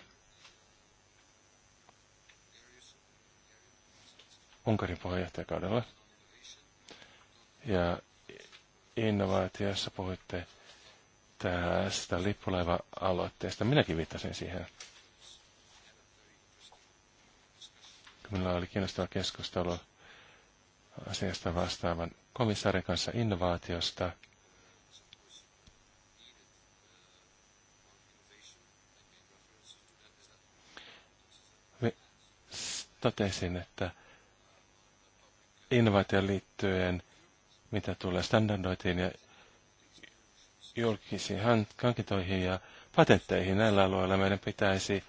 Speaker 4: Unkarin puheenjohtajakaudella. Ja innovaatiossa puhuitte tästä lippulaiva-aloitteesta. Minäkin viittasin siihen. Minulla oli kiinnostava keskustelu asiasta vastaavan komissaarin kanssa innovaatiosta – totesin, että innovaatioon liittyen, mitä tulee standardoitiin ja julkisiin hankintoihin ja patentteihin näillä alueilla, meidän pitäisi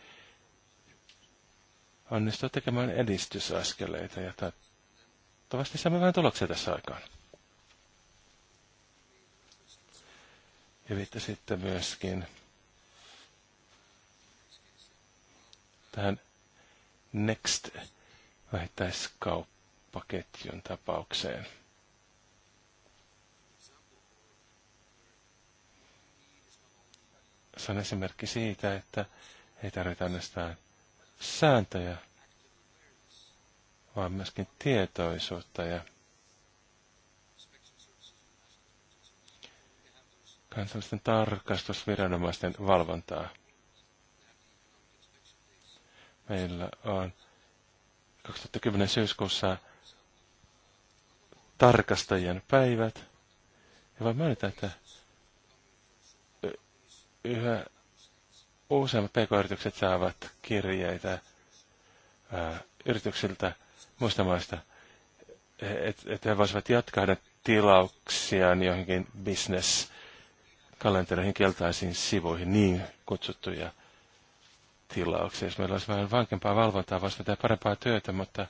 Speaker 4: onnistua tekemään edistysaskeleita ja toivottavasti saamme vähän tuloksia tässä aikaan. Ja sitten myöskin tähän Next vähittäiskauppaketjun tapaukseen. Se on esimerkki siitä, että ei tarvita ainoastaan sääntöjä, vaan myöskin tietoisuutta ja kansallisten tarkastusviranomaisten valvontaa. Meillä on 2010 syyskuussa tarkastajien päivät. Ja voin mainita, että yhä useammat pk-yritykset saavat kirjeitä ää, yrityksiltä muista maista, että et he voisivat jatkaa ne tilauksiaan johonkin business kalentereihin keltaisiin sivuihin, niin kutsuttuja tilauksia, jos meillä olisi vähän vankempaa valvontaa, voisi tehdä parempaa työtä, mutta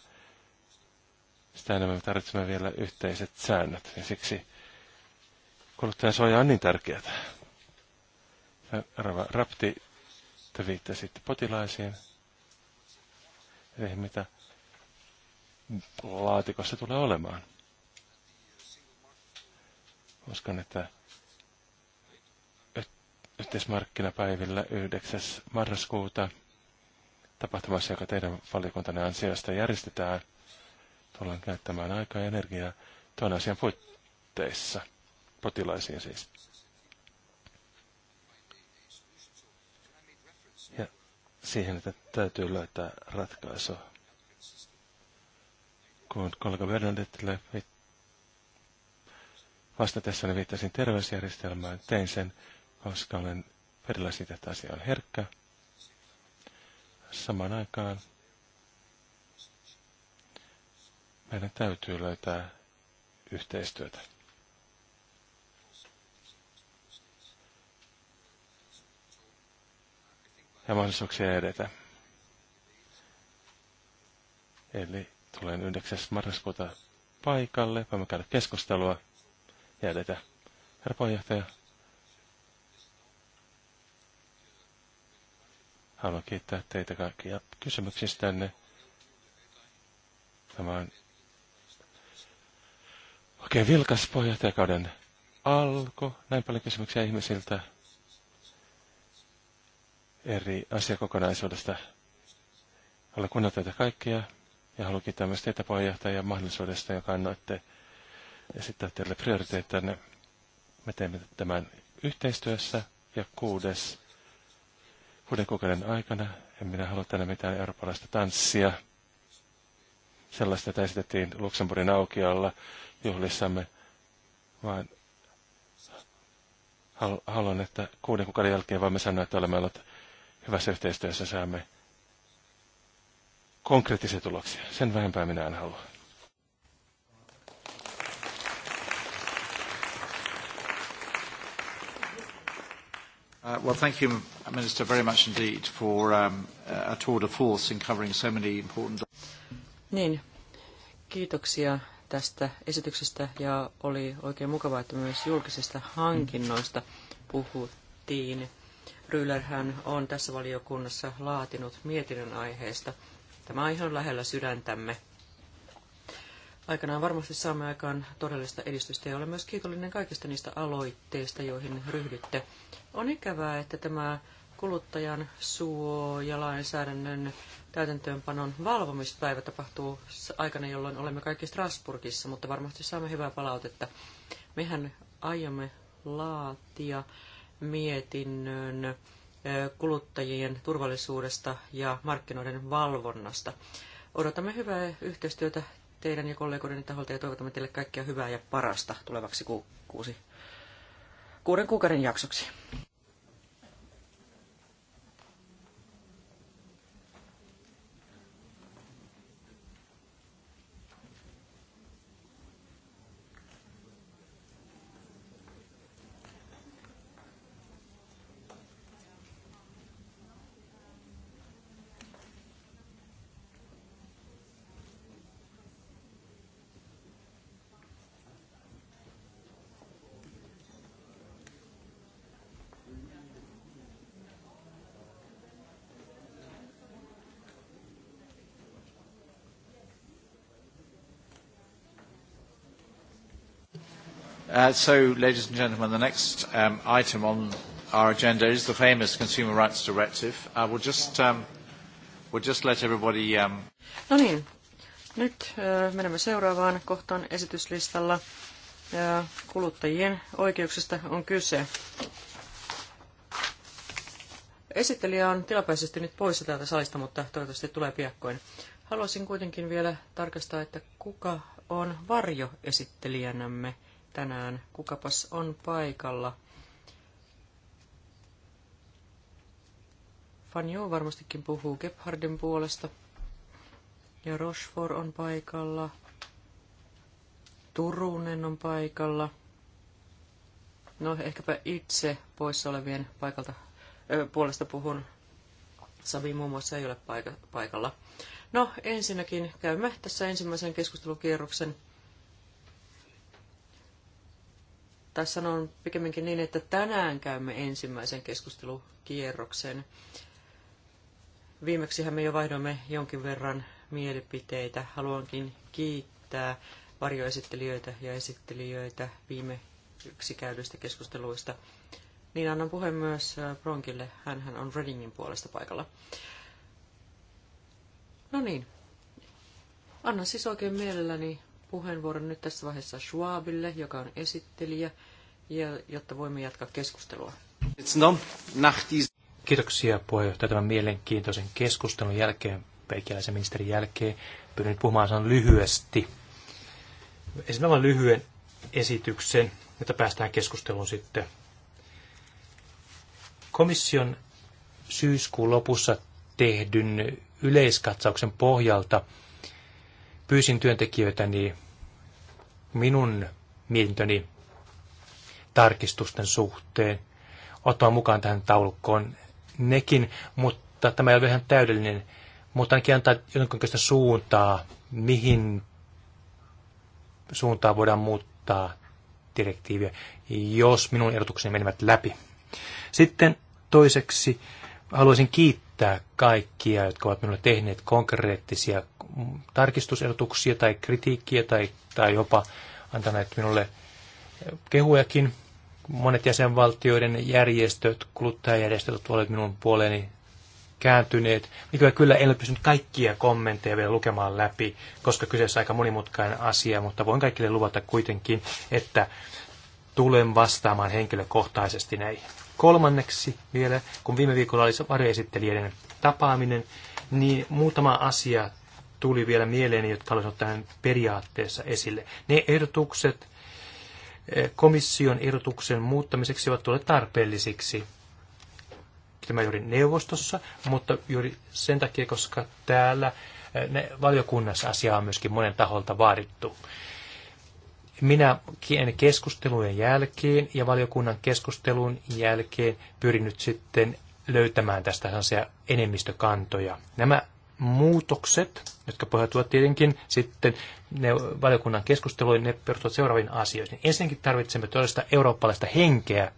Speaker 4: sitä enemmän me tarvitsemme vielä yhteiset säännöt, ja siksi kuluttajansuoja on niin tärkeää. Rava Rapti, te viittasitte potilaisiin, siihen mitä laatikossa tulee olemaan. Uskon, että yhteismarkkinapäivillä 9. marraskuuta tapahtumassa, joka teidän valiokuntanne ansiosta järjestetään. Tullaan käyttämään aikaa ja energiaa tuon asian puitteissa, potilaisiin siis. Ja siihen, että täytyy löytää ratkaisu. Kun kollega Bernadettille vastatessani viittasin terveysjärjestelmään, tein sen koska olen perillä siitä, että asia on herkkä. Samaan aikaan meidän täytyy löytää yhteistyötä. Ja mahdollisuuksia edetä. Eli tulen 9. marraskuuta paikalle. Voimme käydä keskustelua ja edetä. Herra puheenjohtaja, Haluan kiittää teitä kaikkia kysymyksistänne. Tämä on oikein vilkas puheenjohtajakauden alku. Näin paljon kysymyksiä ihmisiltä eri asiakokonaisuudesta. Haluan kuunnella teitä kaikkia ja haluan kiittää myös teitä puheenjohtajia mahdollisuudesta, joka annoitte esittää teille prioriteettanne. Me teemme tämän yhteistyössä ja kuudes kuuden kuukauden aikana. En minä halua tänne mitään eurooppalaista tanssia. Sellaista, jota esitettiin Luxemburgin aukiolla juhlissamme, vaan haluan, että kuuden kuukauden jälkeen voimme sanoa, että olemme olleet hyvässä yhteistyössä, saamme konkreettisia tuloksia. Sen vähempää
Speaker 1: minä en halua. Uh, well, thank you, Minister, very much indeed for um, uh, a tour de force in covering so many important...
Speaker 2: Niin, kiitoksia tästä esityksestä ja oli oikein mukavaa, että myös julkisista hankinnoista puhuttiin. Ryylärhän on tässä valiokunnassa laatinut mietinnön aiheesta. Tämä aihe on lähellä sydäntämme. Aikanaan varmasti saamme aikaan todellista edistystä ja olen myös kiitollinen kaikista niistä aloitteista, joihin ryhdytte. On ikävää, että tämä kuluttajan suojalainsäädännön täytäntöönpanon valvomispäivä tapahtuu aikana, jolloin olemme kaikki Strasburgissa, mutta varmasti saamme hyvää palautetta. Mehän aiomme laatia mietinnön kuluttajien turvallisuudesta ja markkinoiden valvonnasta. Odotamme hyvää yhteistyötä teidän ja kollegoiden taholta ja toivotamme teille kaikkia hyvää ja parasta tulevaksi ku- kuusi, kuuden kuukauden jaksoksi.
Speaker 1: Uh, so, ladies and gentlemen, the next um, item on our agenda is the famous Consumer Rights Directive. Uh, we'll, just, um, we'll just let everybody... Um...
Speaker 2: No niin, nyt uh, menemme seuraavaan kohtaan esityslistalla. Äh, kuluttajien oikeuksista on kyse. Esittelijä on tilapäisesti nyt poissa täältä salista, mutta toivottavasti tulee piakkoin. Haluaisin kuitenkin vielä tarkastaa, että kuka on varjoesittelijänämme tänään. Kukapas on paikalla? Fanjo varmastikin puhuu Gebhardin puolesta. Ja Rochefort on paikalla. Turunen on paikalla. No, ehkäpä itse poissa olevien paikalta, ö, puolesta puhun. Savi muun muassa ei ole paikalla. No, ensinnäkin käymme tässä ensimmäisen keskustelukierroksen tai sanon pikemminkin niin, että tänään käymme ensimmäisen keskustelukierroksen. Viimeksihän me jo vaihdoimme jonkin verran mielipiteitä. Haluankin kiittää varjoesittelijöitä ja esittelijöitä viime yksi käydyistä keskusteluista. Niin annan puheen myös äh, Bronkille. hän on Readingin puolesta paikalla. No niin. Annan siis oikein mielelläni puheenvuoron nyt tässä vaiheessa Schwabille, joka on esittelijä, ja, jotta voimme jatkaa keskustelua.
Speaker 3: Kiitoksia puheenjohtaja tämän mielenkiintoisen keskustelun jälkeen, peikiläisen ministerin jälkeen. Pyydän nyt puhumaan sanon lyhyesti. Esimerkiksi lyhyen esityksen, että päästään keskusteluun sitten. Komission syyskuun lopussa tehdyn yleiskatsauksen pohjalta – pyysin työntekijöitäni minun mietintöni tarkistusten suhteen ottamaan mukaan tähän taulukkoon nekin, mutta tämä ei ole ihan täydellinen, mutta ainakin antaa jonkinlaista suuntaa, mihin suuntaa voidaan muuttaa direktiiviä, jos minun erotukseni menevät läpi. Sitten toiseksi haluaisin kiittää kiittää kaikkia, jotka ovat minulle tehneet konkreettisia tarkistusehdotuksia tai kritiikkiä tai, tai jopa antaneet minulle kehujakin. Monet jäsenvaltioiden järjestöt, kuluttajajärjestöt ovat olleet minun puoleeni kääntyneet. Mikä kyllä ei ole pystynyt kaikkia kommentteja vielä lukemaan läpi, koska kyseessä on aika monimutkainen asia, mutta voin kaikille luvata kuitenkin, että tulen vastaamaan henkilökohtaisesti näihin. Kolmanneksi vielä, kun viime viikolla oli varjoesittelijöiden tapaaminen, niin muutama asia tuli vielä mieleen, jotka haluaisin ottaa periaatteessa esille. Ne ehdotukset eh, komission ehdotuksen muuttamiseksi ovat tulleet tarpeellisiksi. Tämä juuri neuvostossa, mutta juuri sen takia, koska täällä eh, ne, valiokunnassa asiaa on myöskin monen taholta vaadittu. Minä keskustelujen jälkeen ja valiokunnan keskustelun jälkeen pyrin nyt sitten löytämään tästä sellaisia enemmistökantoja. Nämä muutokset, jotka pohjautuvat tietenkin sitten ne valiokunnan keskusteluun, ne perustuvat seuraaviin asioihin. Ensinnäkin tarvitsemme todellista eurooppalaista henkeä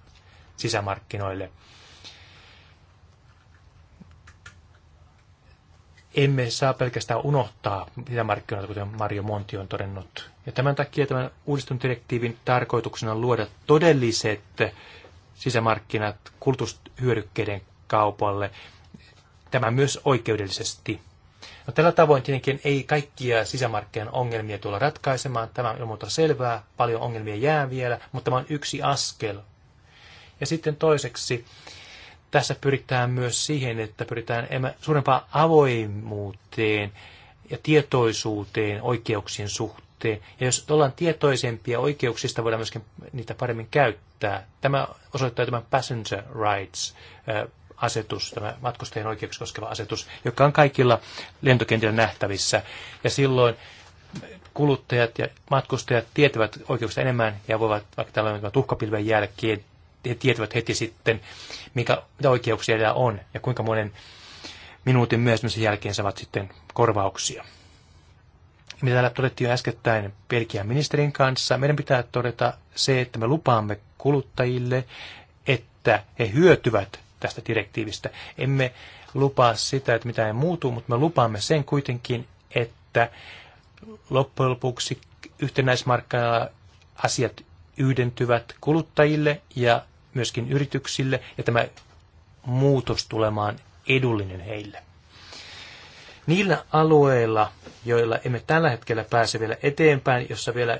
Speaker 3: sisämarkkinoille. emme saa pelkästään unohtaa markkinoita, kuten Mario Monti on todennut. Ja tämän takia tämän uudistun direktiivin tarkoituksena on luoda todelliset sisämarkkinat kulutushyödykkeiden kaupalle, tämä myös oikeudellisesti. No, tällä tavoin tietenkin ei kaikkia sisämarkkinan ongelmia tulla ratkaisemaan, tämä on muuta selvää, paljon ongelmia jää vielä, mutta tämä on yksi askel. Ja sitten toiseksi tässä pyritään myös siihen, että pyritään suurempaa avoimuuteen ja tietoisuuteen oikeuksien suhteen. Ja jos ollaan tietoisempia oikeuksista, voidaan myöskin niitä paremmin käyttää. Tämä osoittaa tämä passenger rights asetus, tämä matkustajien oikeuksia koskeva asetus, joka on kaikilla lentokentillä nähtävissä. Ja silloin kuluttajat ja matkustajat tietävät oikeuksista enemmän ja voivat vaikka tällainen tuhkapilven jälkeen he tietävät heti sitten, mikä, mitä oikeuksia heillä on ja kuinka monen minuutin myöhästymisen jälkeen saavat sitten korvauksia. Mitä täällä todettiin jo äskettäin Belgian ministerin kanssa, meidän pitää todeta se, että me lupaamme kuluttajille, että he hyötyvät tästä direktiivistä. Emme lupaa sitä, että mitään ei muutu, mutta me lupaamme sen kuitenkin, että loppujen lopuksi yhtenäismarkkinoilla asiat yhdentyvät kuluttajille ja myöskin yrityksille ja tämä muutos tulemaan edullinen heille. Niillä alueilla, joilla emme tällä hetkellä pääse vielä eteenpäin, jossa vielä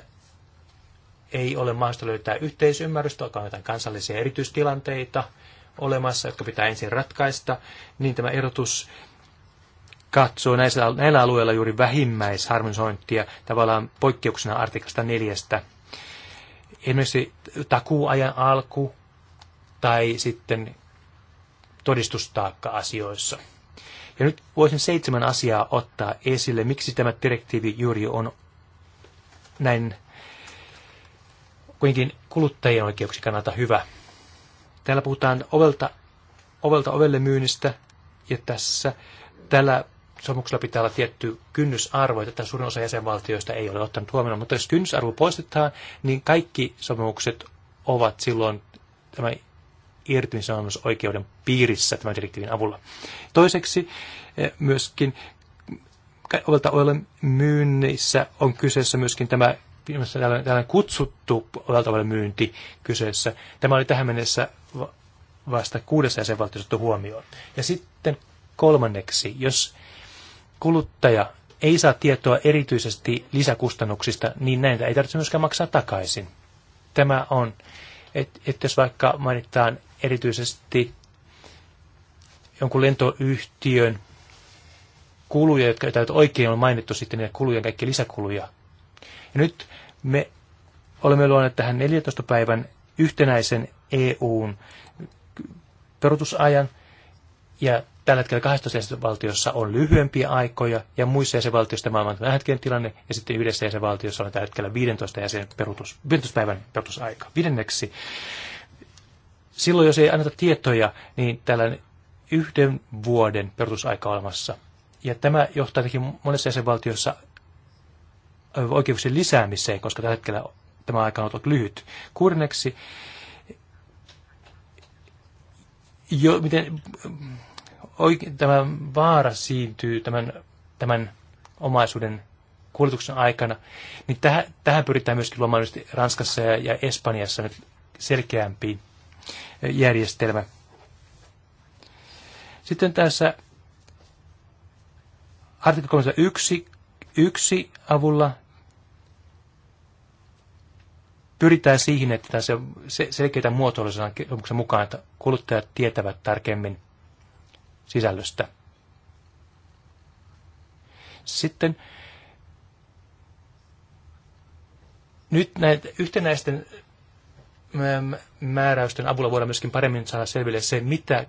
Speaker 3: ei ole mahdollista löytää yhteisymmärrystä, on jotain kansallisia erityistilanteita olemassa, jotka pitää ensin ratkaista, niin tämä erotus katsoo näillä, näillä alueilla juuri vähimmäisharmonisointia tavallaan poikkeuksena artiklasta neljästä. Esimerkiksi takuuajan alku tai sitten todistustaakka asioissa. Ja nyt voisin seitsemän asiaa ottaa esille, miksi tämä direktiivi juuri on näin kuitenkin kuluttajien oikeuksien kannalta hyvä. Täällä puhutaan ovelta, ovelta ovelle myynnistä, ja tässä tällä sopimuksella pitää olla tietty kynnysarvo, että suurin osa jäsenvaltioista ei ole ottanut huomioon, mutta jos kynnysarvo poistetaan, niin kaikki sopimukset ovat silloin tämä oikeuden piirissä tämän direktiivin avulla. Toiseksi eh, myöskin ovelta oilen myynnissä on kyseessä myöskin tämä tällainen kutsuttu ovelta oilen myynti kyseessä. Tämä oli tähän mennessä vasta kuudessa jäsenvaltiossa otettu huomioon. Ja sitten kolmanneksi, jos kuluttaja ei saa tietoa erityisesti lisäkustannuksista, niin näitä ei tarvitse myöskään maksaa takaisin. Tämä on että et jos vaikka mainitaan erityisesti jonkun lentoyhtiön kuluja, jotka eivät oikein ole mainittu sitten niitä kuluja, kaikki lisäkuluja. Ja nyt me olemme luoneet tähän 14 päivän yhtenäisen EUn perutusajan, ja tällä hetkellä 12 jäsenvaltiossa on lyhyempiä aikoja, ja muissa jäsenvaltioissa tämä on tämän hetken tilanne, ja sitten yhdessä jäsenvaltiossa on tällä hetkellä 15 jäsen perutus, 15 päivän perutusaika. Viidenneksi, silloin jos ei anneta tietoja, niin tällainen yhden vuoden perutusaika on olemassa. Ja tämä johtaa tietenkin monessa jäsenvaltiossa oikeuksien lisäämiseen, koska tällä hetkellä tämä aika on ollut lyhyt. Kuudenneksi, jo, miten oikein, tämä vaara siintyy tämän, tämän omaisuuden kuljetuksen aikana, niin tähän, tähän pyritään myöskin luomaan Ranskassa ja, ja Espanjassa nyt selkeämpi järjestelmä. Sitten tässä artikla 31 yksi avulla pyritään siihen, että se selkeitä muotoilua mukaan, että kuluttajat tietävät tarkemmin sisällöstä. Sitten nyt näitä yhtenäisten ähm, määräysten avulla voidaan myöskin paremmin saada selville se, mitä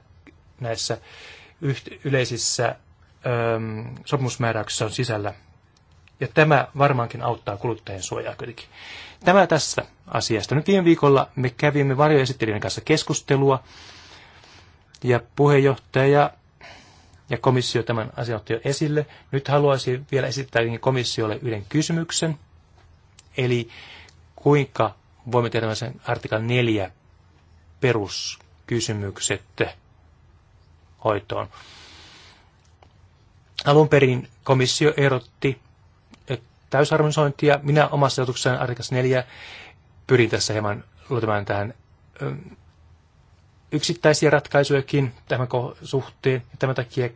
Speaker 3: näissä yleisissä äm, sopimusmääräyksissä on sisällä. Ja tämä varmaankin auttaa kuluttajien suojaa kuitenkin. Tämä tässä asiasta. Nyt viime viikolla me kävimme varjoesittelijän kanssa keskustelua ja puheenjohtaja ja komissio tämän asian otti jo esille. Nyt haluaisin vielä esittää komissiolle yhden kysymyksen, eli kuinka voimme tehdä sen artiklan 4 peruskysymykset hoitoon. Alun perin komissio erotti eh, täysharmonisointia. Minä omassa ajatuksessani artikas 4 pyrin tässä hieman luotamaan tähän eh, yksittäisiä ratkaisujakin tämän suhteen. Tämän takia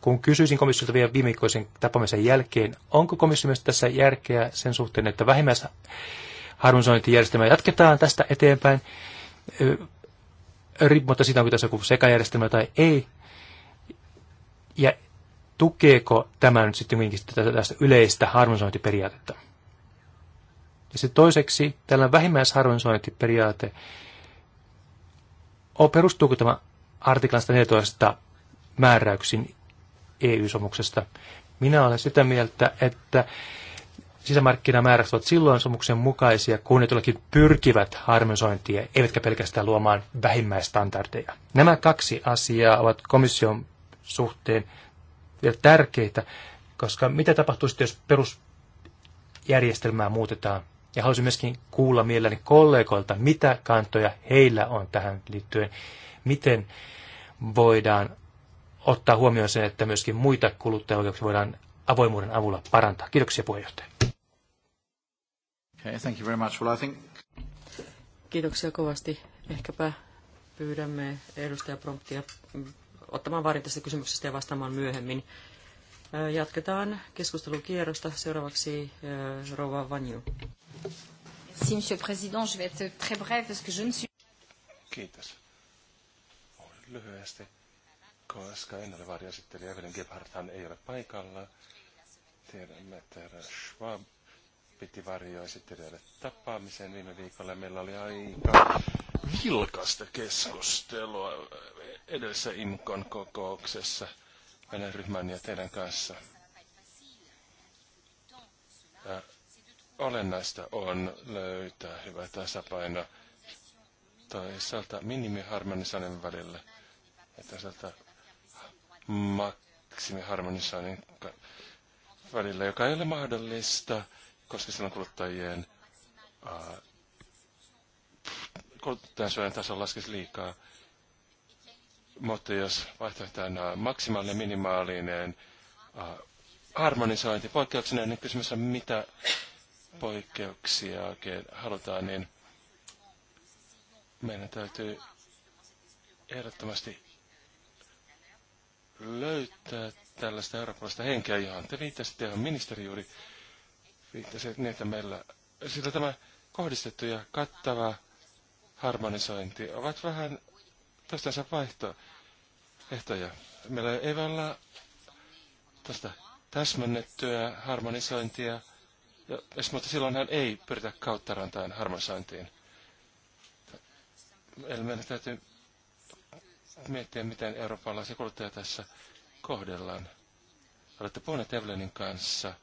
Speaker 3: kun kysyisin komissiolta vielä viimekoisen tapaamisen jälkeen, onko komissio myös tässä järkeä sen suhteen, että vähimmäisharmonisointijärjestelmää jatketaan tästä eteenpäin, riippumatta siitä, onko tässä joku sekajärjestelmä tai ei, ja tukeeko tämä nyt sitten kuitenkin tästä yleistä harmonisointiperiaatetta? Ja sitten toiseksi, tällä vähimmäisharmonisointiperiaate, perustuuko tämä artiklan 114 määräyksiin EU-somuksesta. Minä olen sitä mieltä, että sisämarkkinamäärät ovat silloin somuksen mukaisia, kun ne todellakin pyrkivät harmonisointia, eivätkä pelkästään luomaan vähimmäistandardeja. Nämä kaksi asiaa ovat komission suhteen vielä tärkeitä, koska mitä tapahtuisi, jos perusjärjestelmää muutetaan? Ja haluaisin myöskin kuulla mielelläni kollegoilta, mitä kantoja heillä on tähän liittyen, miten voidaan ottaa huomioon se, että myöskin muita kuluttajaoikeuksia voidaan avoimuuden avulla parantaa.
Speaker 1: Kiitoksia puheenjohtaja. Okay, thank you very much. Well, I think...
Speaker 2: Kiitoksia kovasti. Ehkäpä pyydämme edustaja Promptia ottamaan vaarin tästä kysymyksestä ja vastaamaan myöhemmin. Jatketaan keskustelukierrosta. Seuraavaksi Rova Vanju. Merci, monsieur président. Je vais être très bref parce que je ne suis... Kiitos.
Speaker 4: Lyhyesti koska en ole varjoesittelijä, Evelyn Gebhardthan ei ole paikalla. Tiedämme, että herra Schwab piti varjoesittelijöille tapaamisen viime viikolla. Meillä oli aika vilkasta keskustelua edellisessä Inkon kokouksessa meidän ryhmän ja teidän kanssa. Ja olennaista on löytää hyvä tasapaino toisaalta minimiharmonisoinnin välillä ja toisaalta maksimiharmonisoinnin välillä, joka ei ole mahdollista, koska silloin kuluttajien kuluttajansuojan taso laskisi liikaa. Mutta jos on maksimaalinen minimaalinen ää, harmonisointi poikkeuksena, niin kysymys on mitä poikkeuksia oikein halutaan, niin meidän täytyy ehdottomasti löytää tällaista eurooppalaista henkeä, ihan. te viittasitte, ihan ministeri juuri viittasi, niin että meillä, sillä tämä kohdistettu ja kattava harmonisointi ovat vähän toistensa vaihtoehtoja. Meillä ei voi olla tästä täsmennettyä harmonisointia, ja, mutta silloinhan ei pyritä rantaan harmonisointiin. Eli meidän täytyy miettiä, miten eurooppalaisia kuluttajia tässä kohdellaan. Olette puhuneet Evelynin kanssa.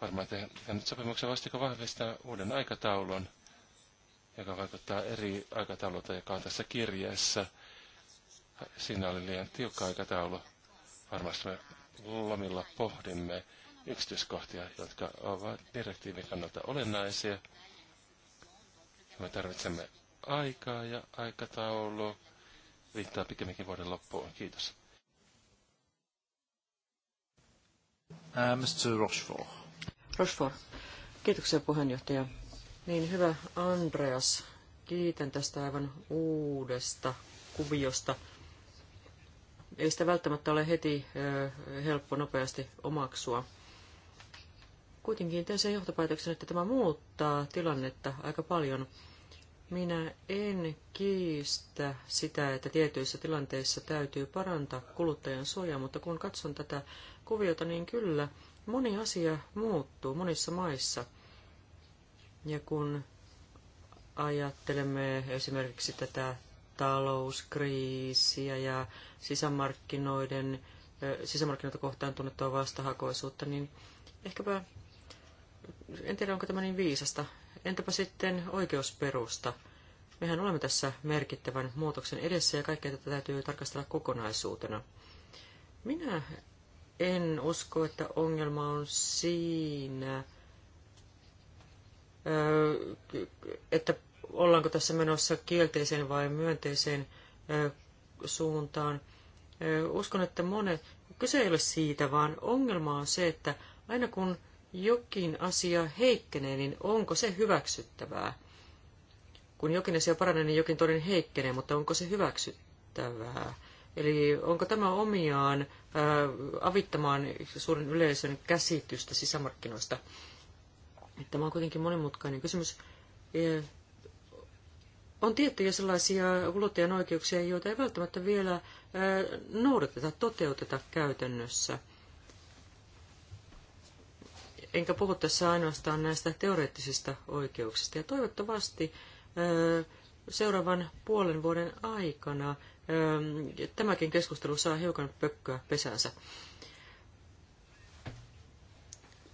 Speaker 4: Varmaan tehnyt sopimuksen vastiko vahvistaa uuden aikataulun, joka vaikuttaa eri aikataululta, joka on tässä kirjeessä. Siinä oli liian tiukka aikataulu. Varmasti me lomilla pohdimme yksityiskohtia, jotka ovat direktiivin kannalta olennaisia. Me tarvitsemme aikaa ja aikataulua riittää pikemminkin vuoden loppuun. Kiitos.
Speaker 1: Uh, Mr. Rochefort.
Speaker 2: Rochefort. Kiitoksia puheenjohtaja. Niin hyvä Andreas, kiitän tästä aivan uudesta kuviosta. Ei sitä välttämättä ole heti ö, helppo nopeasti omaksua. Kuitenkin teen sen johtopäätöksen, että tämä muuttaa tilannetta aika paljon. Minä en kiistä sitä, että tietyissä tilanteissa täytyy parantaa kuluttajan suojaa, mutta kun katson tätä kuviota, niin kyllä moni asia muuttuu monissa maissa. Ja kun ajattelemme esimerkiksi tätä talouskriisiä ja sisämarkkinoiden, sisämarkkinoita kohtaan tunnettua vastahakoisuutta, niin ehkäpä, en tiedä onko tämä niin viisasta, Entäpä sitten oikeusperusta? Mehän olemme tässä merkittävän muutoksen edessä ja kaikkea tätä täytyy tarkastella kokonaisuutena. Minä en usko, että ongelma on siinä, että ollaanko tässä menossa kielteiseen vai myönteiseen suuntaan. Uskon, että monet, kyse ei ole siitä, vaan ongelma on se, että aina kun jokin asia heikkenee, niin onko se hyväksyttävää? Kun jokin asia paranee, niin jokin toinen heikkenee, mutta onko se hyväksyttävää? Eli onko tämä omiaan ää, avittamaan suuren yleisön käsitystä sisämarkkinoista? Tämä on kuitenkin monimutkainen kysymys. On tiettyjä sellaisia kuluttajan oikeuksia, joita ei välttämättä vielä noudateta, toteuteta käytännössä enkä puhu tässä ainoastaan näistä teoreettisista oikeuksista. Ja toivottavasti seuraavan puolen vuoden aikana tämäkin keskustelu saa hiukan pökköä pesänsä.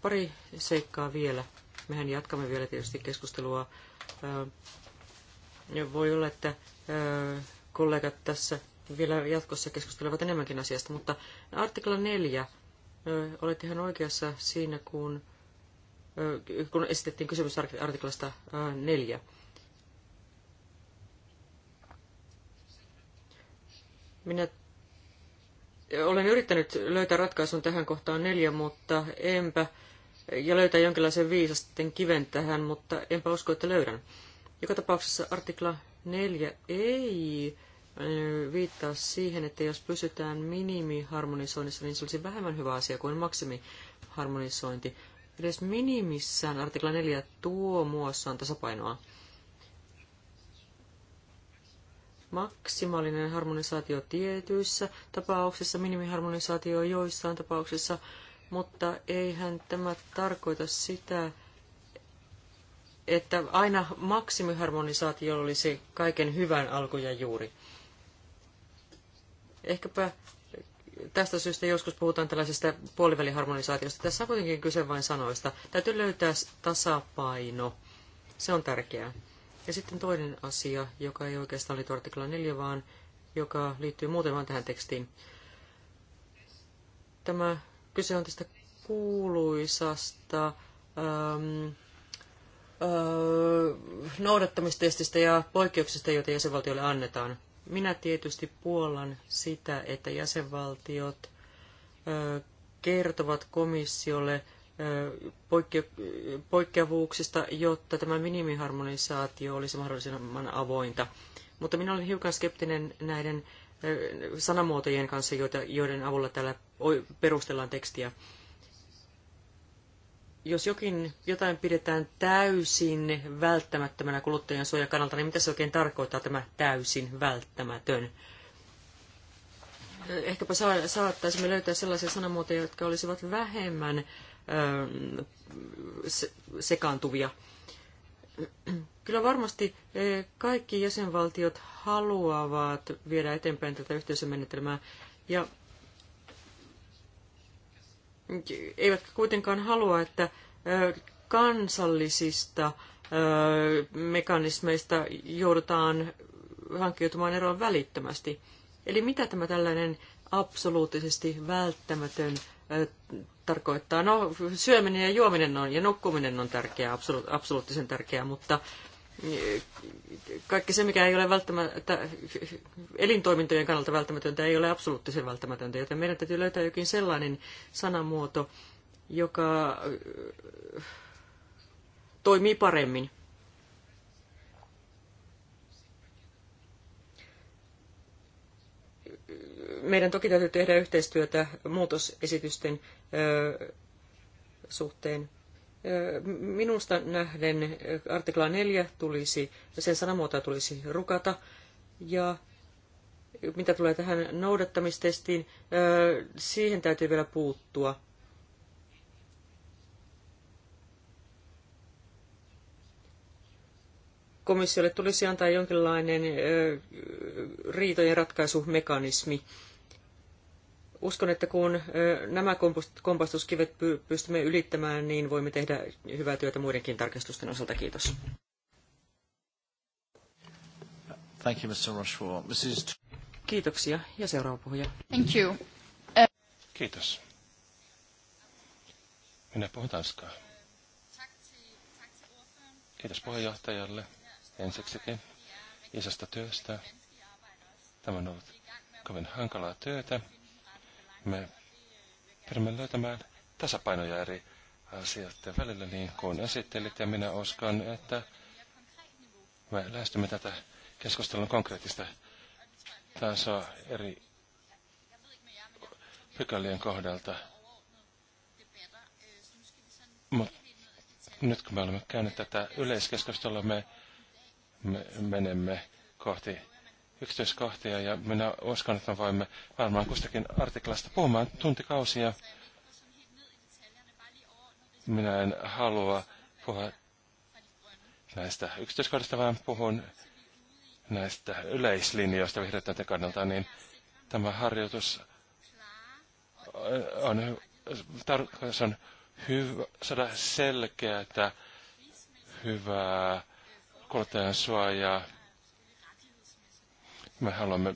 Speaker 2: Pari seikkaa vielä. Mehän jatkamme vielä tietysti keskustelua. Voi olla, että kollegat tässä vielä jatkossa keskustelevat enemmänkin asiasta, mutta artikla 4, olet ihan oikeassa siinä, kun kun esitettiin kysymys artiklasta neljä. Minä olen yrittänyt löytää ratkaisun tähän kohtaan neljä, mutta enpä, ja löytää jonkinlaisen viisasten kiven tähän, mutta enpä usko, että löydän. Joka tapauksessa artikla 4 ei viittaa siihen, että jos pysytään minimiharmonisoinnissa, niin se olisi vähemmän hyvä asia kuin maksimiharmonisointi. Edes minimissään artikla 4 tuo muossaan tasapainoa. Maksimaalinen harmonisaatio tietyissä tapauksissa, minimiharmonisaatio joissain tapauksissa, mutta eihän tämä tarkoita sitä, että aina maksimiharmonisaatio olisi kaiken hyvän alku ja juuri. Ehkäpä tästä syystä joskus puhutaan tällaisesta puoliväliharmonisaatiosta. Tässä on kuitenkin kyse vain sanoista. Täytyy löytää tasapaino. Se on tärkeää. Ja sitten toinen asia, joka ei oikeastaan liity artikla 4, vaan joka liittyy muuten vain tähän tekstiin. Tämä kyse on tästä kuuluisasta ähm, äh, noudattamistestistä ja poikkeuksista, joita jäsenvaltioille annetaan. Minä tietysti puollan sitä, että jäsenvaltiot kertovat komissiolle poikkeavuuksista, jotta tämä minimiharmonisaatio olisi mahdollisimman avointa. Mutta minä olen hiukan skeptinen näiden sanamuotojen kanssa, joiden avulla täällä perustellaan tekstiä jos jokin, jotain pidetään täysin välttämättömänä kuluttajan suojan kannalta, niin mitä se oikein tarkoittaa tämä täysin välttämätön? Ehkäpä saa, saattaisimme löytää sellaisia sanamuotoja, jotka olisivat vähemmän ö, öö, se, sekaantuvia. Kyllä varmasti öö, kaikki jäsenvaltiot haluavat viedä eteenpäin tätä yhteisömenetelmää. Ja eivätkä kuitenkaan halua, että kansallisista mekanismeista joudutaan hankkiutumaan eroon välittömästi. Eli mitä tämä tällainen absoluuttisesti välttämätön tarkoittaa? No, syöminen ja juominen on, ja nukkuminen on tärkeää, absolu- absoluuttisen tärkeää, mutta kaikki se, mikä ei ole välttämättä, elintoimintojen kannalta välttämätöntä, ei ole absoluuttisen välttämätöntä, joten meidän täytyy löytää jokin sellainen sanamuoto, joka äh, toimii paremmin. Meidän toki täytyy tehdä yhteistyötä muutosesitysten äh, suhteen Minusta nähden artikla 4 tulisi, sen sanamuotoa tulisi rukata. Ja mitä tulee tähän noudattamistestiin, siihen täytyy vielä puuttua. Komissiolle tulisi antaa jonkinlainen riitojen ratkaisumekanismi. Uskon, että kun nämä kompastuskivet pystymme ylittämään, niin voimme tehdä hyvää työtä muidenkin tarkastusten osalta. Kiitos.
Speaker 1: Thank you, Mr. Mrs.
Speaker 2: Kiitoksia. Ja seuraava puhuja. Thank you. Kiitos.
Speaker 3: Minä puhun tanskaa.
Speaker 4: Kiitos puheenjohtajalle ensiksikin isosta työstä. Tämä on ollut kovin hankalaa työtä me pyrimme löytämään tasapainoja eri asioiden välillä, niin kuin esittelit, ja minä uskon, että me lähestymme tätä keskustelun konkreettista tasoa eri pykälien kohdalta. Mut nyt kun me olemme käyneet tätä yleiskeskustelua, me, me menemme kohti yksityiskohtia ja minä uskon, että me voimme varmaan kustakin artiklasta puhumaan tuntikausia. Minä en halua puhua näistä yksityiskohdista, vaan puhun näistä yleislinjoista vihreiden kannalta, niin tämä harjoitus on, on, on hyvä, saada että hyvää kuluttajan suojaa me haluamme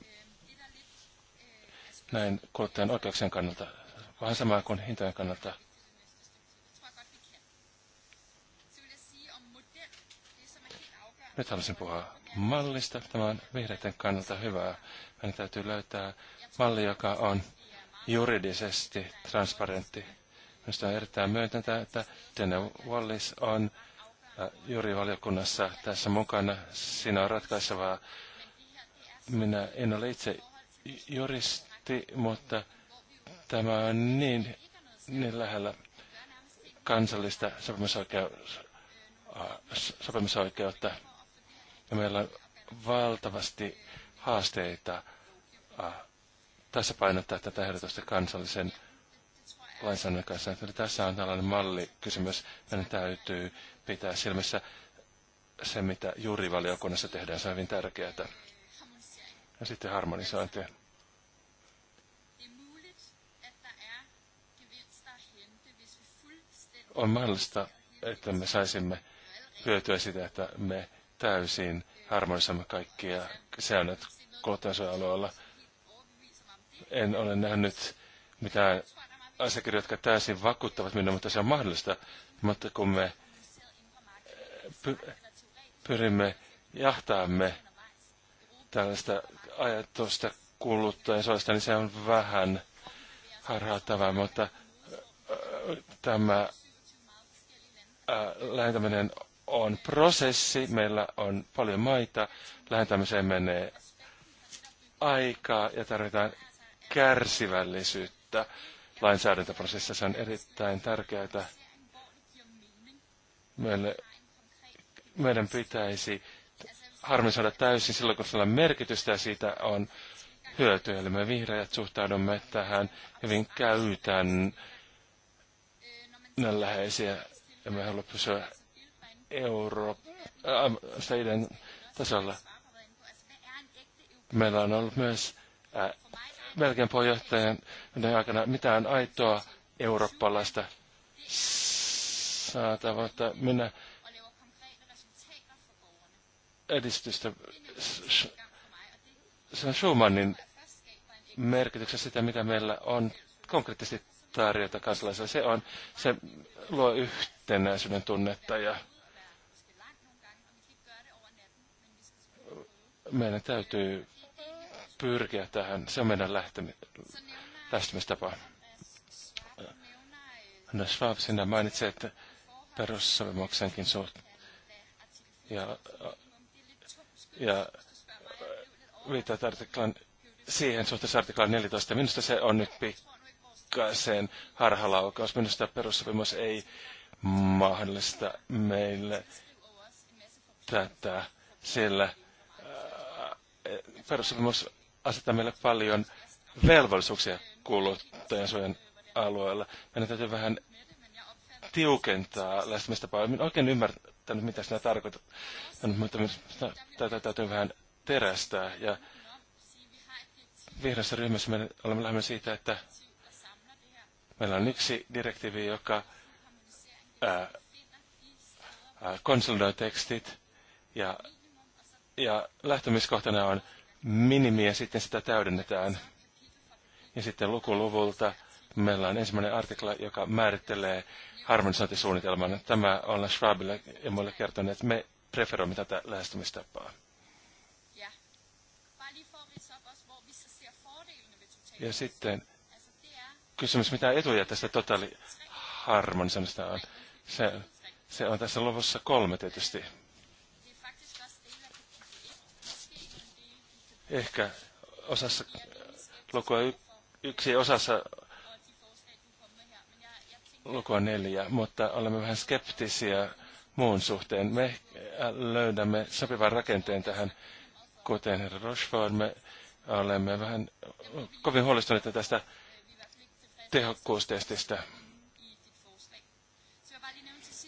Speaker 4: näin kuluttajan oikeuksien kannalta, vähän samaa kuin hintojen kannalta. Nyt haluaisin puhua mallista. Tämä on vihreiden kannalta hyvää. Meidän täytyy löytää malli, joka on juridisesti transparentti. Minusta on erittäin myöntäntä, että Tene Wallis on äh, juurivaliokunnassa tässä mukana. Siinä on ratkaisevaa minä en ole itse juristi, mutta tämä on niin, niin lähellä kansallista sopimusoikeutta. Ja meillä on valtavasti haasteita tässä painottaa tätä ehdotusta kansallisen lainsäädännön kanssa. Eli tässä on tällainen mallikysymys. Meidän täytyy pitää silmissä se, mitä juurivaliokunnassa tehdään. Se on hyvin tärkeää ja sitten harmonisointia. On mahdollista, että me saisimme hyötyä sitä, että me täysin harmonisoimme kaikkia säännöt kuluttajansuojelualueella. En ole nähnyt mitään asiakirjoja, jotka täysin vakuuttavat minua, mutta se on mahdollista. Mutta kun me eh, pyrimme jahtaamme tällaista ajatusta kuluttajasoista, niin se on vähän harhauttavaa, mutta
Speaker 1: äh,
Speaker 4: tämä äh, lähentäminen on prosessi. Meillä on paljon maita. Lähentämiseen menee aikaa ja tarvitaan kärsivällisyyttä lainsäädäntöprosessissa. on erittäin tärkeää. Meille, meidän pitäisi harmonisoida täysin silloin, kun sillä on merkitystä ja siitä on hyötyä. Eli me vihreät suhtaudumme tähän hyvin käytän läheisiä ja me haluamme pysyä Euroopan tasolla. Meillä on ollut myös äh, Belgian puheenjohtajan aikana mitään aitoa eurooppalaista saatavuutta. minä edistystä Schumannin merkityksessä sitä, mitä meillä on konkreettisesti tarjota kansalaisille. Se, on, se luo yhtenäisyyden tunnetta ja meidän täytyy pyrkiä tähän. Se on meidän lähtemistapa. Anna Schwab sinä mainitsi, että perussopimuksenkin suht ja ja äh, viittaat artiklan, siihen suhteessa artiklaan 14. Minusta se on nyt pikkaisen harhalaukaus. Minusta perussopimus ei mahdollista meille tätä, sillä äh, perussopimus asettaa meille paljon velvollisuuksia kuluttajansuojan alueella. Meidän täytyy vähän tiukentaa lähestymistapaa. Minä oikein ymmärrän nyt mitä sinä tarkoitat. Mutta tätä täytyy vähän terästää. Ja vihreässä ryhmässä me olemme lähdemme siitä, että meillä on yksi direktiivi, joka konsolidoi tekstit ja, ja lähtemiskohtana on minimi ja sitten sitä täydennetään. Ja sitten lukuluvulta Meillä on ensimmäinen artikla, joka määrittelee harmonisointisuunnitelman. Tämä on Schwabille ja muille kertonut, että me preferoimme tätä lähestymistapaa. Ja sitten er- kysymys, mitä etuja tästä totaaliharmonisoinnista on. Se, se on tässä luvussa kolme tietysti. Er Ehkä osassa er lukua yksi osassa lukua neljä, mutta olemme vähän skeptisiä muun suhteen. Me äh, löydämme sopivan rakenteen tähän, kuten herra Rochefort, me olemme vähän kovin huolestuneita tästä tehokkuustestistä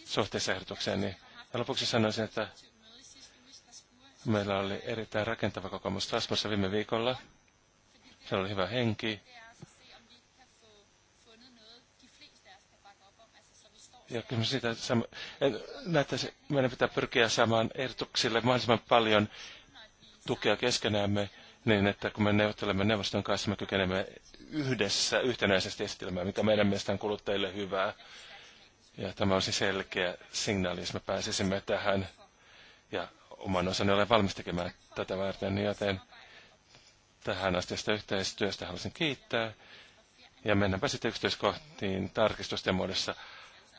Speaker 4: suhteessa ehdotukseen. Niin. Ja lopuksi sanoisin, että meillä oli erittäin rakentava kokemus Strasbourgissa viime viikolla. Se oli hyvä henki Ja kyllä siitä, että en, näyttäisi, meidän pitää pyrkiä saamaan ehdotuksille mahdollisimman paljon tukea keskenämme niin, että kun me neuvottelemme neuvoston kanssa, me kykenemme yhdessä yhtenäisesti esitelmään, mikä meidän mielestään kuluttajille hyvää. Ja tämä olisi selkeä signaali, jos me pääsisimme tähän. Ja oman osani olen valmis tekemään tätä varten, joten tähän asti sitä yhteistyöstä haluaisin kiittää. Ja mennäänpä sitten yksityiskohtiin tarkistusten muodossa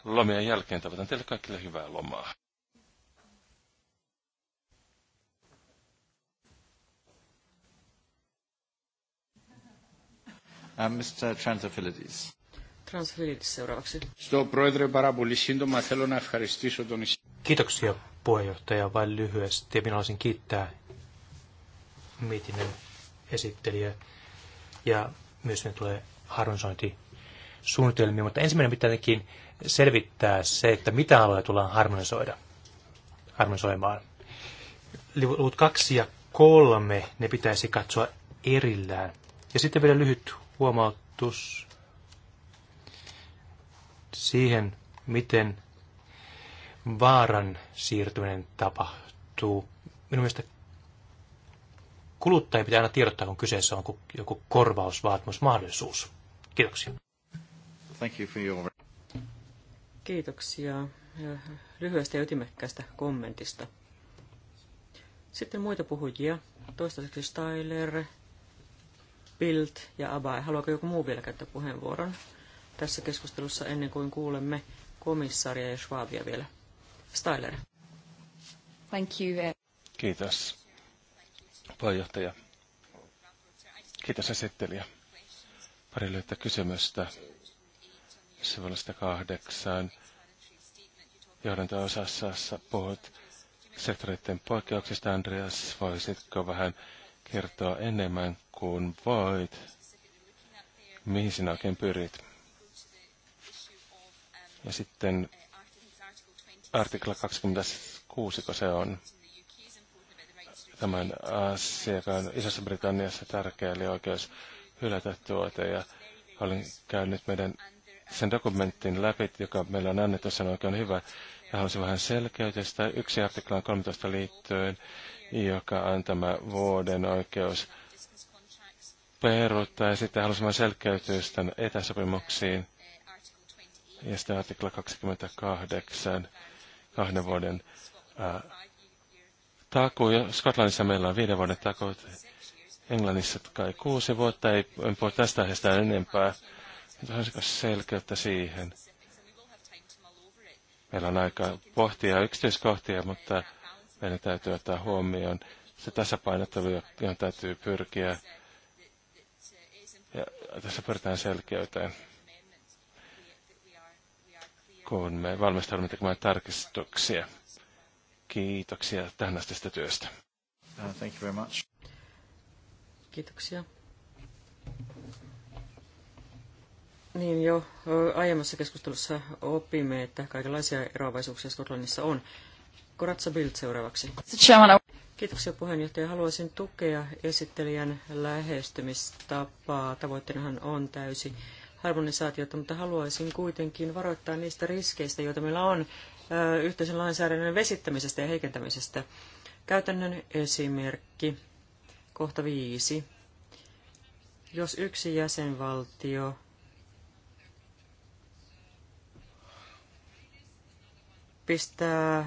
Speaker 4: lomien jälkeen. Toivotan teille kaikille hyvää lomaa.
Speaker 1: Uh, Mr. Transafilides.
Speaker 2: Transafilides seuraavaksi. Στο
Speaker 1: πρόεδρε πάρα πολύ σύντομα θέλω να ευχαριστήσω
Speaker 3: Kiitoksia puheenjohtaja vain lyhyesti. Minä haluaisin kiittää mietinnön esittelijä ja myös me tulee harmonisointisuunnitelmia, mutta ensimmäinen pitää tietenkin selvittää se, että mitä aloja tullaan harmonisoida, harmonisoimaan. Luvut kaksi ja kolme, ne pitäisi katsoa erillään. Ja sitten vielä lyhyt huomautus siihen, miten vaaran siirtyminen tapahtuu. Minun mielestä kuluttaja pitää aina tiedottaa, kun kyseessä on joku korvausvaatimusmahdollisuus.
Speaker 1: Kiitoksia. Thank
Speaker 2: you for your... Kiitoksia lyhyestä ja ytimekkäästä kommentista. Sitten muita puhujia. Toistaiseksi Styler, Bild ja Abai. Haluaako joku muu vielä käyttää puheenvuoron tässä keskustelussa ennen kuin kuulemme komissaria ja Schwabia vielä? Styler. Thank you. Eh.
Speaker 4: Kiitos, puheenjohtaja. Kiitos esittelijä. Pari löytää kysymystä sivulla 108 johdanto-osassa puhut sektoreiden poikkeuksista. Andreas, voisitko vähän kertoa enemmän kuin voit, mihin sinä oikein pyrit? Ja sitten artikla 26, kun se on tämän asiakkaan Isossa Britanniassa tärkeä, eli oikeus hylätä tuote. Ja olen käynyt meidän sen dokumentin läpi, joka meillä on annettu, se on oikein hyvä. Ja haluaisin vähän selkeytystä. Yksi artiklaan 13 liittyen, joka on tämä vuoden oikeus peruuttaa. Ja sitten haluaisin vähän selkeytystä etäsopimuksiin. Ja sitten artikla 28, kahden vuoden ää, äh, taku. Skotlannissa meillä on viiden vuoden takuut. Englannissa kai kuusi vuotta. Ei, en puhu tästä aiheesta enempää. Saisiko selkeyttä siihen? Meillä on aika pohtia yksityiskohtia, mutta meidän täytyy ottaa huomioon se tasapainottelu, johon täytyy pyrkiä. Ja tässä pyritään selkeyteen. Kun me valmistaudumme tekemään tarkistuksia. Kiitoksia tähän asti työstä.
Speaker 2: Uh, thank you very much. Kiitoksia. Niin jo aiemmassa keskustelussa opimme, että kaikenlaisia eroavaisuuksia Skotlannissa on. Koratsa Bild seuraavaksi. Kiitoksia puheenjohtaja. Haluaisin tukea esittelijän lähestymistapaa. Tavoitteenahan on täysi harmonisaatiota, mutta haluaisin kuitenkin varoittaa niistä riskeistä, joita meillä on yhteisen lainsäädännön vesittämisestä ja heikentämisestä. Käytännön esimerkki, kohta viisi. Jos yksi jäsenvaltio pistää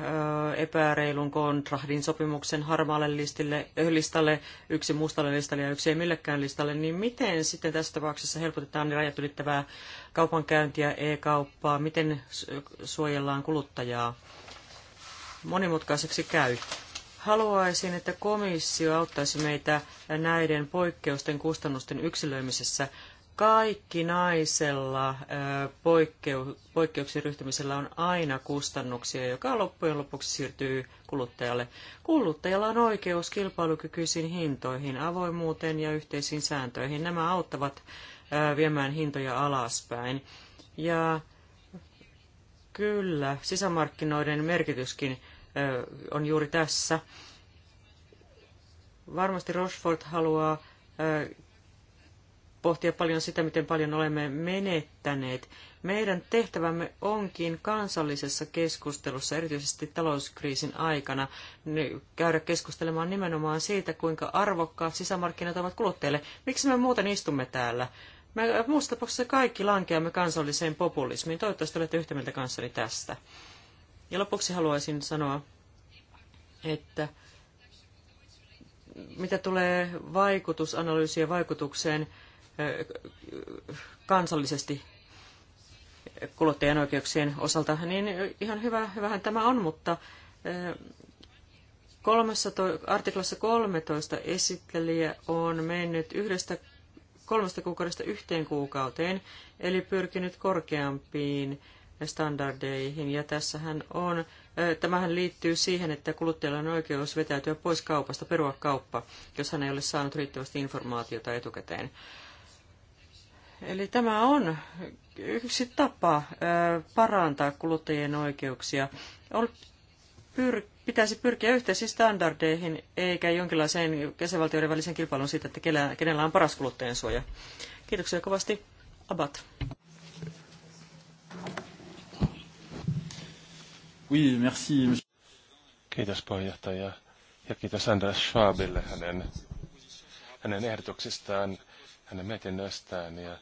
Speaker 2: epäreilun kontrahdin sopimuksen harmaalle listille, listalle, yksi mustalle listalle ja yksi ei millekään listalle, niin miten sitten tässä tapauksessa helpotetaan niin rajat ylittävää kaupankäyntiä, e-kauppaa, miten suojellaan kuluttajaa? Monimutkaiseksi käy. Haluaisin, että komissio auttaisi meitä näiden poikkeusten kustannusten yksilöimisessä kaikki naisella poikkeu, poikkeuksien ryhtymisellä on aina kustannuksia, joka loppujen lopuksi siirtyy kuluttajalle. Kuluttajalla on oikeus kilpailukykyisiin hintoihin, avoimuuteen ja yhteisiin sääntöihin. Nämä auttavat viemään hintoja alaspäin. Ja kyllä, sisämarkkinoiden merkityskin on juuri tässä. Varmasti Rochefort haluaa pohtia paljon sitä, miten paljon olemme menettäneet. Meidän tehtävämme onkin kansallisessa keskustelussa, erityisesti talouskriisin aikana, käydä keskustelemaan nimenomaan siitä, kuinka arvokkaat sisämarkkinat ovat kuluttajille. Miksi me muuten istumme täällä? Me, muussa tapauksessa kaikki lankeamme kansalliseen populismiin. Toivottavasti olette yhtä mieltä kanssani tästä. Ja lopuksi haluaisin sanoa, että mitä tulee vaikutusanalyysiin ja vaikutukseen, kansallisesti kuluttajan oikeuksien osalta, niin ihan hyvä, hyvähän tämä on, mutta kolmessa, artiklassa 13 esittelijä on mennyt yhdestä kolmesta kuukaudesta yhteen kuukauteen, eli pyrkinyt korkeampiin standardeihin. Ja tässähän on, tämähän liittyy siihen, että kuluttajalla on oikeus vetäytyä pois kaupasta, perua kauppa, jos hän ei ole saanut riittävästi informaatiota etukäteen. Eli tämä on yksi tapa parantaa kuluttajien oikeuksia. On pyr- pitäisi pyrkiä yhteisiin standardeihin, eikä jonkinlaiseen jäsenvaltioiden välisen kilpailun siitä, että kenellä on paras kuluttajien suoja. Kiitoksia kovasti. Abat.
Speaker 4: Oui, merci. Kiitos puheenjohtaja ja kiitos Anders Schwabille hänen, hänen ehdotuksistaan hänen mietinnöstään ja,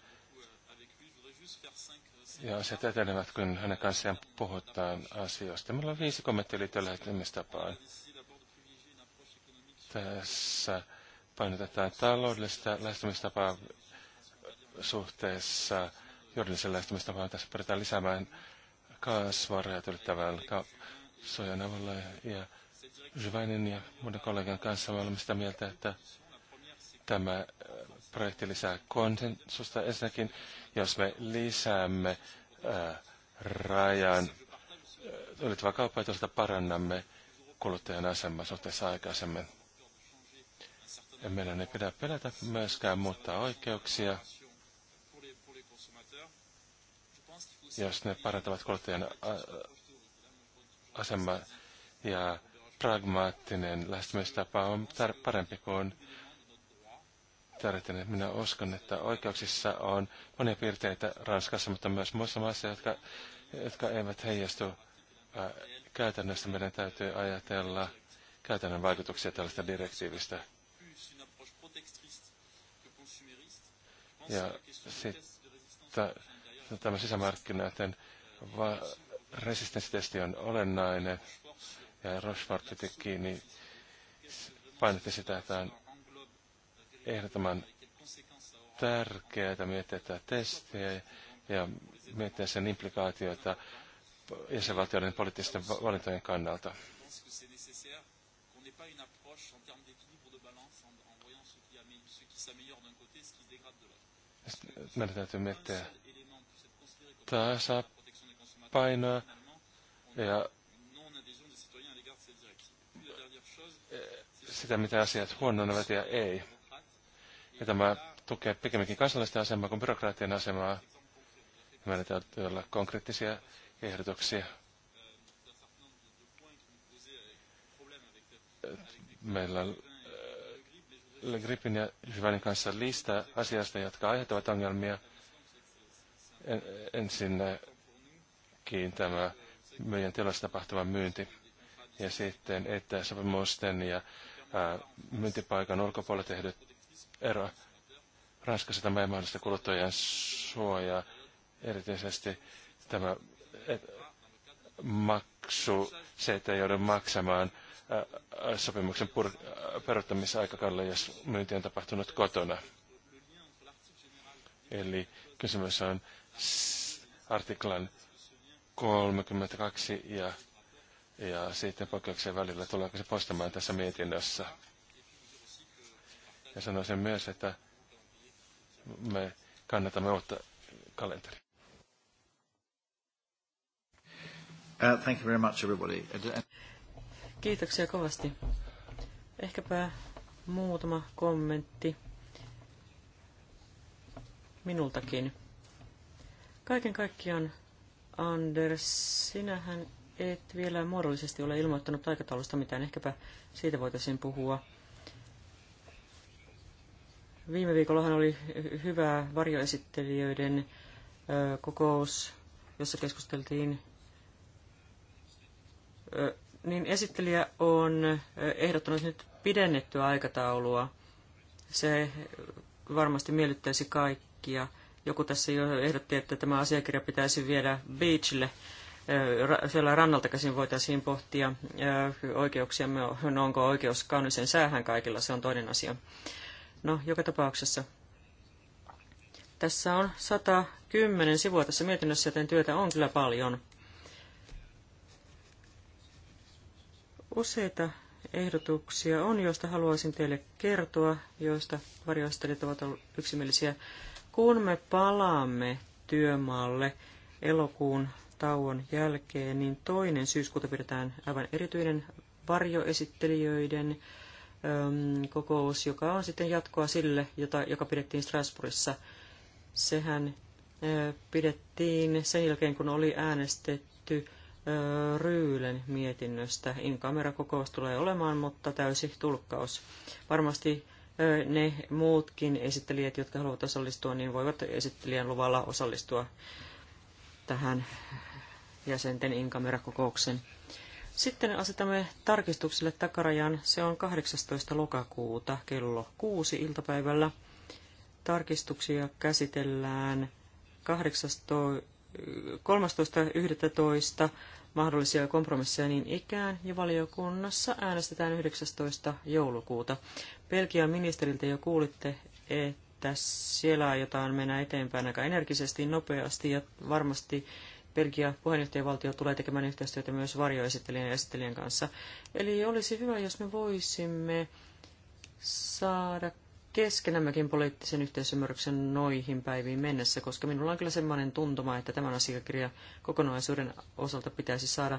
Speaker 4: ja asiat etenevät, kun hänen kanssaan puhutaan asioista. Meillä on viisi kommenttia liittyen lähestymistapaan. Tässä painotetaan taloudellista lähestymistapaa suhteessa juridisen lähestymistapaan. Tässä pyritään lisäämään kasvaa rajat ka- sojan avulla ja Jyväinen ja muiden kollegan kanssa olemme sitä mieltä, että tämä projekti lisää konsensusta. Ensinnäkin, jos me lisäämme äh, rajan äh, ylittävää kauppaa ja toisaalta parannamme kuluttajan asemaa suhteessa aikaisemmin. Ja meidän ei pidä pelätä myöskään muuttaa oikeuksia, jos ne parantavat kuluttajan äh, asemaa. Ja pragmaattinen lähestymistapa on parempi kuin että Minä uskon, että oikeuksissa on monia piirteitä Ranskassa, mutta myös muissa maissa, jotka, jotka eivät heijastu ää, käytännössä. Meidän täytyy ajatella käytännön vaikutuksia tällaista direktiivistä.
Speaker 1: Ja sitten
Speaker 4: tämä sisämarkkinoiden va- resistenssitesti on olennainen. Ja Rochefort teki, niin painotti sitä, että on ehdottoman tärkeää miettiä tätä testiä ja miettiä sen implikaatioita jäsenvaltioiden poliittisten valintojen kannalta.
Speaker 1: Meidän täytyy miettiä
Speaker 4: tasapainoa ja sitä, mitä asiat huononevat ja ei. Ja tämä tukee pikemminkin kansalaisten asemaa kuin byrokraattien asemaa. Meillä täytyy olla konkreettisia ehdotuksia. Meillä on äh, Le Gripin ja Hyvänin kanssa lista asiasta, jotka aiheuttavat ongelmia. En, ensinnäkin äh, tämä myyjän tilassa tapahtuva myynti ja sitten että sopimusten ja ää, äh, myyntipaikan ulkopuolella tehdyt ero. Ranskassa tämä ei mahdollista kuluttajien suojaa, erityisesti tämä maksu, se, että ei joudu maksamaan sopimuksen pur- peruuttamisaikakaudella, jos myynti on tapahtunut kotona. Eli kysymys on artiklan 32 ja, ja sitten poikkeuksien välillä, tuleeko se poistamaan tässä mietinnössä. Ja sen myös, että me kannatamme
Speaker 1: uutta kalenteria. Uh, thank you very much everybody.
Speaker 2: Kiitoksia kovasti. Ehkäpä muutama kommentti minultakin. Kaiken kaikkiaan, Anders, sinähän et vielä muodollisesti ole ilmoittanut aikataulusta mitään. Ehkäpä siitä voitaisiin puhua Viime viikollahan oli hyvä varjoesittelijöiden kokous, jossa keskusteltiin. Niin esittelijä on ehdottanut nyt pidennettyä aikataulua. Se varmasti miellyttäisi kaikkia. Joku tässä jo ehdotti, että tämä asiakirja pitäisi viedä beachille. Siellä rannalta käsin voitaisiin pohtia oikeuksia, onko oikeus kaunisen säähän kaikilla, se on toinen asia. No, joka tapauksessa. Tässä on 110 sivua tässä mietinnössä, joten työtä on kyllä paljon. Useita ehdotuksia on, joista haluaisin teille kertoa, joista varjoistelijat ovat olleet yksimielisiä. Kun me palaamme työmaalle elokuun tauon jälkeen, niin toinen syyskuuta pidetään aivan erityinen varjoesittelijöiden kokous, joka on sitten jatkoa sille, jota, joka pidettiin Strasbourgissa. Sehän pidettiin sen jälkeen, kun oli äänestetty Ryylen mietinnöstä. In-kamera-kokous tulee olemaan, mutta täysi tulkkaus. Varmasti ne muutkin esittelijät, jotka haluavat osallistua, niin voivat esittelijän luvalla osallistua tähän jäsenten in-kamera-kokouksen. Sitten asetamme tarkistuksille takarajan. Se on 18. lokakuuta kello 6 iltapäivällä. Tarkistuksia käsitellään 13.11. mahdollisia kompromisseja niin ikään, ja valiokunnassa äänestetään 19. joulukuuta. Belgian ministeriltä jo kuulitte, että siellä aiotaan mennä eteenpäin aika energisesti, nopeasti ja varmasti Belgia puheenjohtajavaltio tulee tekemään yhteistyötä myös varjoesittelijän ja esittelijän kanssa. Eli olisi hyvä, jos me voisimme saada keskenämmekin poliittisen yhteisymmärryksen noihin päiviin mennessä, koska minulla on kyllä sellainen tuntuma, että tämän asiakirjan kokonaisuuden osalta pitäisi saada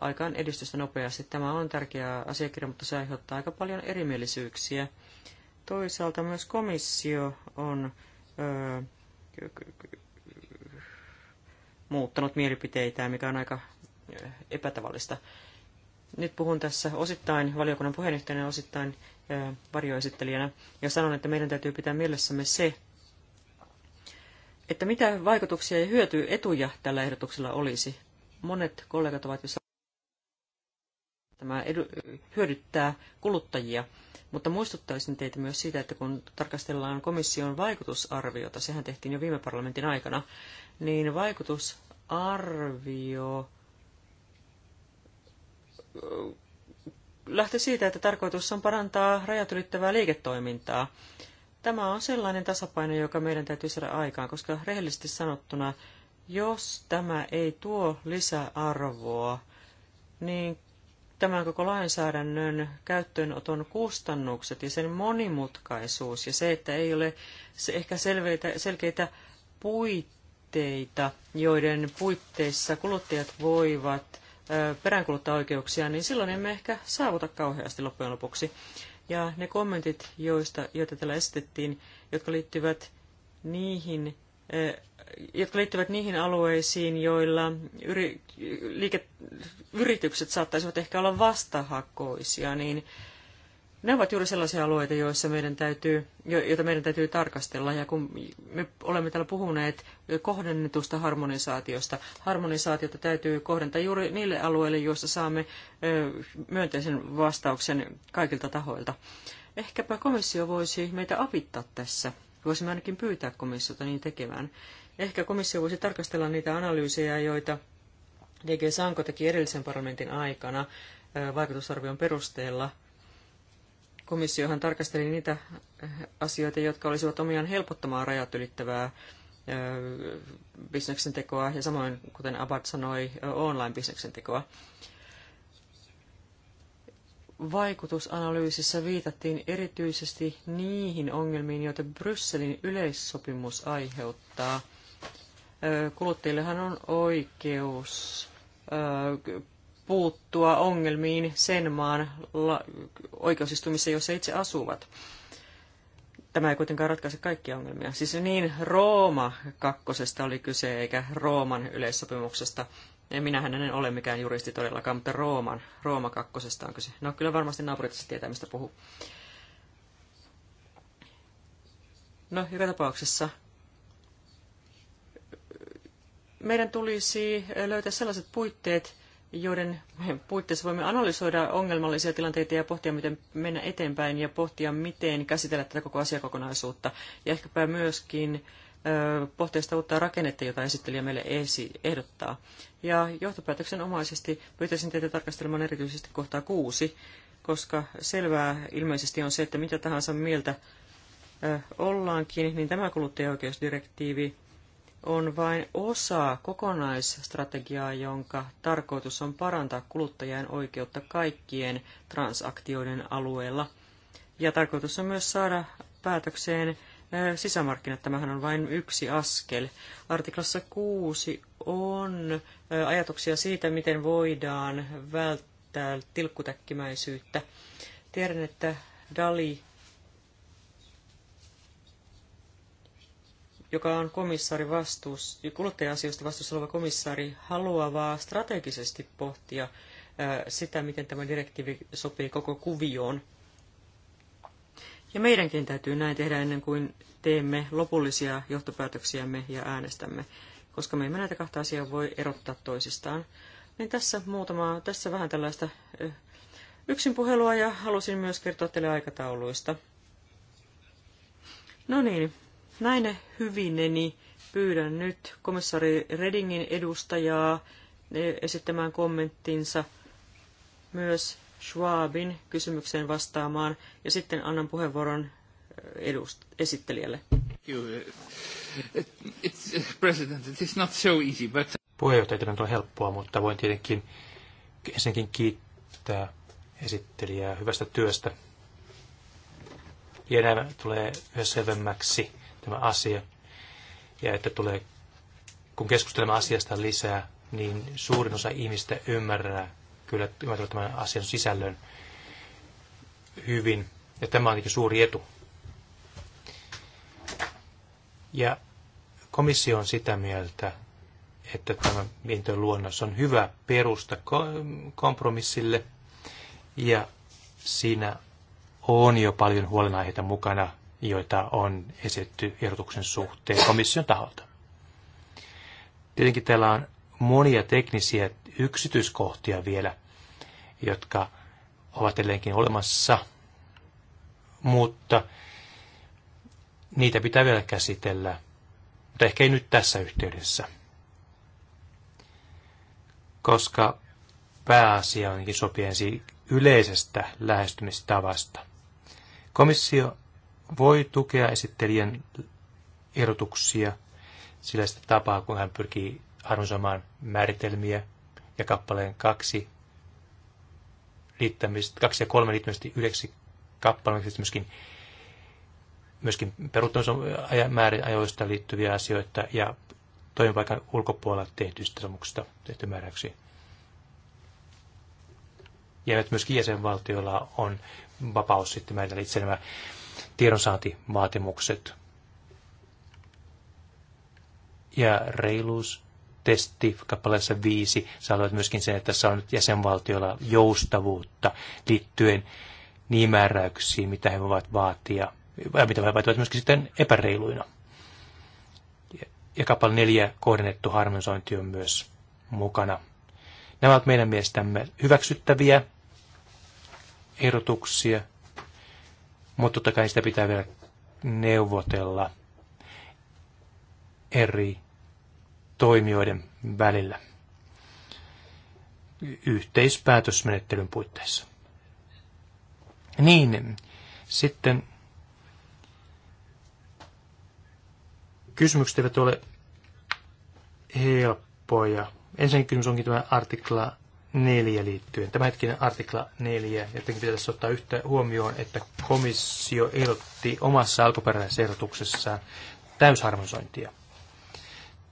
Speaker 2: aikaan edistystä nopeasti. Tämä on tärkeä asiakirja, mutta se aiheuttaa aika paljon erimielisyyksiä. Toisaalta myös komissio on muuttanut mielipiteitään, mikä on aika eh, epätavallista. Nyt puhun tässä osittain valiokunnan puheenjohtajana ja osittain eh, varjoesittelijänä ja sanon, että meidän täytyy pitää mielessämme se, että mitä vaikutuksia ja hyötyetuja tällä ehdotuksella olisi. Monet kollegat ovat jo tämä edu, hyödyttää kuluttajia. Mutta muistuttaisin teitä myös siitä, että kun tarkastellaan komission vaikutusarviota, sehän tehtiin jo viime parlamentin aikana, niin vaikutusarvio lähti siitä, että tarkoitus on parantaa rajat ylittävää liiketoimintaa. Tämä on sellainen tasapaino, joka meidän täytyy saada aikaan, koska rehellisesti sanottuna, jos tämä ei tuo lisäarvoa, niin tämän koko lainsäädännön käyttöönoton kustannukset ja sen monimutkaisuus ja se, että ei ole ehkä selveitä, selkeitä puitteita, joiden puitteissa kuluttajat voivat peräänkuluttaa oikeuksia, niin silloin emme ehkä saavuta kauheasti loppujen lopuksi. Ja ne kommentit, joista, joita täällä esitettiin, jotka liittyvät niihin jotka liittyvät niihin alueisiin, joilla yri, liike, yritykset saattaisivat ehkä olla vastahakoisia, niin ne ovat juuri sellaisia alueita, joissa meidän täytyy, joita meidän täytyy tarkastella. Ja kun me olemme täällä puhuneet kohdennetusta harmonisaatiosta, harmonisaatiota täytyy kohdentaa juuri niille alueille, joissa saamme myönteisen vastauksen kaikilta tahoilta. Ehkäpä komissio voisi meitä avittaa tässä. Voisimme ainakin pyytää komissiota niin tekemään. Ehkä komissio voisi tarkastella niitä analyysejä, joita DG Sanko teki edellisen parlamentin aikana vaikutusarvion perusteella. Komissiohan tarkasteli niitä asioita, jotka olisivat omiaan helpottamaan rajat ylittävää bisneksen tekoa ja samoin, kuten Abad sanoi, online bisneksen tekoa vaikutusanalyysissä viitattiin erityisesti niihin ongelmiin, joita Brysselin yleissopimus aiheuttaa. Kuluttajillehan on oikeus puuttua ongelmiin sen maan oikeusistumissa, jossa itse asuvat. Tämä ei kuitenkaan ratkaise kaikkia ongelmia. Siis niin Rooma kakkosesta oli kyse, eikä Rooman yleissopimuksesta. Minähän en ole mikään juristi todellakaan, mutta Rooman, Rooma kakkosesta on kyse. No kyllä varmasti naapurit tietää, mistä puhuu. No, joka tapauksessa meidän tulisi löytää sellaiset puitteet, joiden puitteissa voimme analysoida ongelmallisia tilanteita ja pohtia, miten mennä eteenpäin ja pohtia, miten käsitellä tätä koko asiakokonaisuutta. Ja ehkäpä myöskin pohtia sitä uutta rakennetta, jota esittelijä meille esi- ehdottaa. Ja johtopäätöksen omaisesti pyytäisin teitä tarkastelemaan erityisesti kohtaa kuusi, koska selvää ilmeisesti on se, että mitä tahansa mieltä ollaankin, niin tämä kuluttajaoikeusdirektiivi on vain osa kokonaisstrategiaa, jonka tarkoitus on parantaa kuluttajien oikeutta kaikkien transaktioiden alueella. Ja tarkoitus on myös saada päätökseen sisämarkkinat. Tämähän on vain yksi askel. Artiklassa 6 on ajatuksia siitä, miten voidaan välttää tilkkutäkkimäisyyttä. Tiedän, että Dali, joka on komissaari vastuus, kuluttaja-asioista vastuussa oleva komissaari, haluaa strategisesti pohtia sitä, miten tämä direktiivi sopii koko kuvioon. Ja meidänkin täytyy näin tehdä ennen kuin teemme lopullisia johtopäätöksiämme ja äänestämme, koska me emme näitä kahta asiaa voi erottaa toisistaan. Niin tässä muutama, tässä vähän tällaista yksin puhelua ja halusin myös kertoa teille aikatauluista. No niin, näin hyvineni pyydän nyt komissaari Redingin edustajaa esittämään kommenttinsa myös Schwabin kysymykseen vastaamaan ja sitten annan puheenvuoron eh, edust- esittelijälle. Eh, eh,
Speaker 3: Puheenjohtaja, tämä on helppoa, mutta voin tietenkin ensinnäkin kiittää esittelijää hyvästä työstä. Ja nämä tulee yhä selvemmäksi tämä asia. Ja että tulee, kun keskustelemme asiasta lisää, niin suurin osa ihmistä ymmärrää, kyllä ymmärtävät tämän asian sisällön hyvin. Ja tämä on suuri etu. Ja komissio on sitä mieltä, että tämä mietintöön luonnos on hyvä perusta kompromissille ja siinä on jo paljon huolenaiheita mukana, joita on esitetty ehdotuksen suhteen komission taholta. Tietenkin täällä on monia teknisiä yksityiskohtia vielä, jotka ovat edelleenkin olemassa, mutta niitä pitää vielä käsitellä, mutta ehkä ei nyt tässä yhteydessä, koska pääasia onkin sopiensi yleisestä lähestymistavasta. Komissio voi tukea esittelijän erotuksia sillä sitä tapaa, kun hän pyrkii harmonisoimaan määritelmiä ja kappaleen kaksi, liittämistä, kaksi ja kolme liittämistä yhdeksi kappaleeksi siis myöskin, myöskin peruuttamisajoista liittyviä asioita ja toimipaikan ulkopuolella tehtyistä sopimuksista tehty määräyksiä. Ja myöskin jäsenvaltioilla on vapaus sitten määritellä itse nämä tiedonsaantivaatimukset. Ja reiluus testi kappaleessa viisi. Sanoit myöskin sen, että tässä on nyt jäsenvaltioilla joustavuutta liittyen niin määräyksiin, mitä he voivat vaatia, ja mitä he vaativat myöskin sitten epäreiluina. Ja kappale neljä kohdennettu harmonisointi on myös mukana. Nämä ovat meidän mielestämme hyväksyttäviä ehdotuksia, mutta totta kai sitä pitää vielä neuvotella eri toimijoiden välillä yhteispäätösmenettelyn puitteissa. Niin, sitten kysymykset eivät ole helppoja. Ensin kysymys onkin tämä artikla 4 liittyen. Tämä hetkinen artikla 4. Jotenkin pitäisi ottaa yhtä huomioon, että komissio ehdotti omassa alkuperäisessä ehdotuksessaan täysharmonisointia –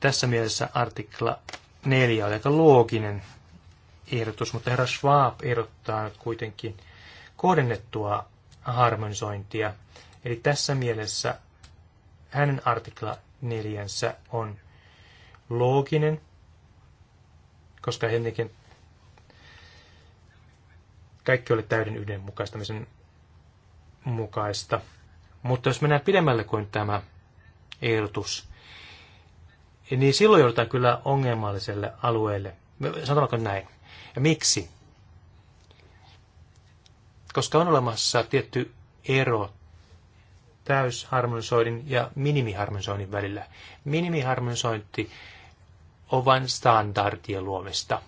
Speaker 3: tässä mielessä artikla 4 oli aika looginen ehdotus, mutta herra Schwab ehdottaa nyt kuitenkin kohdennettua harmonisointia. Eli tässä mielessä hänen artikla 4 on looginen, koska ennenkin kaikki oli täyden yhdenmukaistamisen mukaista. Mutta jos mennään pidemmälle kuin tämä ehdotus, niin silloin joudutaan kyllä ongelmalliselle alueelle. Sanotaanko näin? Ja miksi? Koska on olemassa tietty ero täysharmonisoinnin ja minimiharmonisoinnin välillä. Minimiharmonisointi on vain standardien luomista,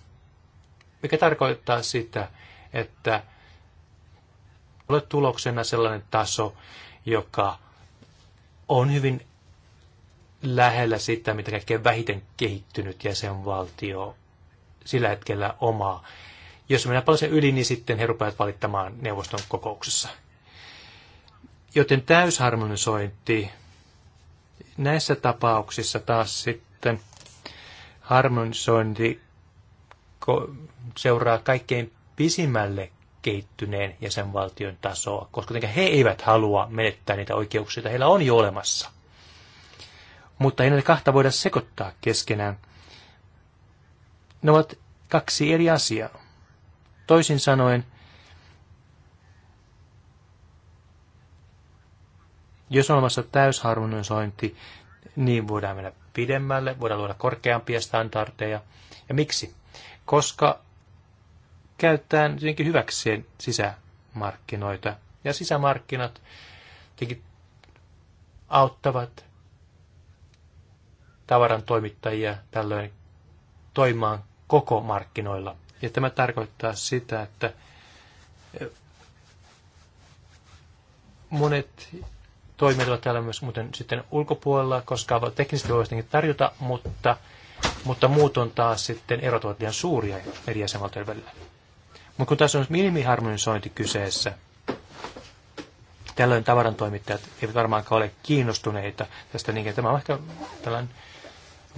Speaker 3: mikä tarkoittaa sitä, että olet tuloksena sellainen taso, joka on hyvin lähellä sitä, mitä kaikkein vähiten kehittynyt jäsenvaltio sillä hetkellä omaa. Jos mennään paljon sen yli, niin sitten he rupeavat valittamaan neuvoston kokouksessa. Joten täysharmonisointi näissä tapauksissa taas sitten harmonisointi seuraa kaikkein pisimmälle kehittyneen jäsenvaltion tasoa, koska he eivät halua menettää niitä oikeuksia, joita heillä on jo olemassa mutta ei näitä kahta voida sekoittaa keskenään. Ne ovat kaksi eri asiaa. Toisin sanoen, jos on olemassa täysharmonisointi, niin voidaan mennä pidemmälle, voidaan luoda korkeampia standardeja. Ja miksi? Koska käyttää jotenkin hyväkseen sisämarkkinoita. Ja sisämarkkinat auttavat tavaran toimittajia tällöin toimimaan koko markkinoilla. Ja tämä tarkoittaa sitä, että eh, monet toimijat ovat täällä myös muuten sitten ulkopuolella, koska teknisesti voivat tarjota, mutta, mutta muut on taas sitten erot ovat liian suuria eri jäsenvaltojen välillä. Mutta kun tässä on minimiharmonisointi kyseessä, tällöin tavarantoimittajat eivät varmaankaan ole kiinnostuneita tästä niinkään. Tämä on ehkä tällainen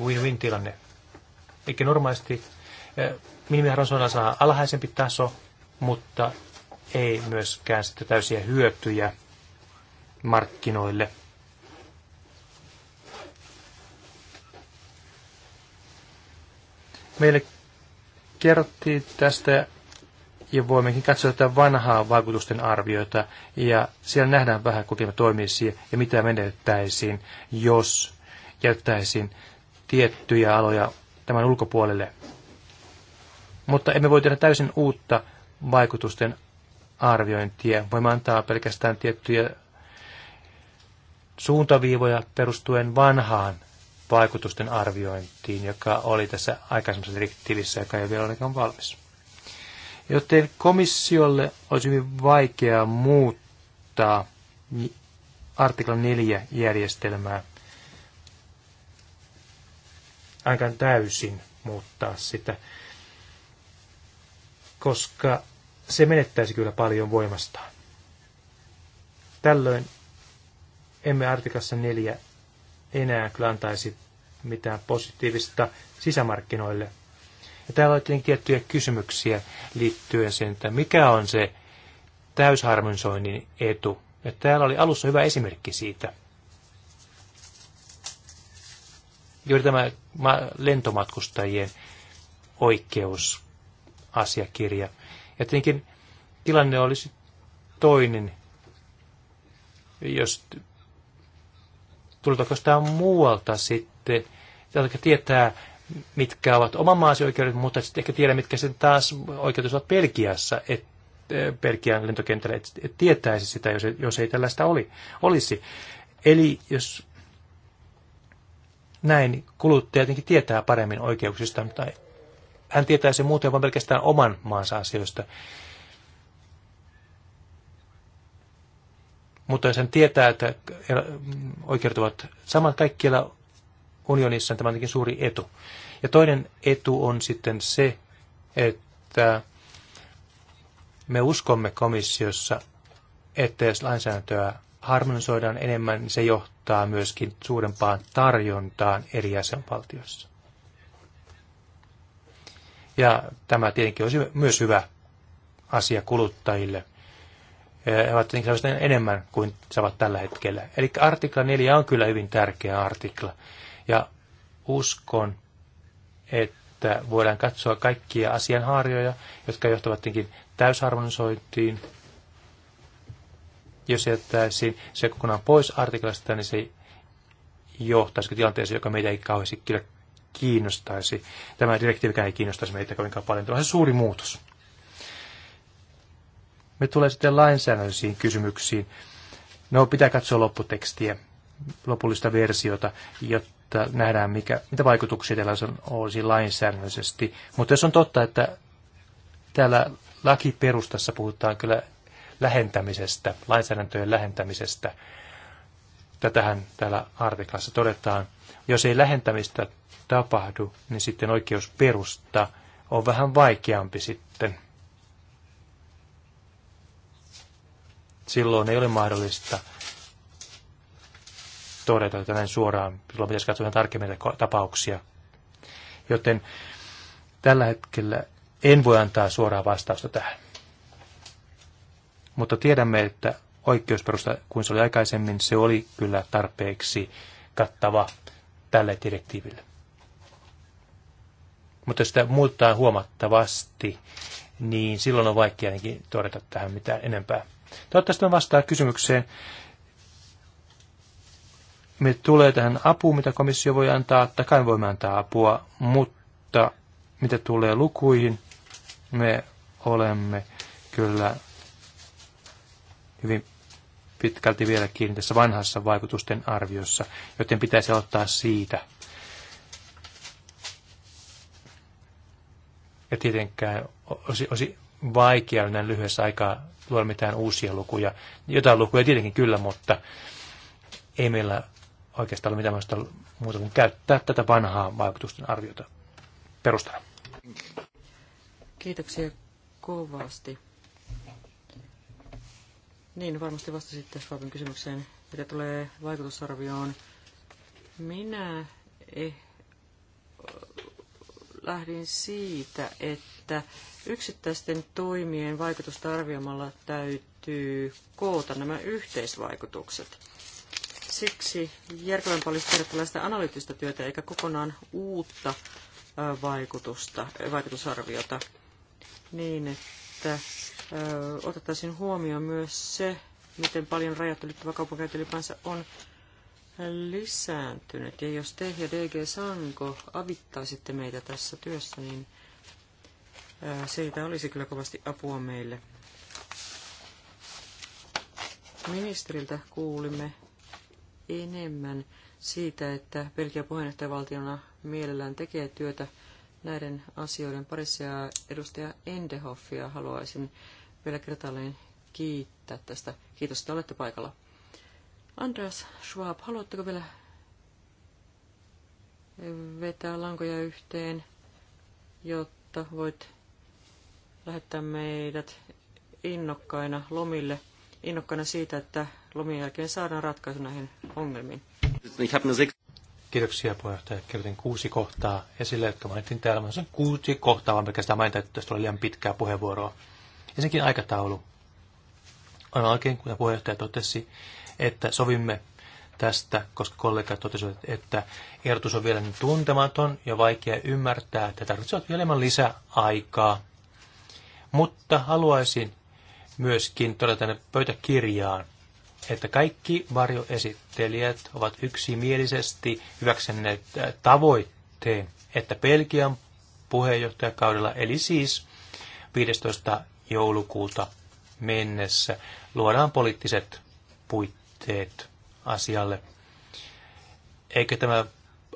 Speaker 3: win-win tilanne. Eikä normaalisti eh, minimiharrasona saa alhaisempi taso, mutta ei myöskään sitten täysiä hyötyjä markkinoille. Meille kerrottiin tästä ja voimmekin katsoa tätä vanhaa vaikutusten arvioita ja siellä nähdään vähän, kuinka toimisi ja mitä menetettäisiin, jos jättäisiin tiettyjä aloja tämän ulkopuolelle. Mutta emme voi tehdä täysin uutta vaikutusten arviointia. Voimme antaa pelkästään tiettyjä suuntaviivoja perustuen vanhaan vaikutusten arviointiin, joka oli tässä aikaisemmassa direktiivissä, joka ei vielä ainakaan valmis. Joten komissiolle olisi hyvin vaikeaa muuttaa artikla 4 järjestelmää ainakaan täysin muuttaa sitä, koska se menettäisi kyllä paljon voimastaan. Tällöin emme artikassa neljä enää kyllä antaisi mitään positiivista sisämarkkinoille. Ja täällä oli tiettyjä kysymyksiä liittyen sen, että mikä on se täysharmonisoinnin etu. Ja täällä oli alussa hyvä esimerkki siitä – juuri tämä lentomatkustajien oikeusasiakirja. Ja tietenkin tilanne olisi toinen, jos tulitako sitä muualta sitten, jotka tietää, mitkä ovat oman maasi oikeudet, mutta sitten ehkä tiedä, mitkä sen taas oikeudet ovat Belgiassa, että e, Belgian lentokentällä, että tietäisi sitä, jos ei, jos ei tällaista oli, olisi. Eli jos näin kuluttaja jotenkin tietää paremmin oikeuksista, tai hän tietää sen muuten vain pelkästään oman maansa asioista. Mutta jos hän tietää, että oikeudet ovat samat kaikkialla unionissa, niin tämä on suuri etu. Ja toinen etu on sitten se, että me uskomme komissiossa, että jos lainsäädäntöä harmonisoidaan enemmän, niin se johtaa myöskin suurempaan tarjontaan eri jäsenvaltioissa. Ja tämä tietenkin olisi myös hyvä asia kuluttajille. He ovat tietenkin enemmän kuin saavat tällä hetkellä. Eli artikla 4 on kyllä hyvin tärkeä artikla. Ja uskon, että voidaan katsoa kaikkia asianhaarjoja, jotka johtavat tietenkin täysharmonisointiin jos jättäisiin se kokonaan pois artiklasta, niin se johtaisi tilanteeseen, joka meitä ei kauheasti kyllä kiinnostaisi. Tämä direktiivikään ei kiinnostaisi meitä kovinkaan paljon. Tämä on se suuri muutos. Me tulee sitten lainsäädännöllisiin kysymyksiin. No, pitää katsoa lopputekstiä, lopullista versiota, jotta nähdään, mikä, mitä vaikutuksia tällä olisi lainsäädännöllisesti. Mutta jos on totta, että täällä lakiperustassa puhutaan kyllä lähentämisestä, lainsäädäntöjen lähentämisestä. Tätähän täällä artiklassa todetaan. Jos ei lähentämistä tapahdu, niin sitten oikeusperusta on vähän vaikeampi sitten. Silloin ei ole mahdollista todeta tätä näin suoraan. Silloin pitäisi katsoa tarkemmin tapauksia. Joten tällä hetkellä en voi antaa suoraa vastausta tähän. Mutta tiedämme, että oikeusperusta, kuin se oli aikaisemmin, se oli kyllä tarpeeksi kattava tälle direktiiville. Mutta jos sitä muuttaa huomattavasti, niin silloin on vaikea ainakin todeta tähän mitään enempää. Toivottavasti on vastaa kysymykseen. Me tulee tähän apuun, mitä komissio voi antaa, takai voimme antaa apua, mutta mitä tulee lukuihin, me olemme kyllä hyvin pitkälti vielä kiinni tässä vanhassa vaikutusten arviossa, joten pitäisi ottaa siitä. Ja tietenkään olisi, olisi vaikea näin lyhyessä aikaa luoda mitään uusia lukuja. Jotain lukuja tietenkin kyllä, mutta ei meillä oikeastaan ole mitään muuta kuin käyttää tätä vanhaa vaikutusten arviota perustana.
Speaker 2: Kiitoksia kovasti. Niin, varmasti vastasitte Schwabin kysymykseen, mitä tulee vaikutusarvioon. Minä eh, lähdin siitä, että yksittäisten toimien vaikutusta arvioimalla täytyy koota nämä yhteisvaikutukset. Siksi järkevämpää olisi tehdä tällaista analyyttistä työtä eikä kokonaan uutta vaikutusta, vaikutusarviota niin, että otettaisiin huomioon myös se, miten paljon rajat ylittävä kaupankäynti ylipäänsä on lisääntynyt. Ja jos te ja DG Sanko avittaisitte meitä tässä työssä, niin siitä olisi kyllä kovasti apua meille. Ministeriltä kuulimme enemmän siitä, että Belgia puheenjohtajavaltiona mielellään tekee työtä näiden asioiden parissa ja edustaja Endehoffia haluaisin vielä kertaalleen kiittää tästä. Kiitos, että olette paikalla. Andreas Schwab, haluatteko vielä vetää lankoja yhteen, jotta voit lähettää meidät innokkaina lomille, innokkaina siitä, että lomien jälkeen saadaan ratkaisu näihin ongelmiin.
Speaker 3: Kiitoksia puheenjohtaja. Kirjoitin kuusi kohtaa esille, jotka mainitsin täällä. Mä kuusi kohtaa, vaan pelkästään mainita, että tästä oli liian pitkää puheenvuoroa. Ensinnäkin aikataulu. On oikein, kun puheenjohtaja totesi, että sovimme tästä, koska kollegat totesivat, että ehdotus on vielä niin tuntematon ja vaikea ymmärtää, että tarvitsevat vielä enemmän lisäaikaa. Mutta haluaisin myöskin todeta tänne pöytäkirjaan, että kaikki varjoesittelijät ovat yksimielisesti hyväksenneet äh, tavoitteen, että Belgian puheenjohtajakaudella, eli siis 15 joulukuuta mennessä luodaan poliittiset puitteet asialle. Eikö tämä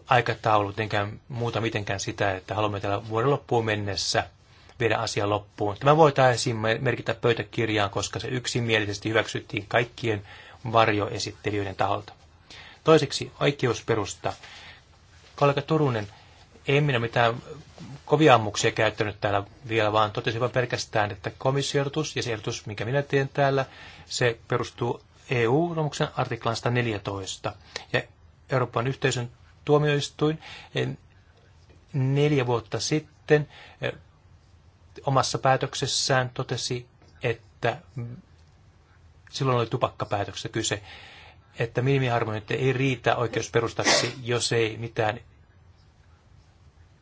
Speaker 3: aikataulu mitenkään, muuta mitenkään sitä, että haluamme tällä vuoden loppuun mennessä viedä asia loppuun. Tämä voitaisiin merkitä pöytäkirjaan, koska se yksimielisesti hyväksyttiin kaikkien varjoesittelijöiden taholta. Toiseksi oikeusperusta. Kollega Turunen, ei minä mitään kovia ammuksia käyttänyt täällä vielä, vaan totesin vain pelkästään, että komissiortus ja se ehdotus, mikä minä teen täällä, se perustuu EU-romuksen artiklaan 114. Ja Euroopan yhteisön tuomioistuin eh, neljä vuotta sitten eh, omassa päätöksessään totesi, että silloin oli tupakkapäätöksessä kyse, että minimiharmoniointi ei riitä oikeusperustaksi, jos ei mitään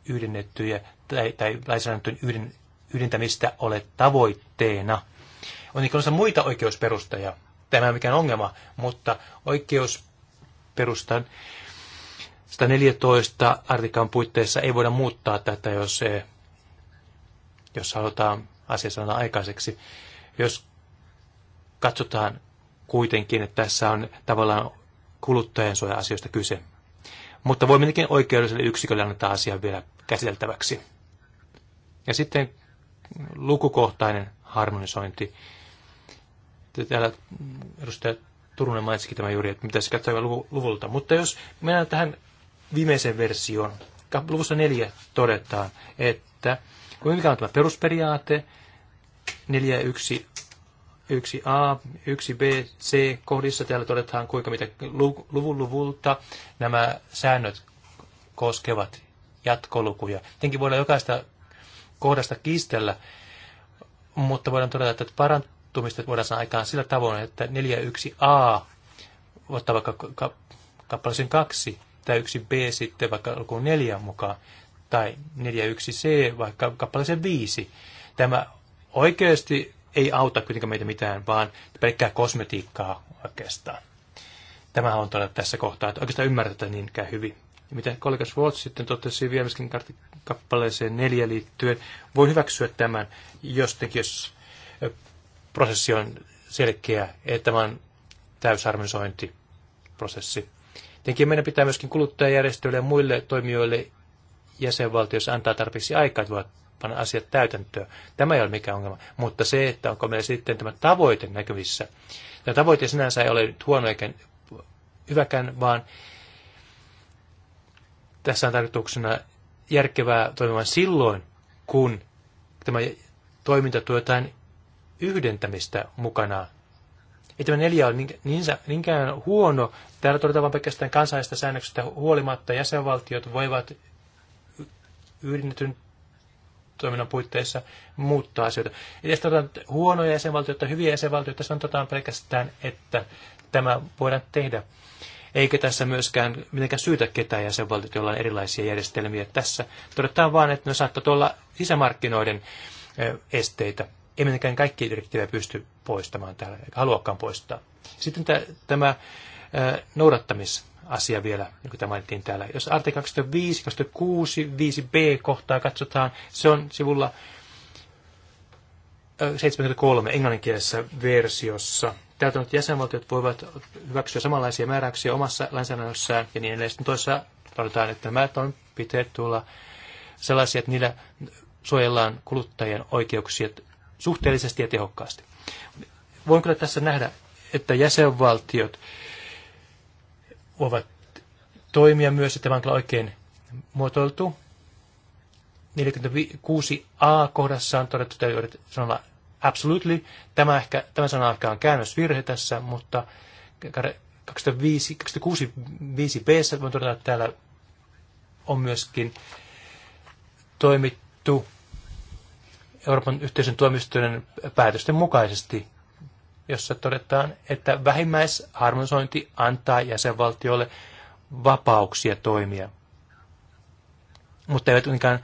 Speaker 3: yhdennettyjä tai, tai lainsäädäntöön yhden, yhdentämistä ole tavoitteena. On ikinä muita oikeusperustajia. Tämä ei ole mikään ongelma, mutta oikeusperustan 114 artikan puitteissa ei voida muuttaa tätä, jos, jos halutaan asia saada aikaiseksi. Jos katsotaan kuitenkin, että tässä on tavallaan kuluttajansuoja-asioista kyse. Mutta voi mennäkin oikeudelliselle yksikölle antaa asian vielä käsiteltäväksi. Ja sitten lukukohtainen harmonisointi. Täällä edustaja Turunen mainitsikin tämä juuri, että mitä se katsoo luvulta. Mutta jos mennään tähän viimeiseen versioon, luvussa neljä todetaan, että kun mikä on tämä perusperiaate, 4, yksi 1a, 1b, c kohdissa täällä todetaan, kuinka mitä luvun luvulta nämä säännöt koskevat jatkolukuja. Tietenkin voidaan jokaista kohdasta kiistellä, mutta voidaan todeta, että parantumista voidaan saada aikaan sillä tavoin, että 41a ottaa vaikka ka- kappaleeseen 2 tai 1b sitten vaikka lukuun 4 mukaan tai 41c vaikka kappaleeseen 5. Tämä oikeasti ei auta kuitenkaan meitä mitään, vaan pelkkää kosmetiikkaa oikeastaan. Tämä on todella tässä kohtaa, että oikeastaan ymmärretään niinkään hyvin. Ja mitä kollega Schwartz sitten totesi Viemeskin kappaleeseen neljä liittyen, voi hyväksyä tämän, jos, teki, jos prosessi on selkeä, että tämä on täysharmonisointiprosessi. Tietenkin meidän pitää myöskin kuluttajajärjestöille ja muille toimijoille jäsenvaltioissa antaa tarpeeksi aikaa, että voivat panna asiat täytäntöön. Tämä ei ole mikään ongelma. Mutta se, että onko meillä sitten tämä tavoite näkyvissä. Tämä tavoite sinänsä ei ole nyt huono eikä hyväkään, vaan tässä on tarkoituksena järkevää toimimaan silloin, kun tämä toiminta tuo jotain yhdentämistä mukana. Ei tämä neljä ole niinkään huono. Täällä todetaan vain pelkästään kansallisista säännöksistä huolimatta jäsenvaltiot voivat yhdennetyn toiminnan puitteissa muuttaa asioita. Eli jos otetaan huonoja jäsenvaltioita, hyviä jäsenvaltioita, sanotaan pelkästään, että tämä voidaan tehdä. Eikä tässä myöskään mitenkään syytä ketään jäsenvaltiot, joilla on erilaisia järjestelmiä. Tässä todetaan vain, että ne saattavat olla sisämarkkinoiden esteitä. Ei mitenkään kaikki direktiivejä pysty poistamaan täällä, eikä haluakaan poistaa. Sitten tämä noudattamisasia vielä, niin kuin tämä mainittiin täällä. Jos artikla 25, 26, 5b kohtaa katsotaan, se on sivulla 73 englanninkielisessä versiossa – täytännöt jäsenvaltiot voivat hyväksyä samanlaisia määräyksiä omassa lainsäädännössään ja niin edelleen. Sitten toisessa todetaan, että nämä pitänyt tulla sellaisia, että niillä suojellaan kuluttajien oikeuksia suhteellisesti ja tehokkaasti. Voin kyllä tässä nähdä, että jäsenvaltiot ovat toimia myös, että tämä on kyllä oikein muotoiltu. 46a kohdassa on todettu, että absolutely. Tämä, ehkä, tämä sana ehkä on käännösvirhe tässä, mutta 2005, 2006 b voin todeta, että täällä on myöskin toimittu Euroopan yhteisön tuomistojen päätösten mukaisesti, jossa todetaan, että vähimmäisharmonisointi antaa jäsenvaltiolle vapauksia toimia, mutta eivät kuitenkaan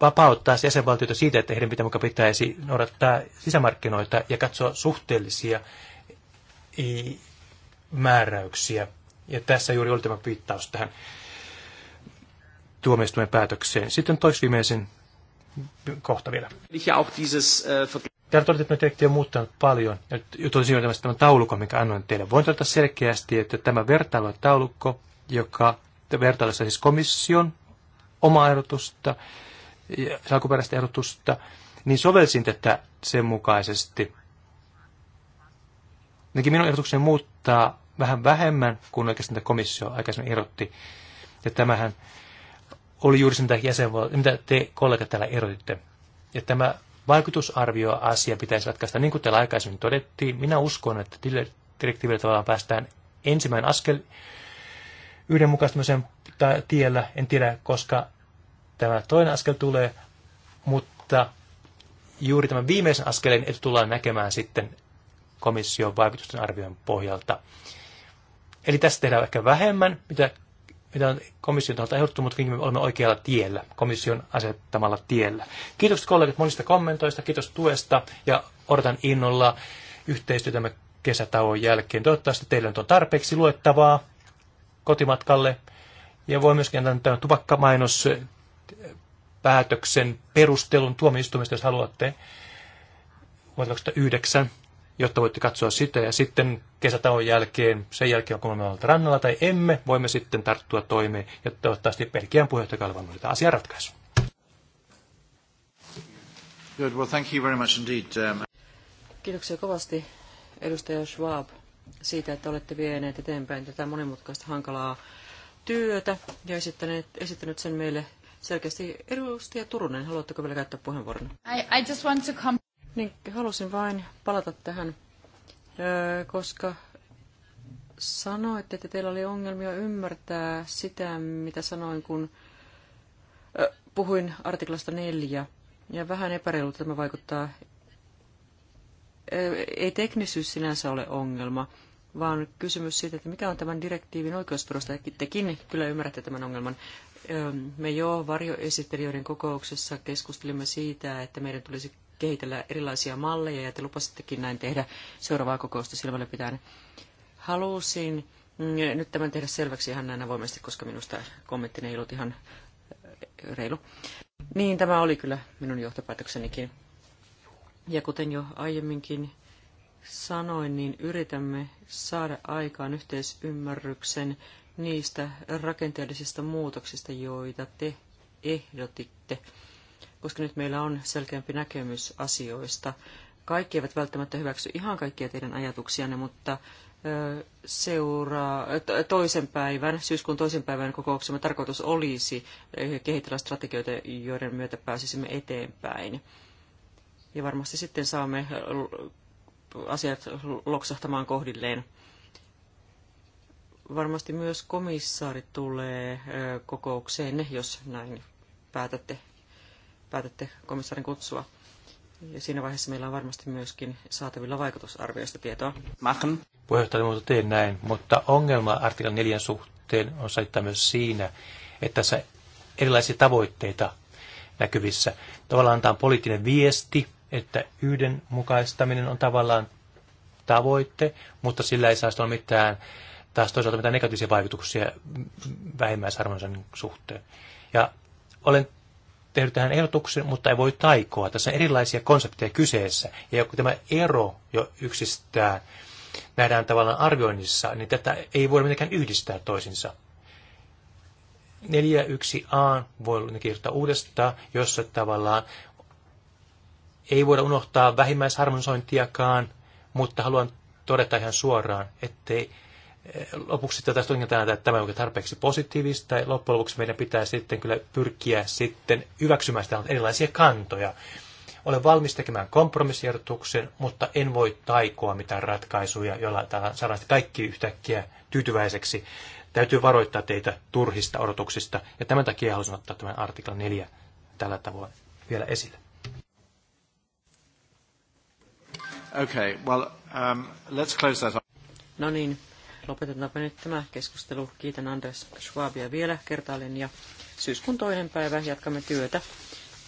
Speaker 3: vapauttaa jäsenvaltioita siitä, että heidän pitää pitäisi noudattaa sisämarkkinoita ja katsoa suhteellisia e, määräyksiä. Ja tässä juuri oli tämä viittaus tähän tuomioistuimen päätökseen. Sitten toisi viimeisen kohta vielä. Äh, Täällä todettiin, että direktiivi on muuttanut paljon. Nyt olisin jo tämä taulukko, mikä annoin teille. Voin todeta selkeästi, että tämä vertailu taulukko, joka vertailussa siis komission omaa ehdotusta alkuperäistä ehdotusta, niin sovelsin tätä sen mukaisesti. Nekin minun ehdotukseni muuttaa vähän vähemmän kuin oikeastaan komissio aikaisemmin erotti. Ja tämähän oli juuri se, mitä, mitä te kollegat täällä erotitte. Ja tämä vaikutusarvio-asia pitäisi ratkaista, niin kuin täällä aikaisemmin todettiin. Minä uskon, että direktiivillä tavallaan päästään ensimmäinen askel yhdenmukaistamisen tiellä. En tiedä, koska tämä toinen askel tulee, mutta juuri tämän viimeisen askeleen etu tullaan näkemään sitten komission vaikutusten arvion pohjalta. Eli tässä tehdään ehkä vähemmän, mitä, mitä on komission taholta ehdottu, mutta me olemme oikealla tiellä, komission asettamalla tiellä. Kiitos kollegat monista kommentoista, kiitos tuesta ja odotan innolla yhteistyötämme kesätauon jälkeen. Toivottavasti teillä on tarpeeksi luettavaa kotimatkalle. Ja voi myöskin antaa tämä tupakkamainos päätöksen perustelun tuomioistuimesta, jos haluatte, vuonna 2009, jotta voitte katsoa sitä. Ja sitten kesätauon jälkeen, sen jälkeen, kun me olemme rannalla tai emme, voimme sitten tarttua toimeen. Ja toivottavasti Belgian puheenjohtajakaudella voimme tätä asiaa ratkaisua.
Speaker 1: Good. Well, thank you very much indeed. Um...
Speaker 2: Kiitoksia kovasti edustaja Schwab siitä, että olette vieneet eteenpäin tätä monimutkaista hankalaa työtä ja esittäneet, esittänyt sen meille selkeästi. Edustaja Turunen, haluatteko vielä käyttää puheenvuoron? I, I just want to come... Niin, halusin vain palata tähän, koska sanoitte, että teillä oli ongelmia ymmärtää sitä, mitä sanoin, kun puhuin artiklasta neljä. Ja vähän epäreilulta tämä vaikuttaa. Ei teknisyys sinänsä ole ongelma, vaan kysymys siitä, että mikä on tämän direktiivin oikeusperusta. Tekin kyllä ymmärrätte tämän ongelman. Me jo varjoesittelijöiden kokouksessa keskustelimme siitä, että meidän tulisi kehitellä erilaisia malleja, ja te lupasittekin näin tehdä seuraavaa kokousta silmällä pitäen. Halusin mm, nyt tämän tehdä selväksi ihan näin avoimesti, koska minusta kommentti ei ollut ihan eh, reilu. Niin, tämä oli kyllä minun johtopäätöksenikin. Ja kuten jo aiemminkin sanoin, niin yritämme saada aikaan yhteisymmärryksen niistä rakenteellisista muutoksista, joita te ehdotitte, koska nyt meillä on selkeämpi näkemys asioista. Kaikki eivät välttämättä hyväksy ihan kaikkia teidän ajatuksianne, mutta seuraa, toisen päivän, syyskuun toisen päivän kokouksemme tarkoitus olisi eh, kehitellä strategioita, joiden myötä pääsisimme eteenpäin. Ja varmasti sitten saamme asiat loksahtamaan kohdilleen. Varmasti myös komissaari tulee kokoukseen, jos näin päätätte, päätätte komissaarin kutsua. Ja siinä vaiheessa meillä on varmasti myöskin saatavilla vaikutusarvioista tietoa.
Speaker 3: Machen. Puheenjohtaja muuta teen näin, mutta ongelma artiklan 4 suhteen on saittaa myös siinä, että tässä erilaisia tavoitteita näkyvissä. Tavallaan on poliittinen viesti, että yhdenmukaistaminen on tavallaan tavoitte, mutta sillä ei saisi olla mitään taas toisaalta mitään negatiivisia vaikutuksia vähimmäisarvonsa suhteen. Ja olen tehnyt tähän ehdotuksen, mutta ei voi taikoa. Tässä on erilaisia konsepteja kyseessä. Ja kun tämä ero jo yksistään nähdään tavallaan arvioinnissa, niin tätä ei voida mitenkään yhdistää toisinsa. 4.1a voi kirjoittaa uudestaan, jossa tavallaan ei voida unohtaa vähimmäisharmonisointiakaan, mutta haluan todeta ihan suoraan, ettei lopuksi tätä tunkin tänään, että tämä on tarpeeksi positiivista. Ja loppujen lopuksi meidän pitää sitten kyllä pyrkiä sitten hyväksymään sitä erilaisia kantoja. Olen valmis tekemään kompromissiehdotuksen, mutta en voi taikoa mitään ratkaisuja, joilla saadaan kaikki yhtäkkiä tyytyväiseksi. Täytyy varoittaa teitä turhista odotuksista, ja tämän takia haluaisin ottaa tämän artikla 4 tällä tavoin vielä esille.
Speaker 1: Okay, well, um, let's close that up.
Speaker 2: No niin, Lopetetaanpa nyt tämä keskustelu. Kiitän Anders Schwabia vielä kertaalleen ja syyskuun toinen päivä jatkamme työtä.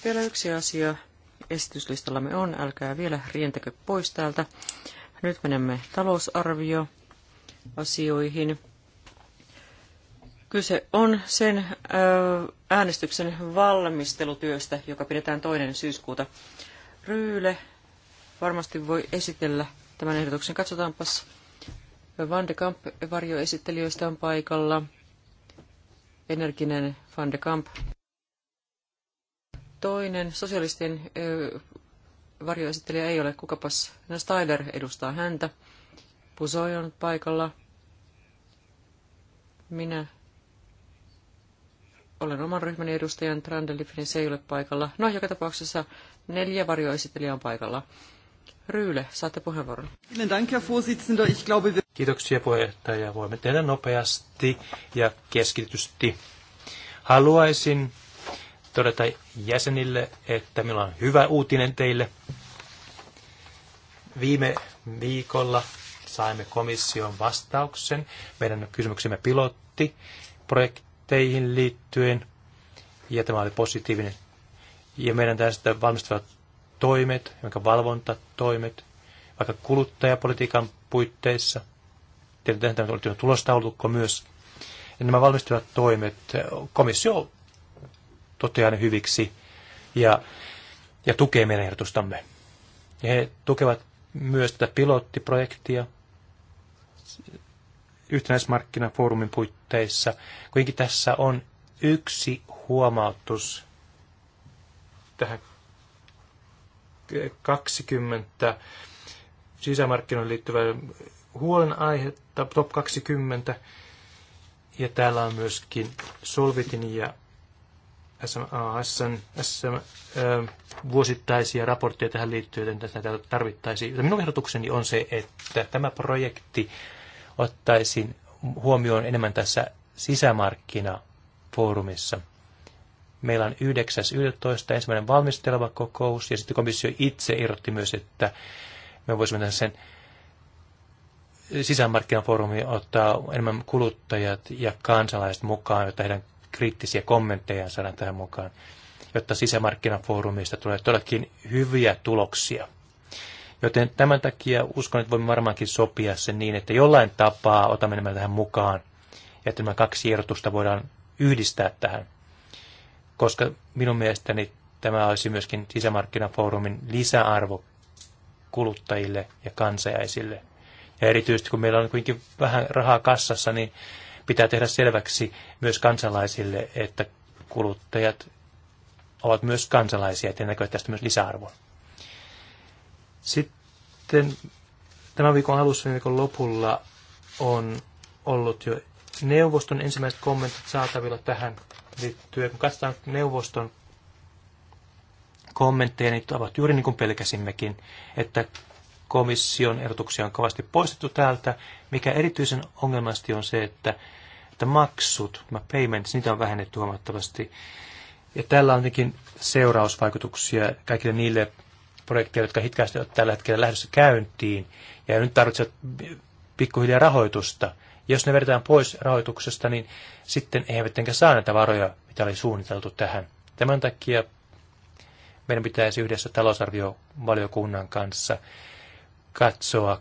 Speaker 2: Vielä yksi asia esityslistallamme on, älkää vielä rientäkö pois täältä. Nyt menemme talousarvio asioihin. Kyse on sen äänestyksen valmistelutyöstä, joka pidetään toinen syyskuuta. Ryyle varmasti voi esitellä tämän ehdotuksen. Katsotaanpas Van de Kamp varjoesittelijöistä on paikalla. Energinen Van de Kamp. Toinen sosialistien varjoesittelijä ei ole. Kukapas? No edustaa häntä. Pusoi on paikalla. Minä olen oman ryhmäni edustajan, Trandelifin se ei ole paikalla. No, joka tapauksessa neljä varjoesittelijää on paikalla. Ryyle, saatte puheenvuoron.
Speaker 3: Kiitoksia puheenjohtaja. Voimme tehdä nopeasti ja keskitysti. Haluaisin todeta jäsenille, että minulla on hyvä uutinen teille. Viime viikolla saimme komission vastauksen meidän kysymyksemme pilottiprojekteihin liittyen, ja tämä oli positiivinen. Ja meidän tästä valmistuvat toimet, vaikka valvontatoimet, vaikka kuluttajapolitiikan puitteissa. tietenkin tämä oli tulostaulukko myös. Ja nämä valmistelevat toimet komissio toteaa ne hyviksi ja, ja tukee meidän ehdotustamme. Ja he tukevat myös tätä pilottiprojektia yhtenäismarkkinafoorumin puitteissa. Kuitenkin tässä on yksi huomautus tähän 20 sisämarkkinoihin liittyvää huolenaihetta, top 20. Ja täällä on myöskin Solvitin ja SMASn SM, vuosittaisia raportteja tähän liittyen, joten näitä tarvittaisiin. minun ehdotukseni on se, että tämä projekti ottaisin huomioon enemmän tässä sisämarkkinafoorumissa meillä on 9.11. ensimmäinen valmisteleva kokous, ja sitten komissio itse irrotti myös, että me voisimme tehdä sen sisämarkkinafoorumiin ottaa enemmän kuluttajat ja kansalaiset mukaan, jotta heidän kriittisiä kommentteja saadaan tähän mukaan, jotta sisämarkkinafoorumista tulee todellakin hyviä tuloksia. Joten tämän takia uskon, että voimme varmaankin sopia sen niin, että jollain tapaa otamme nämä tähän mukaan, ja että nämä kaksi ehdotusta voidaan yhdistää tähän koska minun mielestäni tämä olisi myöskin sisämarkkinafoorumin lisäarvo kuluttajille ja kansajaisille. Ja erityisesti kun meillä on kuitenkin vähän rahaa kassassa, niin pitää tehdä selväksi myös kansalaisille, että kuluttajat ovat myös kansalaisia, että näkyy tästä myös lisäarvoa. Sitten tämän viikon alussa ja viikon lopulla on ollut jo neuvoston ensimmäiset kommentit saatavilla tähän liittyen. Kun katsotaan neuvoston kommentteja, niin ovat juuri niin kuin pelkäsimmekin, että komission ehdotuksia on kovasti poistettu täältä, mikä erityisen ongelmasti on se, että, että maksut, mä payments, niitä on vähennetty huomattavasti. Ja tällä on jotenkin seurausvaikutuksia kaikille niille projekteille, jotka hitkaasti ovat tällä hetkellä lähdössä käyntiin ja nyt tarvitsevat pikkuhiljaa rahoitusta – jos ne vedetään pois rahoituksesta, niin sitten ei mitenkään saa näitä varoja, mitä oli suunniteltu tähän. Tämän takia meidän pitäisi yhdessä talousarviovaliokunnan kanssa katsoa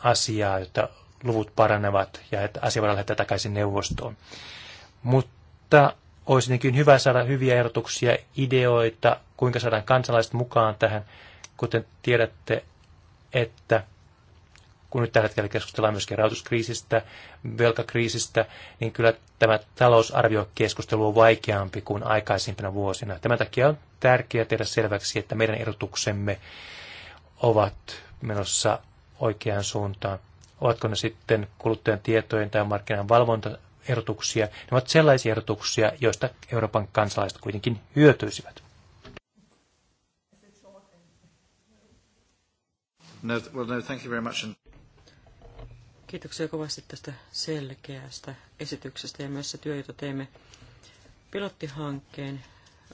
Speaker 3: asiaa, jotta luvut paranevat ja että asia voidaan lähettää takaisin neuvostoon. Mutta olisi niinkin hyvä saada hyviä ehdotuksia, ideoita, kuinka saadaan kansalaiset mukaan tähän. Kuten tiedätte, että kun nyt tällä hetkellä keskustellaan myöskin rahoituskriisistä, velkakriisistä, niin kyllä tämä talousarviokeskustelu on vaikeampi kuin aikaisimpina vuosina. Tämän takia on tärkeää tehdä selväksi, että meidän erotuksemme ovat menossa oikeaan suuntaan. Ovatko ne sitten kuluttajan tietojen tai markkinan erotuksia? Ne ovat sellaisia erotuksia, joista Euroopan kansalaiset kuitenkin hyötyisivät.
Speaker 1: No, well, no, thank you very much.
Speaker 2: Kiitoksia kovasti tästä selkeästä esityksestä ja myös se työ, jota teemme pilottihankkeen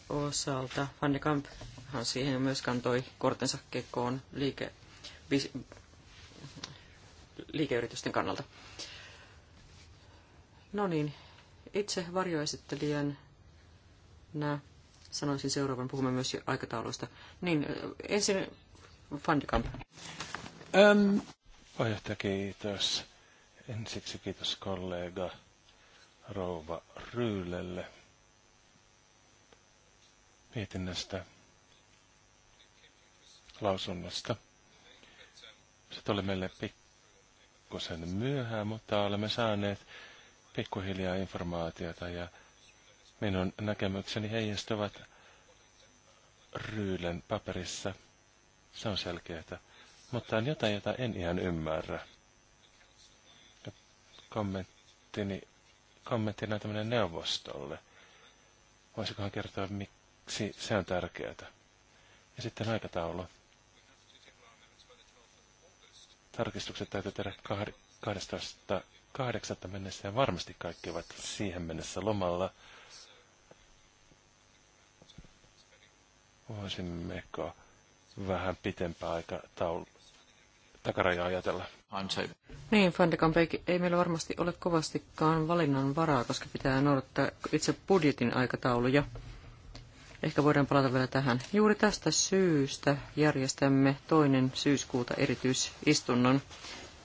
Speaker 2: osalta. Fanny hän siihen myös kantoi kortensa kekoon liike, bis, liikeyritysten kannalta. No niin, itse varjoesittelijän nä sanoisin seuraavan, puhumme myös aikatauluista. Niin, ensin Fandikamp. Kamp.
Speaker 4: Puheenjohtaja, kiitos. Ensiksi kiitos kollega Rouva Ryylelle mietinnästä lausunnosta. Se tuli meille pikkusen myöhään, mutta olemme saaneet pikkuhiljaa informaatiota ja minun näkemykseni heijastuvat Ryylen paperissa. Se on selkeää. Mutta on jotain, jota en ihan ymmärrä kommenttini, kommenttina tämmöinen neuvostolle. Voisikohan kertoa, miksi se on tärkeää? Ja sitten aikataulu. Tarkistukset täytyy tehdä 12.8. mennessä ja varmasti kaikki ovat siihen mennessä lomalla. Voisimmeko vähän pitempää aikataulu takarajaa ajatella?
Speaker 2: Niin, Fandekan ei, ei meillä varmasti ole kovastikaan valinnan varaa, koska pitää noudattaa itse budjetin aikatauluja. Ehkä voidaan palata vielä tähän. Juuri tästä syystä järjestämme toinen syyskuuta erityisistunnon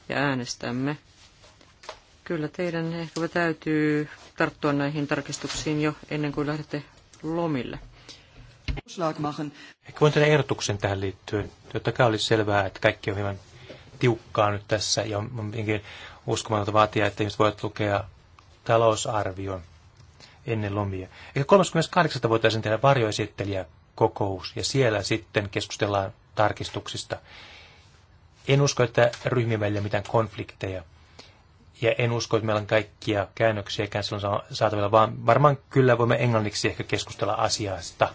Speaker 2: ja äänestämme. Kyllä teidän ehkä täytyy tarttua näihin tarkistuksiin jo ennen kuin lähdette lomille.
Speaker 3: Ehkä voin tehdä ehdotuksen tähän liittyen, jotta olisi selvää, että kaikki on hieman tiukkaa nyt tässä ja on uskomatonta vaatia, että ihmiset voivat lukea talousarvion ennen lomia. Ehkä 38. voitaisiin tehdä varjoesittelijäkokous ja siellä sitten keskustellaan tarkistuksista. En usko, että ryhmien välillä mitään konflikteja. Ja en usko, että meillä on kaikkia käännöksiäkään silloin saatavilla, vaan varmaan kyllä voimme englanniksi ehkä keskustella asiasta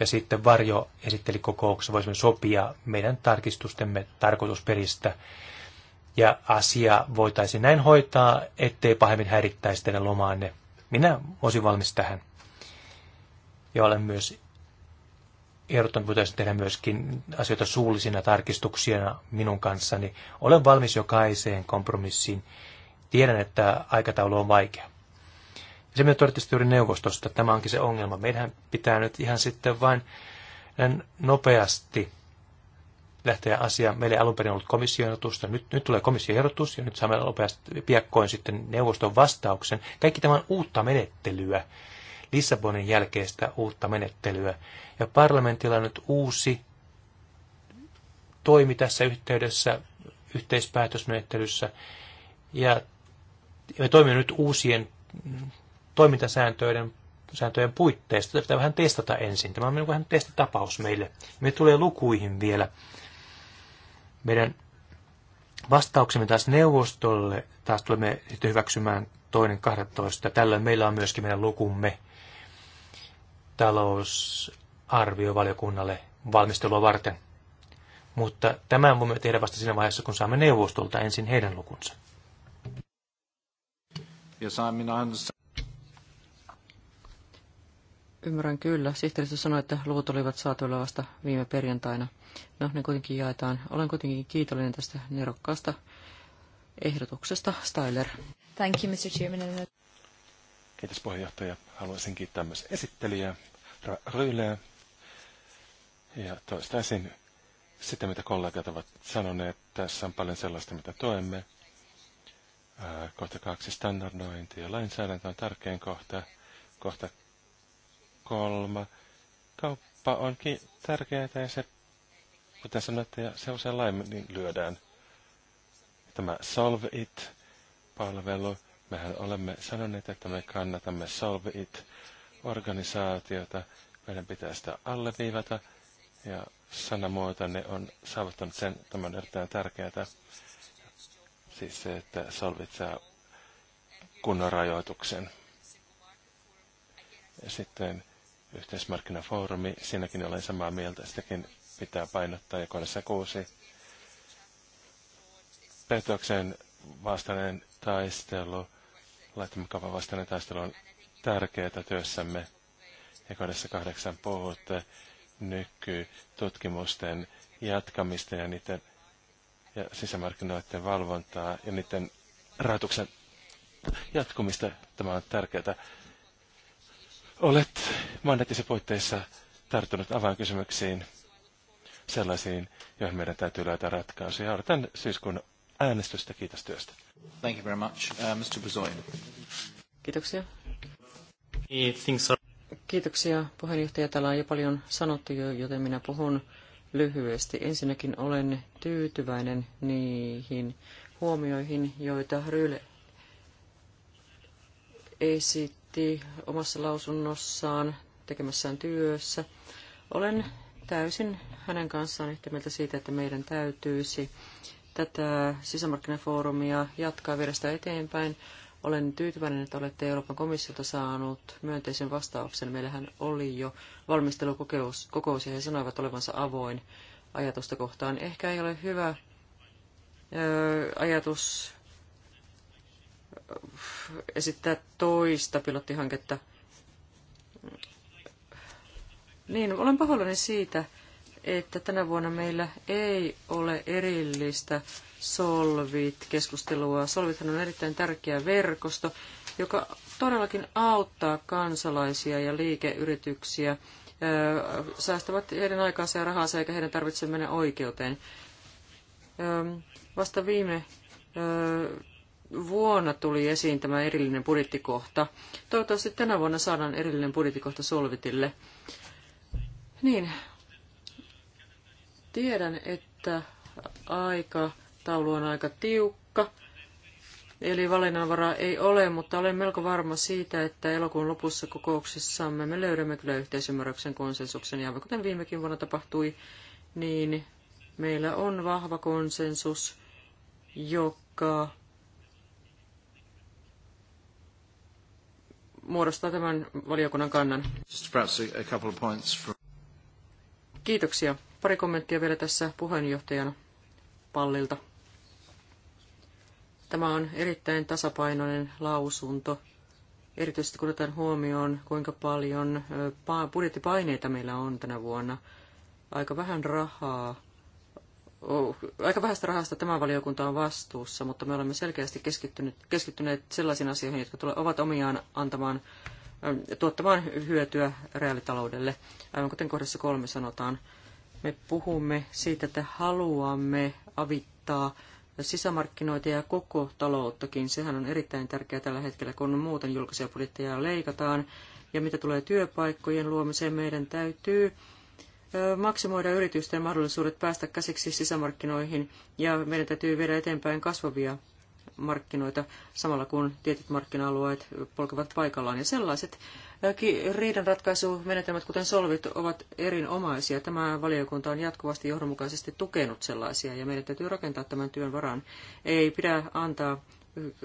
Speaker 3: ja sitten varjo esitteli kokouksessa voisimme sopia meidän tarkistustemme tarkoitusperistä. Ja asia voitaisiin näin hoitaa, ettei pahemmin häirittäisi teidän lomaanne. Minä olisin valmis tähän. Ja olen myös ehdottanut, voitaisiin tehdä myöskin asioita suullisina tarkistuksina minun kanssani. Olen valmis jokaiseen kompromissiin. Tiedän, että aikataulu on vaikea. Se me todettiin juuri neuvostosta, että tämä onkin se ongelma. Meidän pitää nyt ihan sitten vain eh, nopeasti lähteä asia. Meillä alun perin ollut komission nyt, nyt tulee komissioehdotus ja nyt saamme nopeasti piakkoin sitten neuvoston vastauksen. Kaikki tämän uutta menettelyä, Lissabonin jälkeistä uutta menettelyä. Ja parlamentilla on nyt uusi toimi tässä yhteydessä, yhteispäätösmenettelyssä. Ja me toimimme nyt uusien toimintasääntöjen sääntöjen puitteista. Tätä pitää vähän testata ensin. Tämä on niin vähän testitapaus meille. Me tulee lukuihin vielä. Meidän vastauksemme taas neuvostolle, taas tulemme sitten hyväksymään toinen 12. Tällöin meillä on myöskin meidän lukumme talousarviovaliokunnalle valmistelua varten. Mutta tämän voimme tehdä vasta siinä vaiheessa, kun saamme neuvostolta ensin heidän lukunsa.
Speaker 1: Yes, I mean, I understand.
Speaker 2: Ymmärrän kyllä. Sihteeristö sanoi, että luvut olivat saatuilla vasta viime perjantaina. No, ne kuitenkin jaetaan. Olen kuitenkin kiitollinen tästä nerokkaasta ehdotuksesta. Styler. Thank you, Mr. Chairman.
Speaker 4: Kiitos puheenjohtaja. Haluaisin kiittää myös esittelijää, Ryyleä. Ja toistaisin sitä, mitä kollegat ovat sanoneet. Tässä on paljon sellaista, mitä toemme. Kohta kaksi standardointi ja lainsäädäntö on tärkein kohta. Kohta Kolma. Kauppa onkin tärkeää ja se, kuten sanoitte, ja se usein laimin niin lyödään. Tämä Solve It-palvelu, mehän olemme sanoneet, että me kannatamme Solve It-organisaatiota. Meidän pitää sitä alleviivata ja ne on saavuttanut sen, tämä on erittäin tärkeää. Siis se, että Solvit saa kunnon rajoituksen. Ja sitten yhteismarkkinafoorumi, siinäkin olen samaa mieltä, sitäkin pitää painottaa ja kohdassa kuusi. Petoksen vastainen taistelu, laittamakaupan vastainen taistelu on tärkeää työssämme. Ja kohdassa kahdeksan puhutte nykytutkimusten jatkamista ja niiden ja sisämarkkinoiden valvontaa ja niiden rahoituksen jatkumista. Tämä on tärkeää Olet mandatisi puitteissa tarttunut avainkysymyksiin, sellaisiin, joihin meidän täytyy löytää ratkaisuja. Odotan syyskuun äänestystä. Kiitos työstä.
Speaker 1: Thank you very much, uh,
Speaker 4: Mr.
Speaker 3: Buzoy.
Speaker 2: Kiitoksia. Kiitoksia. Puheenjohtaja, täällä on jo paljon sanottu jo, joten minä puhun lyhyesti. Ensinnäkin olen tyytyväinen niihin huomioihin, joita Ryle esitti esitti omassa lausunnossaan tekemässään työssä. Olen täysin hänen kanssaan yhtä mieltä siitä, että meidän täytyisi tätä sisämarkkinafoorumia jatkaa viedä sitä eteenpäin. Olen tyytyväinen, että olette Euroopan komissiolta saanut myönteisen vastauksen. Meillähän oli jo valmistelukokous ja he sanoivat olevansa avoin ajatusta kohtaan. Ehkä ei ole hyvä ajatus esittää toista pilottihanketta. Niin, olen pahoillani siitä, että tänä vuonna meillä ei ole erillistä Solvit-keskustelua. Solvithan on erittäin tärkeä verkosto, joka todellakin auttaa kansalaisia ja liikeyrityksiä, säästävät heidän aikaansa ja rahansa, eikä heidän tarvitse mennä oikeuteen. Vasta viime vuonna tuli esiin tämä erillinen budjettikohta. Toivottavasti tänä vuonna saadaan erillinen budjettikohta Solvitille. Niin, tiedän, että aikataulu on aika tiukka, eli valinnanvaraa ei ole, mutta olen melko varma siitä, että elokuun lopussa kokouksessamme me löydämme kyllä yhteisymmärryksen konsensuksen, ja kuten viimekin vuonna tapahtui, niin meillä on vahva konsensus, joka muodostaa tämän valiokunnan kannan. Kiitoksia. Pari kommenttia vielä tässä puheenjohtajan pallilta. Tämä on erittäin tasapainoinen lausunto, erityisesti kun otetaan huomioon, kuinka paljon budjettipaineita meillä on tänä vuonna. Aika vähän rahaa Oh, aika vähästä rahasta tämä valiokunta on vastuussa, mutta me olemme selkeästi keskittyneet, keskittyneet sellaisiin asioihin, jotka tule, ovat omiaan antamaan, ähm, tuottamaan hyötyä reaalitaloudelle. Aivan kuten kohdassa kolme sanotaan, me puhumme siitä, että haluamme avittaa sisämarkkinoita ja koko talouttakin. Sehän on erittäin tärkeää tällä hetkellä, kun muuten julkisia budjetteja leikataan. Ja mitä tulee työpaikkojen luomiseen, meidän täytyy maksimoida yritysten mahdollisuudet päästä käsiksi sisämarkkinoihin ja meidän täytyy viedä eteenpäin kasvavia markkinoita samalla kun tietyt markkina-alueet polkevat paikallaan. Ja sellaiset riidanratkaisumenetelmät, kuten solvit, ovat erinomaisia. Tämä valiokunta on jatkuvasti johdonmukaisesti tukenut sellaisia ja meidän täytyy rakentaa tämän työn varaan. Ei pidä antaa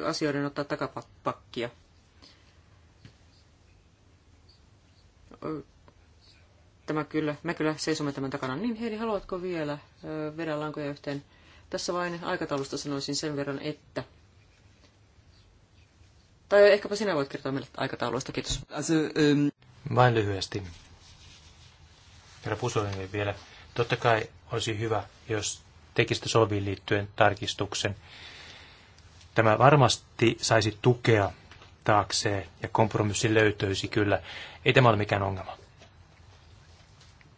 Speaker 2: asioiden ottaa takapakkia. Mä kyllä, mä kyllä seisomme tämän takana. Niin Heidi, haluatko vielä vedä lankoja yhteen? Tässä vain aikataulusta sanoisin sen verran, että... Tai ehkäpä sinä voit kertoa meille aikatauluista, kiitos. Ehm,
Speaker 3: vain lyhyesti. Herra Pusolinen vielä. Totta kai olisi hyvä, jos tekistä soviin liittyen tarkistuksen. Tämä varmasti saisi tukea taakseen ja kompromissi löytyisi kyllä. Ei tämä ole mikään ongelma.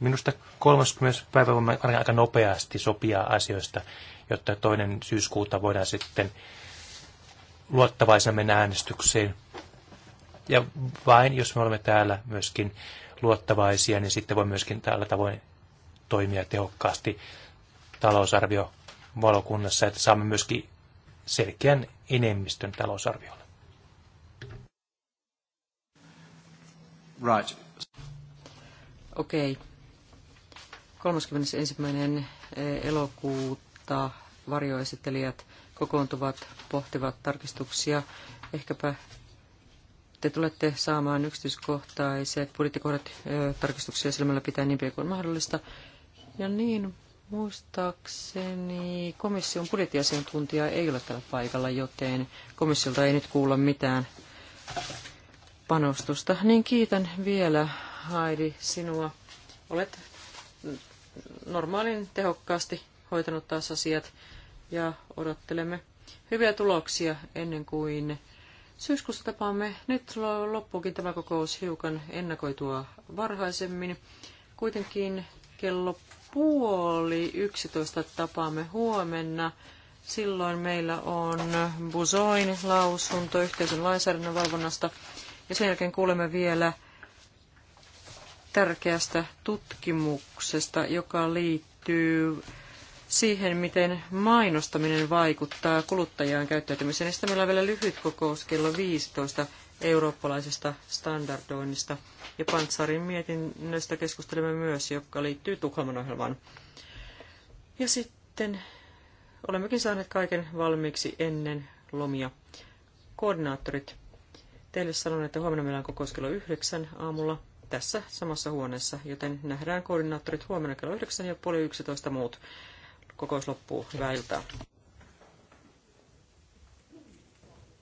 Speaker 3: Minusta 30. päivä on aika nopeasti sopia asioista, jotta toinen syyskuuta voidaan sitten luottavaisena mennä äänestykseen. Ja vain jos me olemme täällä myöskin luottavaisia, niin sitten voi myöskin tällä tavoin toimia tehokkaasti talousarvio valokunnassa, että saamme myöskin selkeän enemmistön talousarviolle.
Speaker 1: Right.
Speaker 2: Okei. Okay. 31. Eh, elokuuta varjoesittelijät kokoontuvat, pohtivat tarkistuksia. Ehkäpä te tulette saamaan yksityiskohtaiset budjettikohdat eh, tarkistuksia silmällä pitää niin pian kuin mahdollista. Ja niin, muistaakseni komission budjettiasiantuntija ei ole tällä paikalla, joten komissiolta ei nyt kuulla mitään panostusta. Niin kiitän vielä Heidi sinua. Olet normaalin tehokkaasti hoitanut taas asiat ja odottelemme hyviä tuloksia ennen kuin syyskuussa tapaamme. Nyt loppuukin tämä kokous hiukan ennakoitua varhaisemmin. Kuitenkin kello puoli yksitoista tapaamme huomenna. Silloin meillä on Buzoin lausunto yhteisön lainsäädännön valvonnasta ja sen jälkeen kuulemme vielä tärkeästä tutkimuksesta, joka liittyy siihen, miten mainostaminen vaikuttaa kuluttajaan käyttäytymiseen. Sitten meillä on vielä lyhyt kokous kello 15 eurooppalaisesta standardoinnista. Ja Pantsarin mietinnöstä keskustelemme myös, joka liittyy Tukholman ohjelmaan. Ja sitten olemmekin saaneet kaiken valmiiksi ennen lomia. Koordinaattorit, teille sanon, että huomenna meillä on kokous kello 9 aamulla tässä samassa huoneessa, joten nähdään koordinaattorit huomenna kello 9 ja puoli 11 muut. Kokous loppuu. Hyvää iltaa.